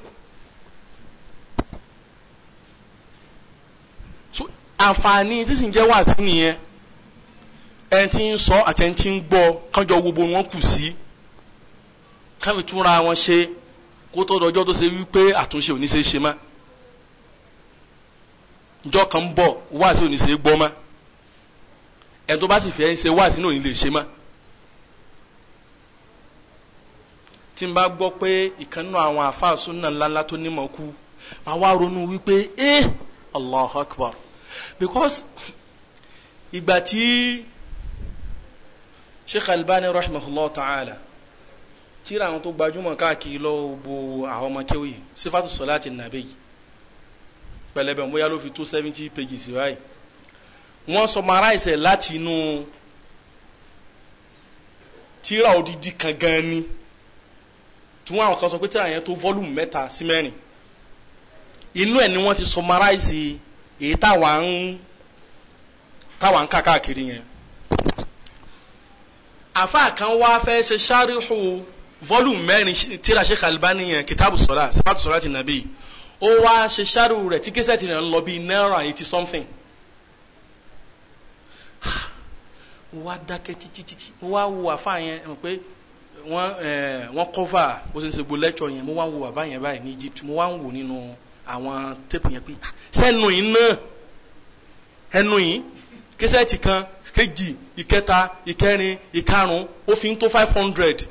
àǹfààní sísìn jẹ́ wà sí nìyẹn ẹni tí ń àti ẹni tí ń gbọ́ gbogbo wọn kù sí káfíntúra wọn ṣe. kó tó dọjọ́ tó ṣe wípé àtúnṣe ò ní ṣe ṣe mọ́ njọ́ kan ń bọ̀ wáàsí ò ní ṣe gbọ́ mọ́ ẹ̀ tó bá sì fẹ́ ń ṣe wáàsí náà ò ní lè ṣe mọ́ tí n bá gbọ́ pé ìkan àwọn àáfàá súnà ńláńlá tó nímọ̀ kú màá wá ronú wípé eh Allahu Akbar because ìgbà tí Sheikh Albani rahmahullah ta'ala. Tira àwọn tó gbajúmọ̀ káàkiri lọ́wọ́ bo àwọn ọmọ kéwì sífàtú sọláàtì nàbẹ́ yìí pẹlẹbẹ bóyá ló fi tó seventy pages báyìí wọ́n summarize ẹ̀ láti inú tira odidi kan gan ni tí wọ́n àwọn kan sọ pé tíra yẹn tó volume mẹ́ta sí mẹ́rin inú ẹ̀ ni wọ́n ti summarize èyí táwa ń táwa ń kà káàkiri yẹn àfa kan wá fẹ́ ṣe ṣáríhù volume mẹ́rin tíra Sheikh Albani yẹn kitabu sọlá sifatu sọlá ti nàbí ó wá ṣe ṣáàrù rẹ̀ tí kẹsẹ̀tì rẹ̀ ń lọ bíi náírà eighty something wá dákẹ́ títítítí mo wa wo àfa yẹn mo pé wọ́n wọ́n cover bó ṣe ń ṣe gbó lecture yẹn mo wá wo àbá yẹn báyìí ní Egypt mo wá ń wò nínú àwọn tape yẹn pé ah, sẹ́nu yìí náà ẹnu yìí kẹsẹ̀tì kan kejì ìkẹta ìkẹrin ìkarùn ó fi ń tó five hundred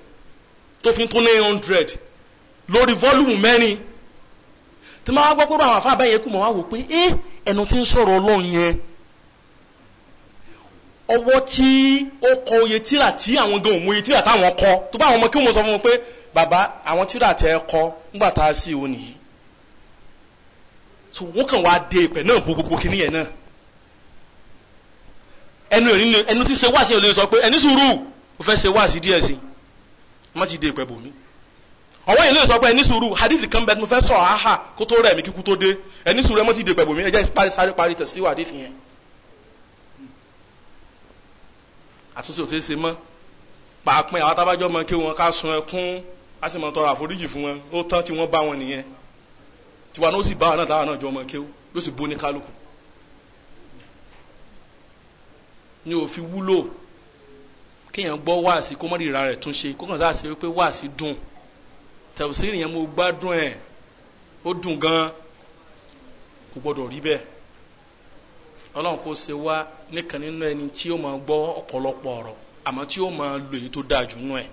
tó fi tó nine hundred lórí volume mẹ́rin tí máa gbọ́ pé àwọn àfáà báyẹn kù mọ́ wá wò pé ẹ eh, ẹnu tí ń sọ̀rọ̀ ọlọ́run yẹn ọwọ́ tí ó kọ oye tíra tí àwọn gan òmòye tíra táwọn kọ tó bá àwọn ọmọ kí wọ́n sọ fún wọn pé bàbá àwọn tíra tẹ ẹ kọ nígbà tá a sì ò nìyí so wọ́n kàn wá de ìpẹ́ náà bo gbogbo kìnìyẹn náà ẹnu ẹni tí ṣe wáàsí ẹ lè sọ pé ẹni sùúrù ó fẹ́ ṣe wáàsí díẹ̀ sí i má ti dé ìpẹ́ bòmí ọwọ́ yìí ló sọ pé ẹni sùúrù hadith kan bẹ́ẹ̀ mo fẹ́ sọ aha kó tó rẹ̀ mí kíkú tó dé ẹni sùúrù ẹ mọ́ ti dè pẹ̀bù mi ẹ jẹ́ parí sáré parí tẹ̀ sí wà hadith yẹn. àtúnṣe ò ṣeé ṣe mọ́ pàápín àwọn tábàjọ́ mọ kí wọn ká sun ẹkún á sì mọ tọrọ àforíjì fún wọn ó tán tí wọ́n bá wọn nìyẹn tiwa náà ó sì bá wọn náà táwọn náà jọ mọ kéwú ló sì bó ní kálukú ni ò fi wúlò kéèyàn gbọ́ wáàsí kó mọ́ rírà rẹ̀ tún ṣe kó kàn sáà ṣe wípé wáàsí dùn tẹ̀síìrì yẹn mo gbádùn ẹ̀ ó dùn gan kò gbọ́dọ̀ rí bẹ́ẹ̀ ọlọ́run kò ṣe wá nìkan nínú ẹni tí ó máa gbọ́ ọ̀pọ̀lọpọ̀ ọ̀rọ̀ àmọ́ tí ó máa lò èyí tó dáa jù nú ẹ̀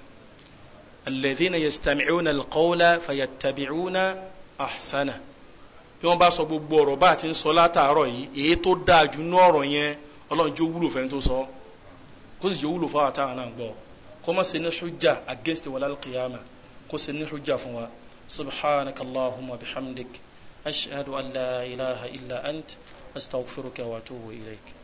alladhina yastami'una alqawla fayattabi'una ahsana bí wọ́n bá sọ gbogbo ọ̀rọ̀ bá ti ń sọ látàárọ̀ yìí èyí tó dáa jù nú ọ̀rọ̀ yẹn ọlọ́run jó wúlò fẹ́ni tó sọ ọ́ kó sì wulu lò fún àwọn táwọn náà ń gbọ́ kó má ṣe ní hujja against wàlá alqiyama kó ṣe ní hujja fún wa subhanaka allahumma bihamdik ashhadu an la ilaha illa ant astaghfiruka wa atubu ilayk.